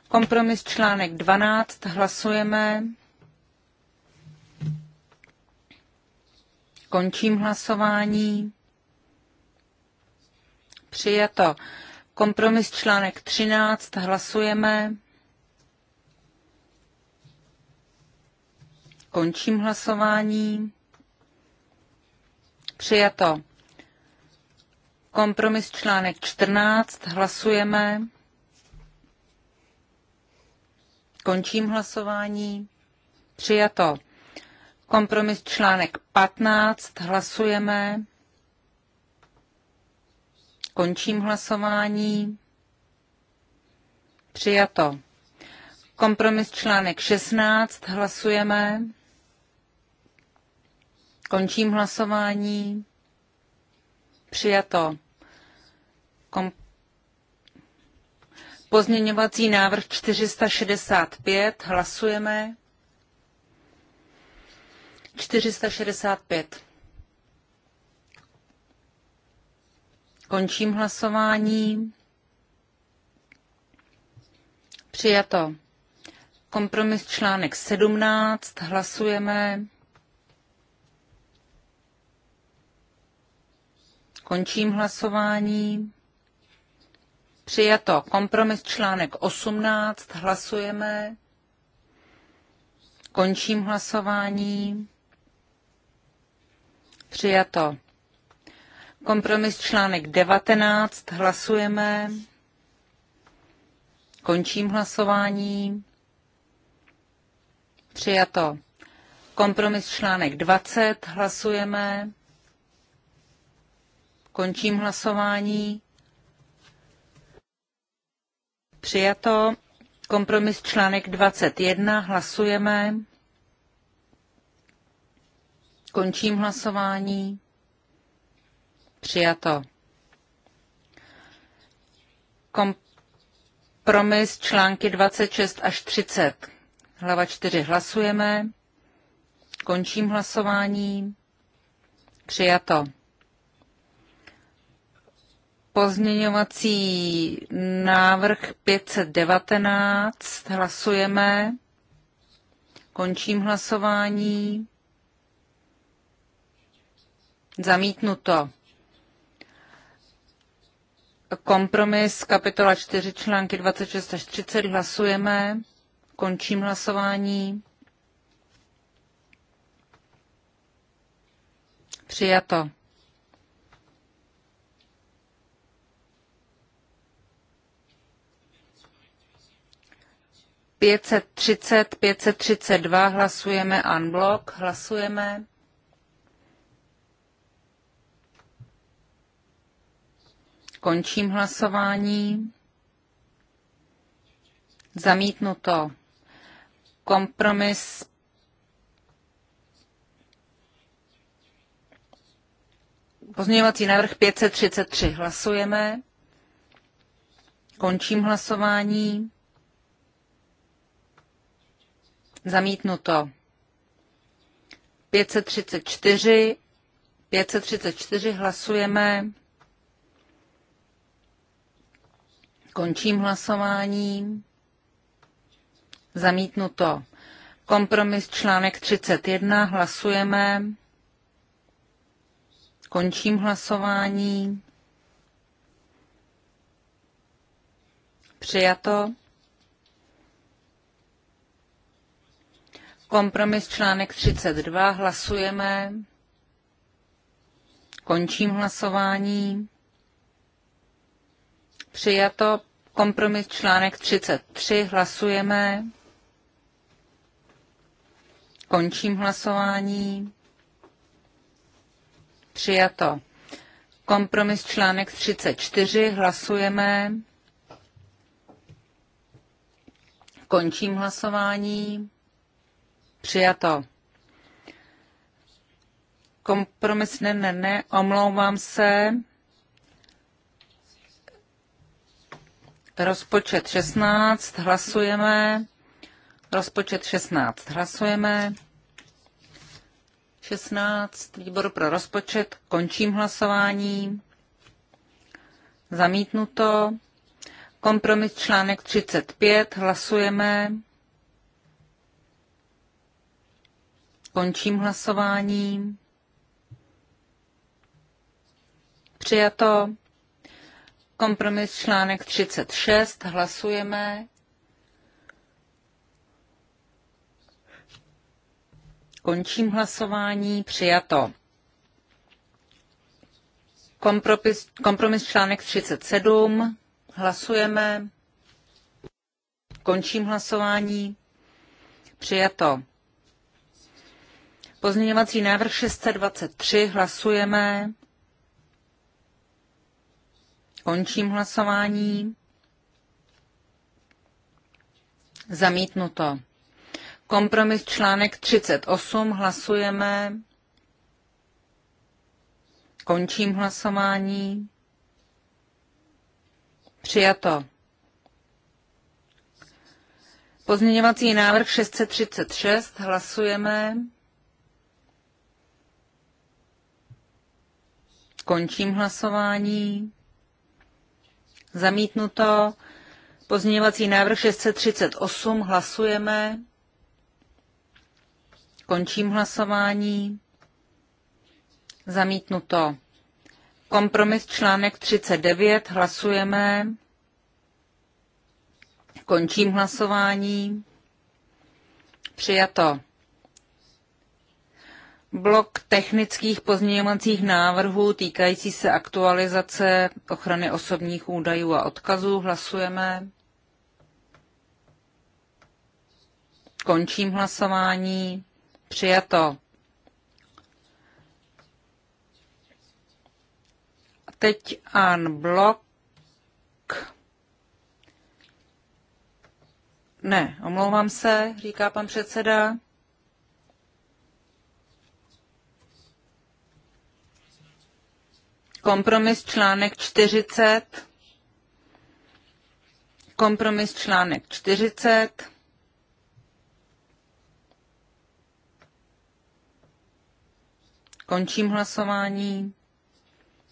Kompromis článek 12. Hlasujeme. Končím hlasování. Přijato. Kompromis článek 13. Hlasujeme. Končím hlasování. Přijato. Kompromis článek 14. Hlasujeme. Končím hlasování. Přijato. Kompromis článek 15. Hlasujeme. Končím hlasování. Přijato. Kompromis článek 16. Hlasujeme. Končím hlasování. Přijato. Kom- pozměňovací návrh 465. Hlasujeme. 465. Končím hlasování. Přijato. Kompromis článek 17. Hlasujeme. Končím hlasování. Přijato kompromis článek 18, hlasujeme. Končím hlasování. Přijato. Kompromis článek 19, hlasujeme. Končím hlasování. Přijato. Kompromis článek 20, hlasujeme. Končím hlasování. Přijato. Kompromis článek 21. Hlasujeme. Končím hlasování. Přijato. Kompromis články 26 až 30. Hlava 4 hlasujeme. Končím hlasování. Přijato. Pozměňovací návrh 519. Hlasujeme. Končím hlasování. Zamítnuto. Kompromis kapitola 4 články 26 až 30 hlasujeme. Končím hlasování. Přijato. 530, 532 hlasujeme unblock, hlasujeme. Končím hlasování. Zamítnuto. Kompromis Pozměňovací návrh 533 hlasujeme. Končím hlasování. Zamítnuto. 534. 534 hlasujeme. Končím hlasování. Zamítnuto. Kompromis článek 31. Hlasujeme. Končím hlasování. Přijato. Kompromis článek 32. Hlasujeme. Končím hlasování. Přijato. Kompromis článek 33. Hlasujeme. Končím hlasování. Přijato. Kompromis článek 34. Hlasujeme. Končím hlasování. Přijato. Kompromis ne, ne, ne, omlouvám se. Rozpočet 16, hlasujeme. Rozpočet 16, hlasujeme. 16, výbor pro rozpočet, končím hlasování. Zamítnuto. Kompromis článek 35, hlasujeme. Končím hlasování. Přijato. Kompromis článek 36. Hlasujeme. Končím hlasování. Přijato. Kompromis, kompromis článek 37. Hlasujeme. Končím hlasování. Přijato. Pozměňovací návrh 623 hlasujeme. Končím hlasování. Zamítnuto. Kompromis článek 38 hlasujeme. Končím hlasování. Přijato. Pozměňovací návrh 636 hlasujeme. Končím hlasování. Zamítnuto. Pozměňovací návrh 638. Hlasujeme. Končím hlasování. Zamítnuto. Kompromis článek 39. Hlasujeme. Končím hlasování. Přijato blok technických pozměňovacích návrhů týkající se aktualizace ochrany osobních údajů a odkazů. Hlasujeme. Končím hlasování. Přijato. Teď an blok. Ne, omlouvám se, říká pan předseda. Kompromis článek 40. Kompromis článek 40. Končím hlasování.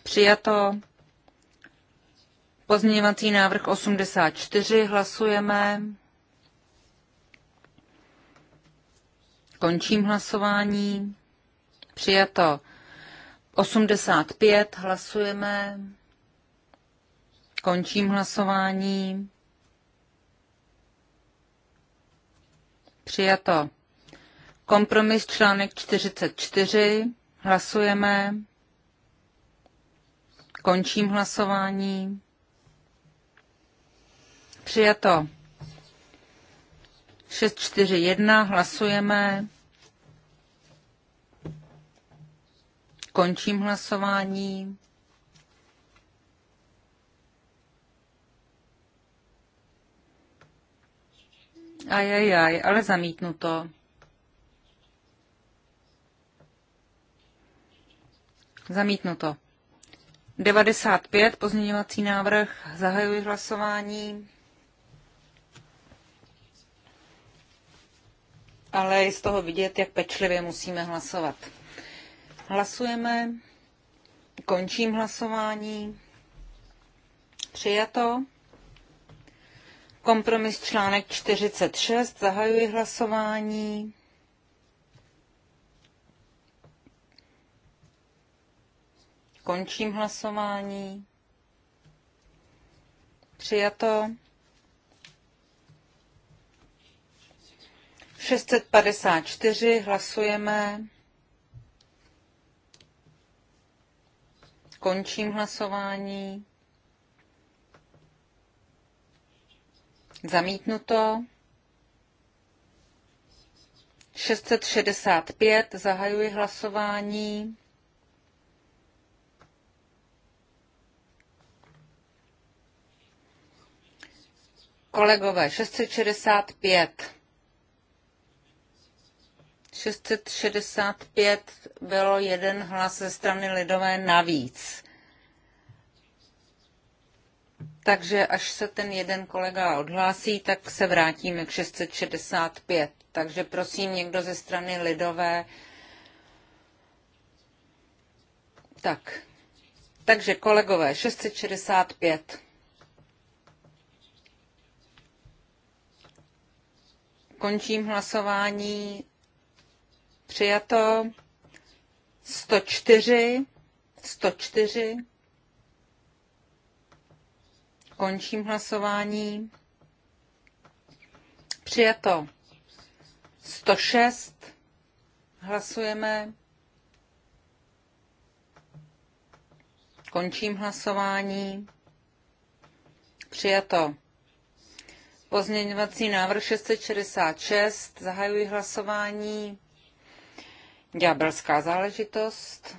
Přijato. Pozměňovací návrh 84 hlasujeme. Končím hlasování. Přijato. 85 hlasujeme. Končím hlasování. Přijato. Kompromis článek 44. Hlasujeme. Končím hlasování. Přijato. 641. Hlasujeme. Končím hlasování. Ajajaj, ale zamítnu to. Zamítnu to. 95 pozměňovací návrh. Zahajuji hlasování. Ale je z toho vidět, jak pečlivě musíme hlasovat. Hlasujeme. Končím hlasování. Přijato. Kompromis článek 46. Zahajuji hlasování. Končím hlasování. Přijato. 654. Hlasujeme. Končím hlasování. Zamítnuto. 665. Zahajuji hlasování. Kolegové, 665. 665 bylo jeden hlas ze strany lidové navíc. Takže až se ten jeden kolega odhlásí, tak se vrátíme k 665. Takže prosím, někdo ze strany lidové. Tak. Takže kolegové, 665. Končím hlasování. Přijato. 104. 104. Končím hlasování. Přijato. 106. Hlasujeme. Končím hlasování. Přijato. Pozměňovací návrh 666. Zahajuji hlasování ďábelská záležitost.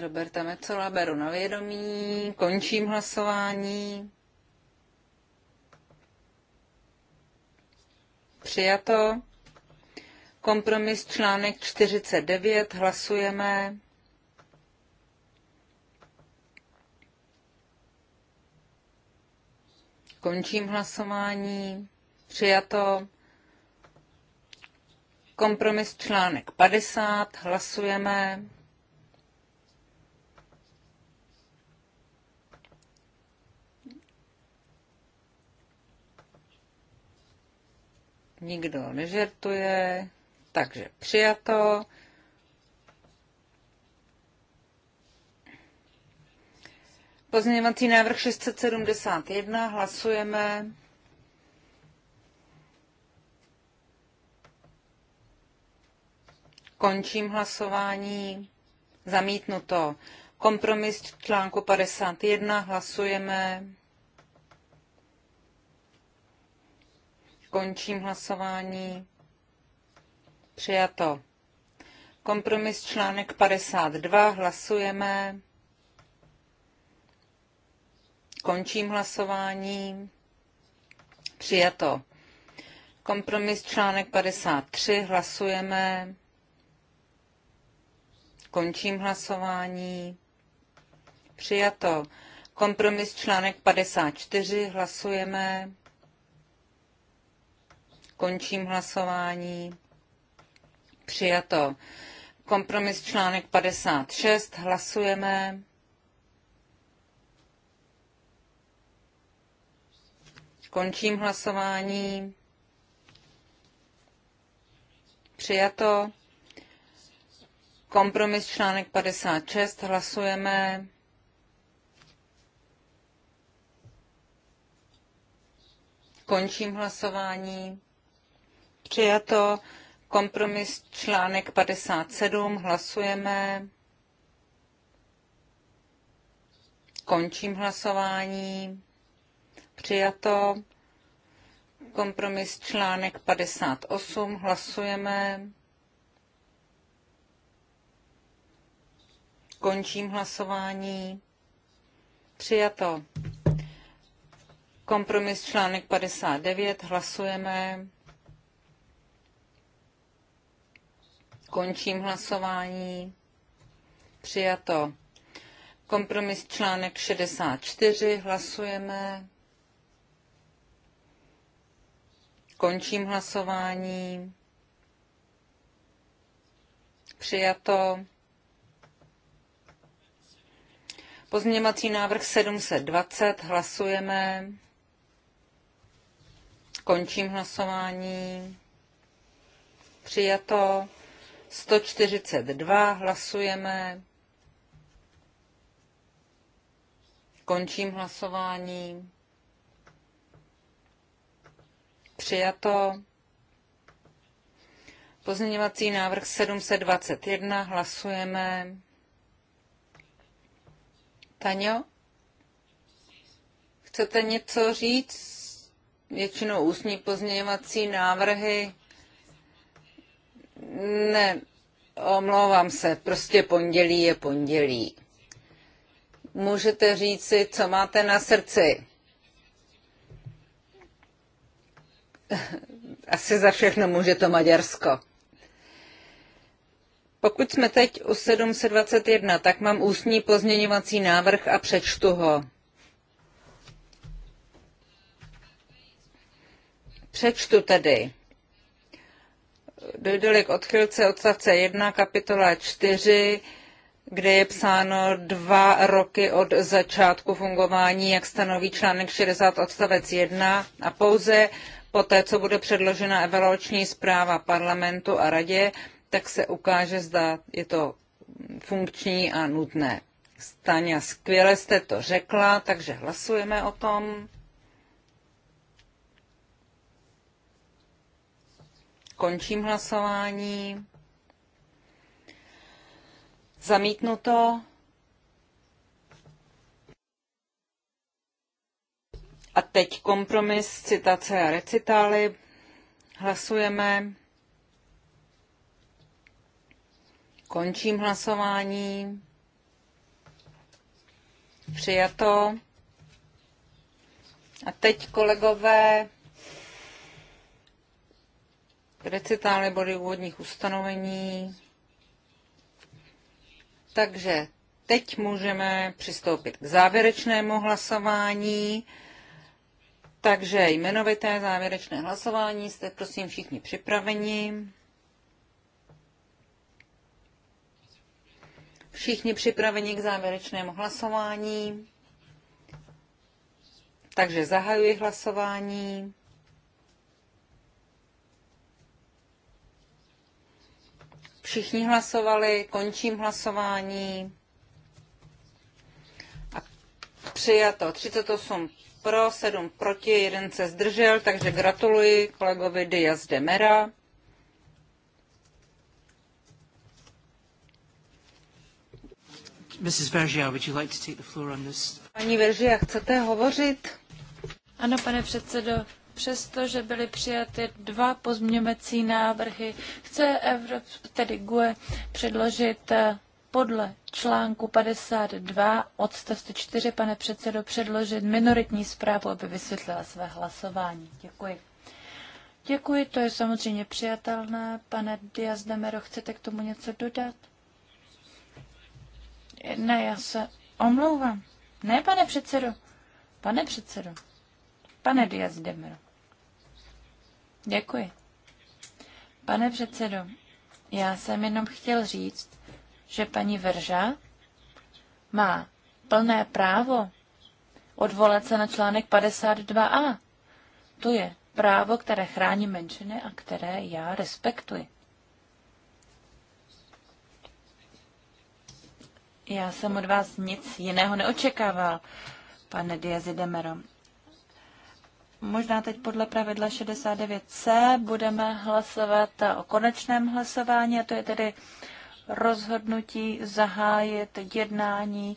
Roberta Mecola beru na vědomí, končím hlasování. Přijato. Kompromis článek 49, hlasujeme. Končím hlasování. Přijato. Kompromis článek 50, hlasujeme. Nikdo nežertuje, takže přijato. Pozměňovací návrh 671, hlasujeme. Končím hlasování. Zamítnuto. Kompromis článku 51. Hlasujeme. Končím hlasování. Přijato. Kompromis článek 52. Hlasujeme. Končím hlasování. Přijato. Kompromis článek 53. Hlasujeme. Končím hlasování. Přijato. Kompromis článek 54. Hlasujeme. Končím hlasování. Přijato. Kompromis článek 56. Hlasujeme. Končím hlasování. Přijato. Kompromis článek 56, hlasujeme. Končím hlasování. Přijato. Kompromis článek 57, hlasujeme. Končím hlasování. Přijato. Kompromis článek 58, hlasujeme. Končím hlasování. Přijato. Kompromis článek 59. Hlasujeme. Končím hlasování. Přijato. Kompromis článek 64. Hlasujeme. Končím hlasování. Přijato. Pozměňovací návrh 720 hlasujeme. Končím hlasování. Přijato. 142 hlasujeme. Končím hlasování. Přijato. Pozměňovací návrh 721 hlasujeme. Taňo, chcete něco říct? Většinou ústní pozměňovací návrhy. Ne, omlouvám se, prostě pondělí je pondělí. Můžete říci, co máte na srdci. Asi za všechno může to Maďarsko. Pokud jsme teď u 721, tak mám ústní pozměňovací návrh a přečtu ho. Přečtu tedy. Dojde-li k odchylce odstavce 1, kapitola 4, kde je psáno dva roky od začátku fungování, jak stanoví článek 60 odstavec 1 a pouze poté, co bude předložena evaluační zpráva parlamentu a radě, tak se ukáže, zda je to funkční a nutné. Stáňa skvěle jste to řekla, takže hlasujeme o tom. Končím hlasování. Zamítnuto. A teď kompromis, citace a recitály. Hlasujeme. Končím hlasování. Přijato. A teď, kolegové, recitály body úvodních ustanovení. Takže teď můžeme přistoupit k závěrečnému hlasování. Takže jmenovité závěrečné hlasování jste prosím všichni připraveni. Všichni připraveni k závěrečnému hlasování. Takže zahajuji hlasování. Všichni hlasovali, končím hlasování. A přijato 38 pro, 7 proti, jeden se zdržel, takže gratuluji kolegovi Diaz de Mera. Mrs. Vergia, would you like to take the floor on this? Paní Vergia, chcete hovořit? Ano, pane předsedo. Přestože byly přijaty dva pozměňovací návrhy, chce Evrop, tedy GUE předložit eh, podle článku 52 odstavce 4, pane předsedo, předložit minoritní zprávu, aby vysvětlila své hlasování. Děkuji. Děkuji, to je samozřejmě přijatelné. Pane Diaz Demero, chcete k tomu něco dodat? Ne, já se omlouvám. Ne, pane předsedo. Pane předsedo. Pane Diaz Demero. Děkuji. Pane předsedo, já jsem jenom chtěl říct, že paní Verža má plné právo odvolat se na článek 52a. To je právo, které chrání menšiny a které já respektuji. Já jsem od vás nic jiného neočekával, pane Diazi Demero. Možná teď podle pravidla 69c budeme hlasovat o konečném hlasování, a to je tedy rozhodnutí zahájit jednání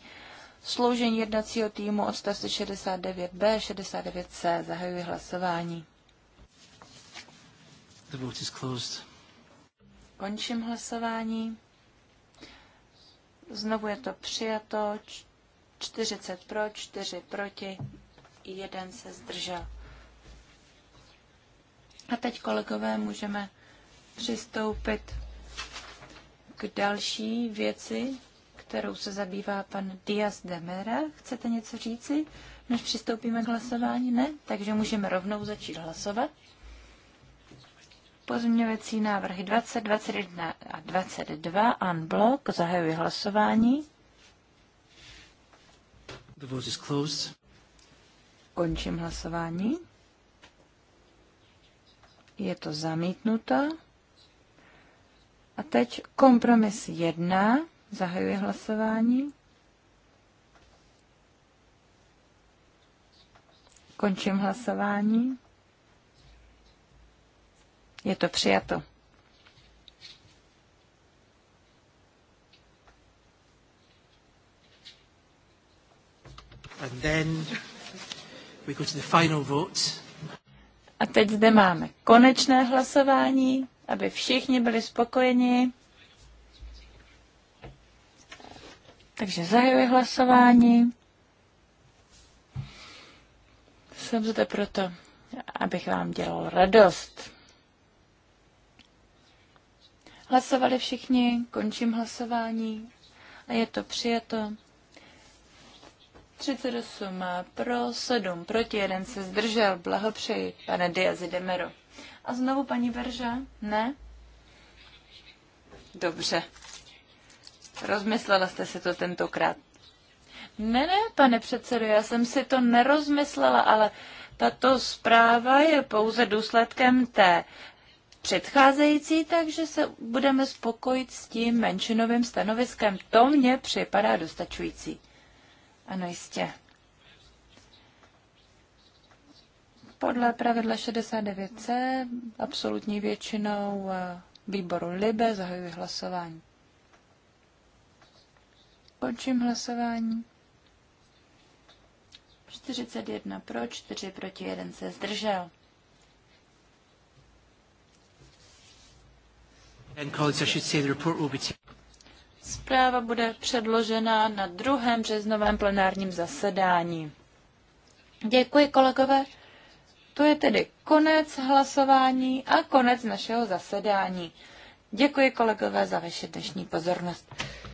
sloužení jednacího týmu od 69b, 69c. Zahajuji hlasování. The vote is closed. Končím hlasování. Znovu je to přijato. 40 pro, 4 proti, jeden se zdržel. A teď, kolegové, můžeme přistoupit k další věci, kterou se zabývá pan Diaz de Mera. Chcete něco říci, než přistoupíme k hlasování? Ne? Takže můžeme rovnou začít hlasovat. Pozměňovací návrhy 20, 21 a 22 blok zahajuje hlasování. The vote is closed. Končím hlasování. Je to zamítnuto. A teď kompromis 1. zahajuje hlasování. Končím hlasování. Je to přijato. And then we go to the final vote. A teď zde máme konečné hlasování, aby všichni byli spokojeni. Takže zahajuji hlasování. Jsem zde proto, abych vám dělal radost. Hlasovali všichni, končím hlasování a je to přijato. 38 pro, 7 proti, 1 se zdržel. Blahopřeji, pane Diazi Demero. A znovu paní Verža? Ne? Dobře. Rozmyslela jste si to tentokrát. Ne, ne, pane předsedo, já jsem si to nerozmyslela, ale tato zpráva je pouze důsledkem té předcházející, takže se budeme spokojit s tím menšinovým stanoviskem. To mně připadá dostačující. Ano, jistě. Podle pravidla 69c absolutní většinou eh, výboru Libe zahajuje hlasování. Končím hlasování. 41 pro, 4 proti, 1 se zdržel. Zpráva bude předložena na druhém březnovém plenárním zasedání. Děkuji, kolegové. To je tedy konec hlasování a konec našeho zasedání. Děkuji, kolegové, za vaši dnešní pozornost.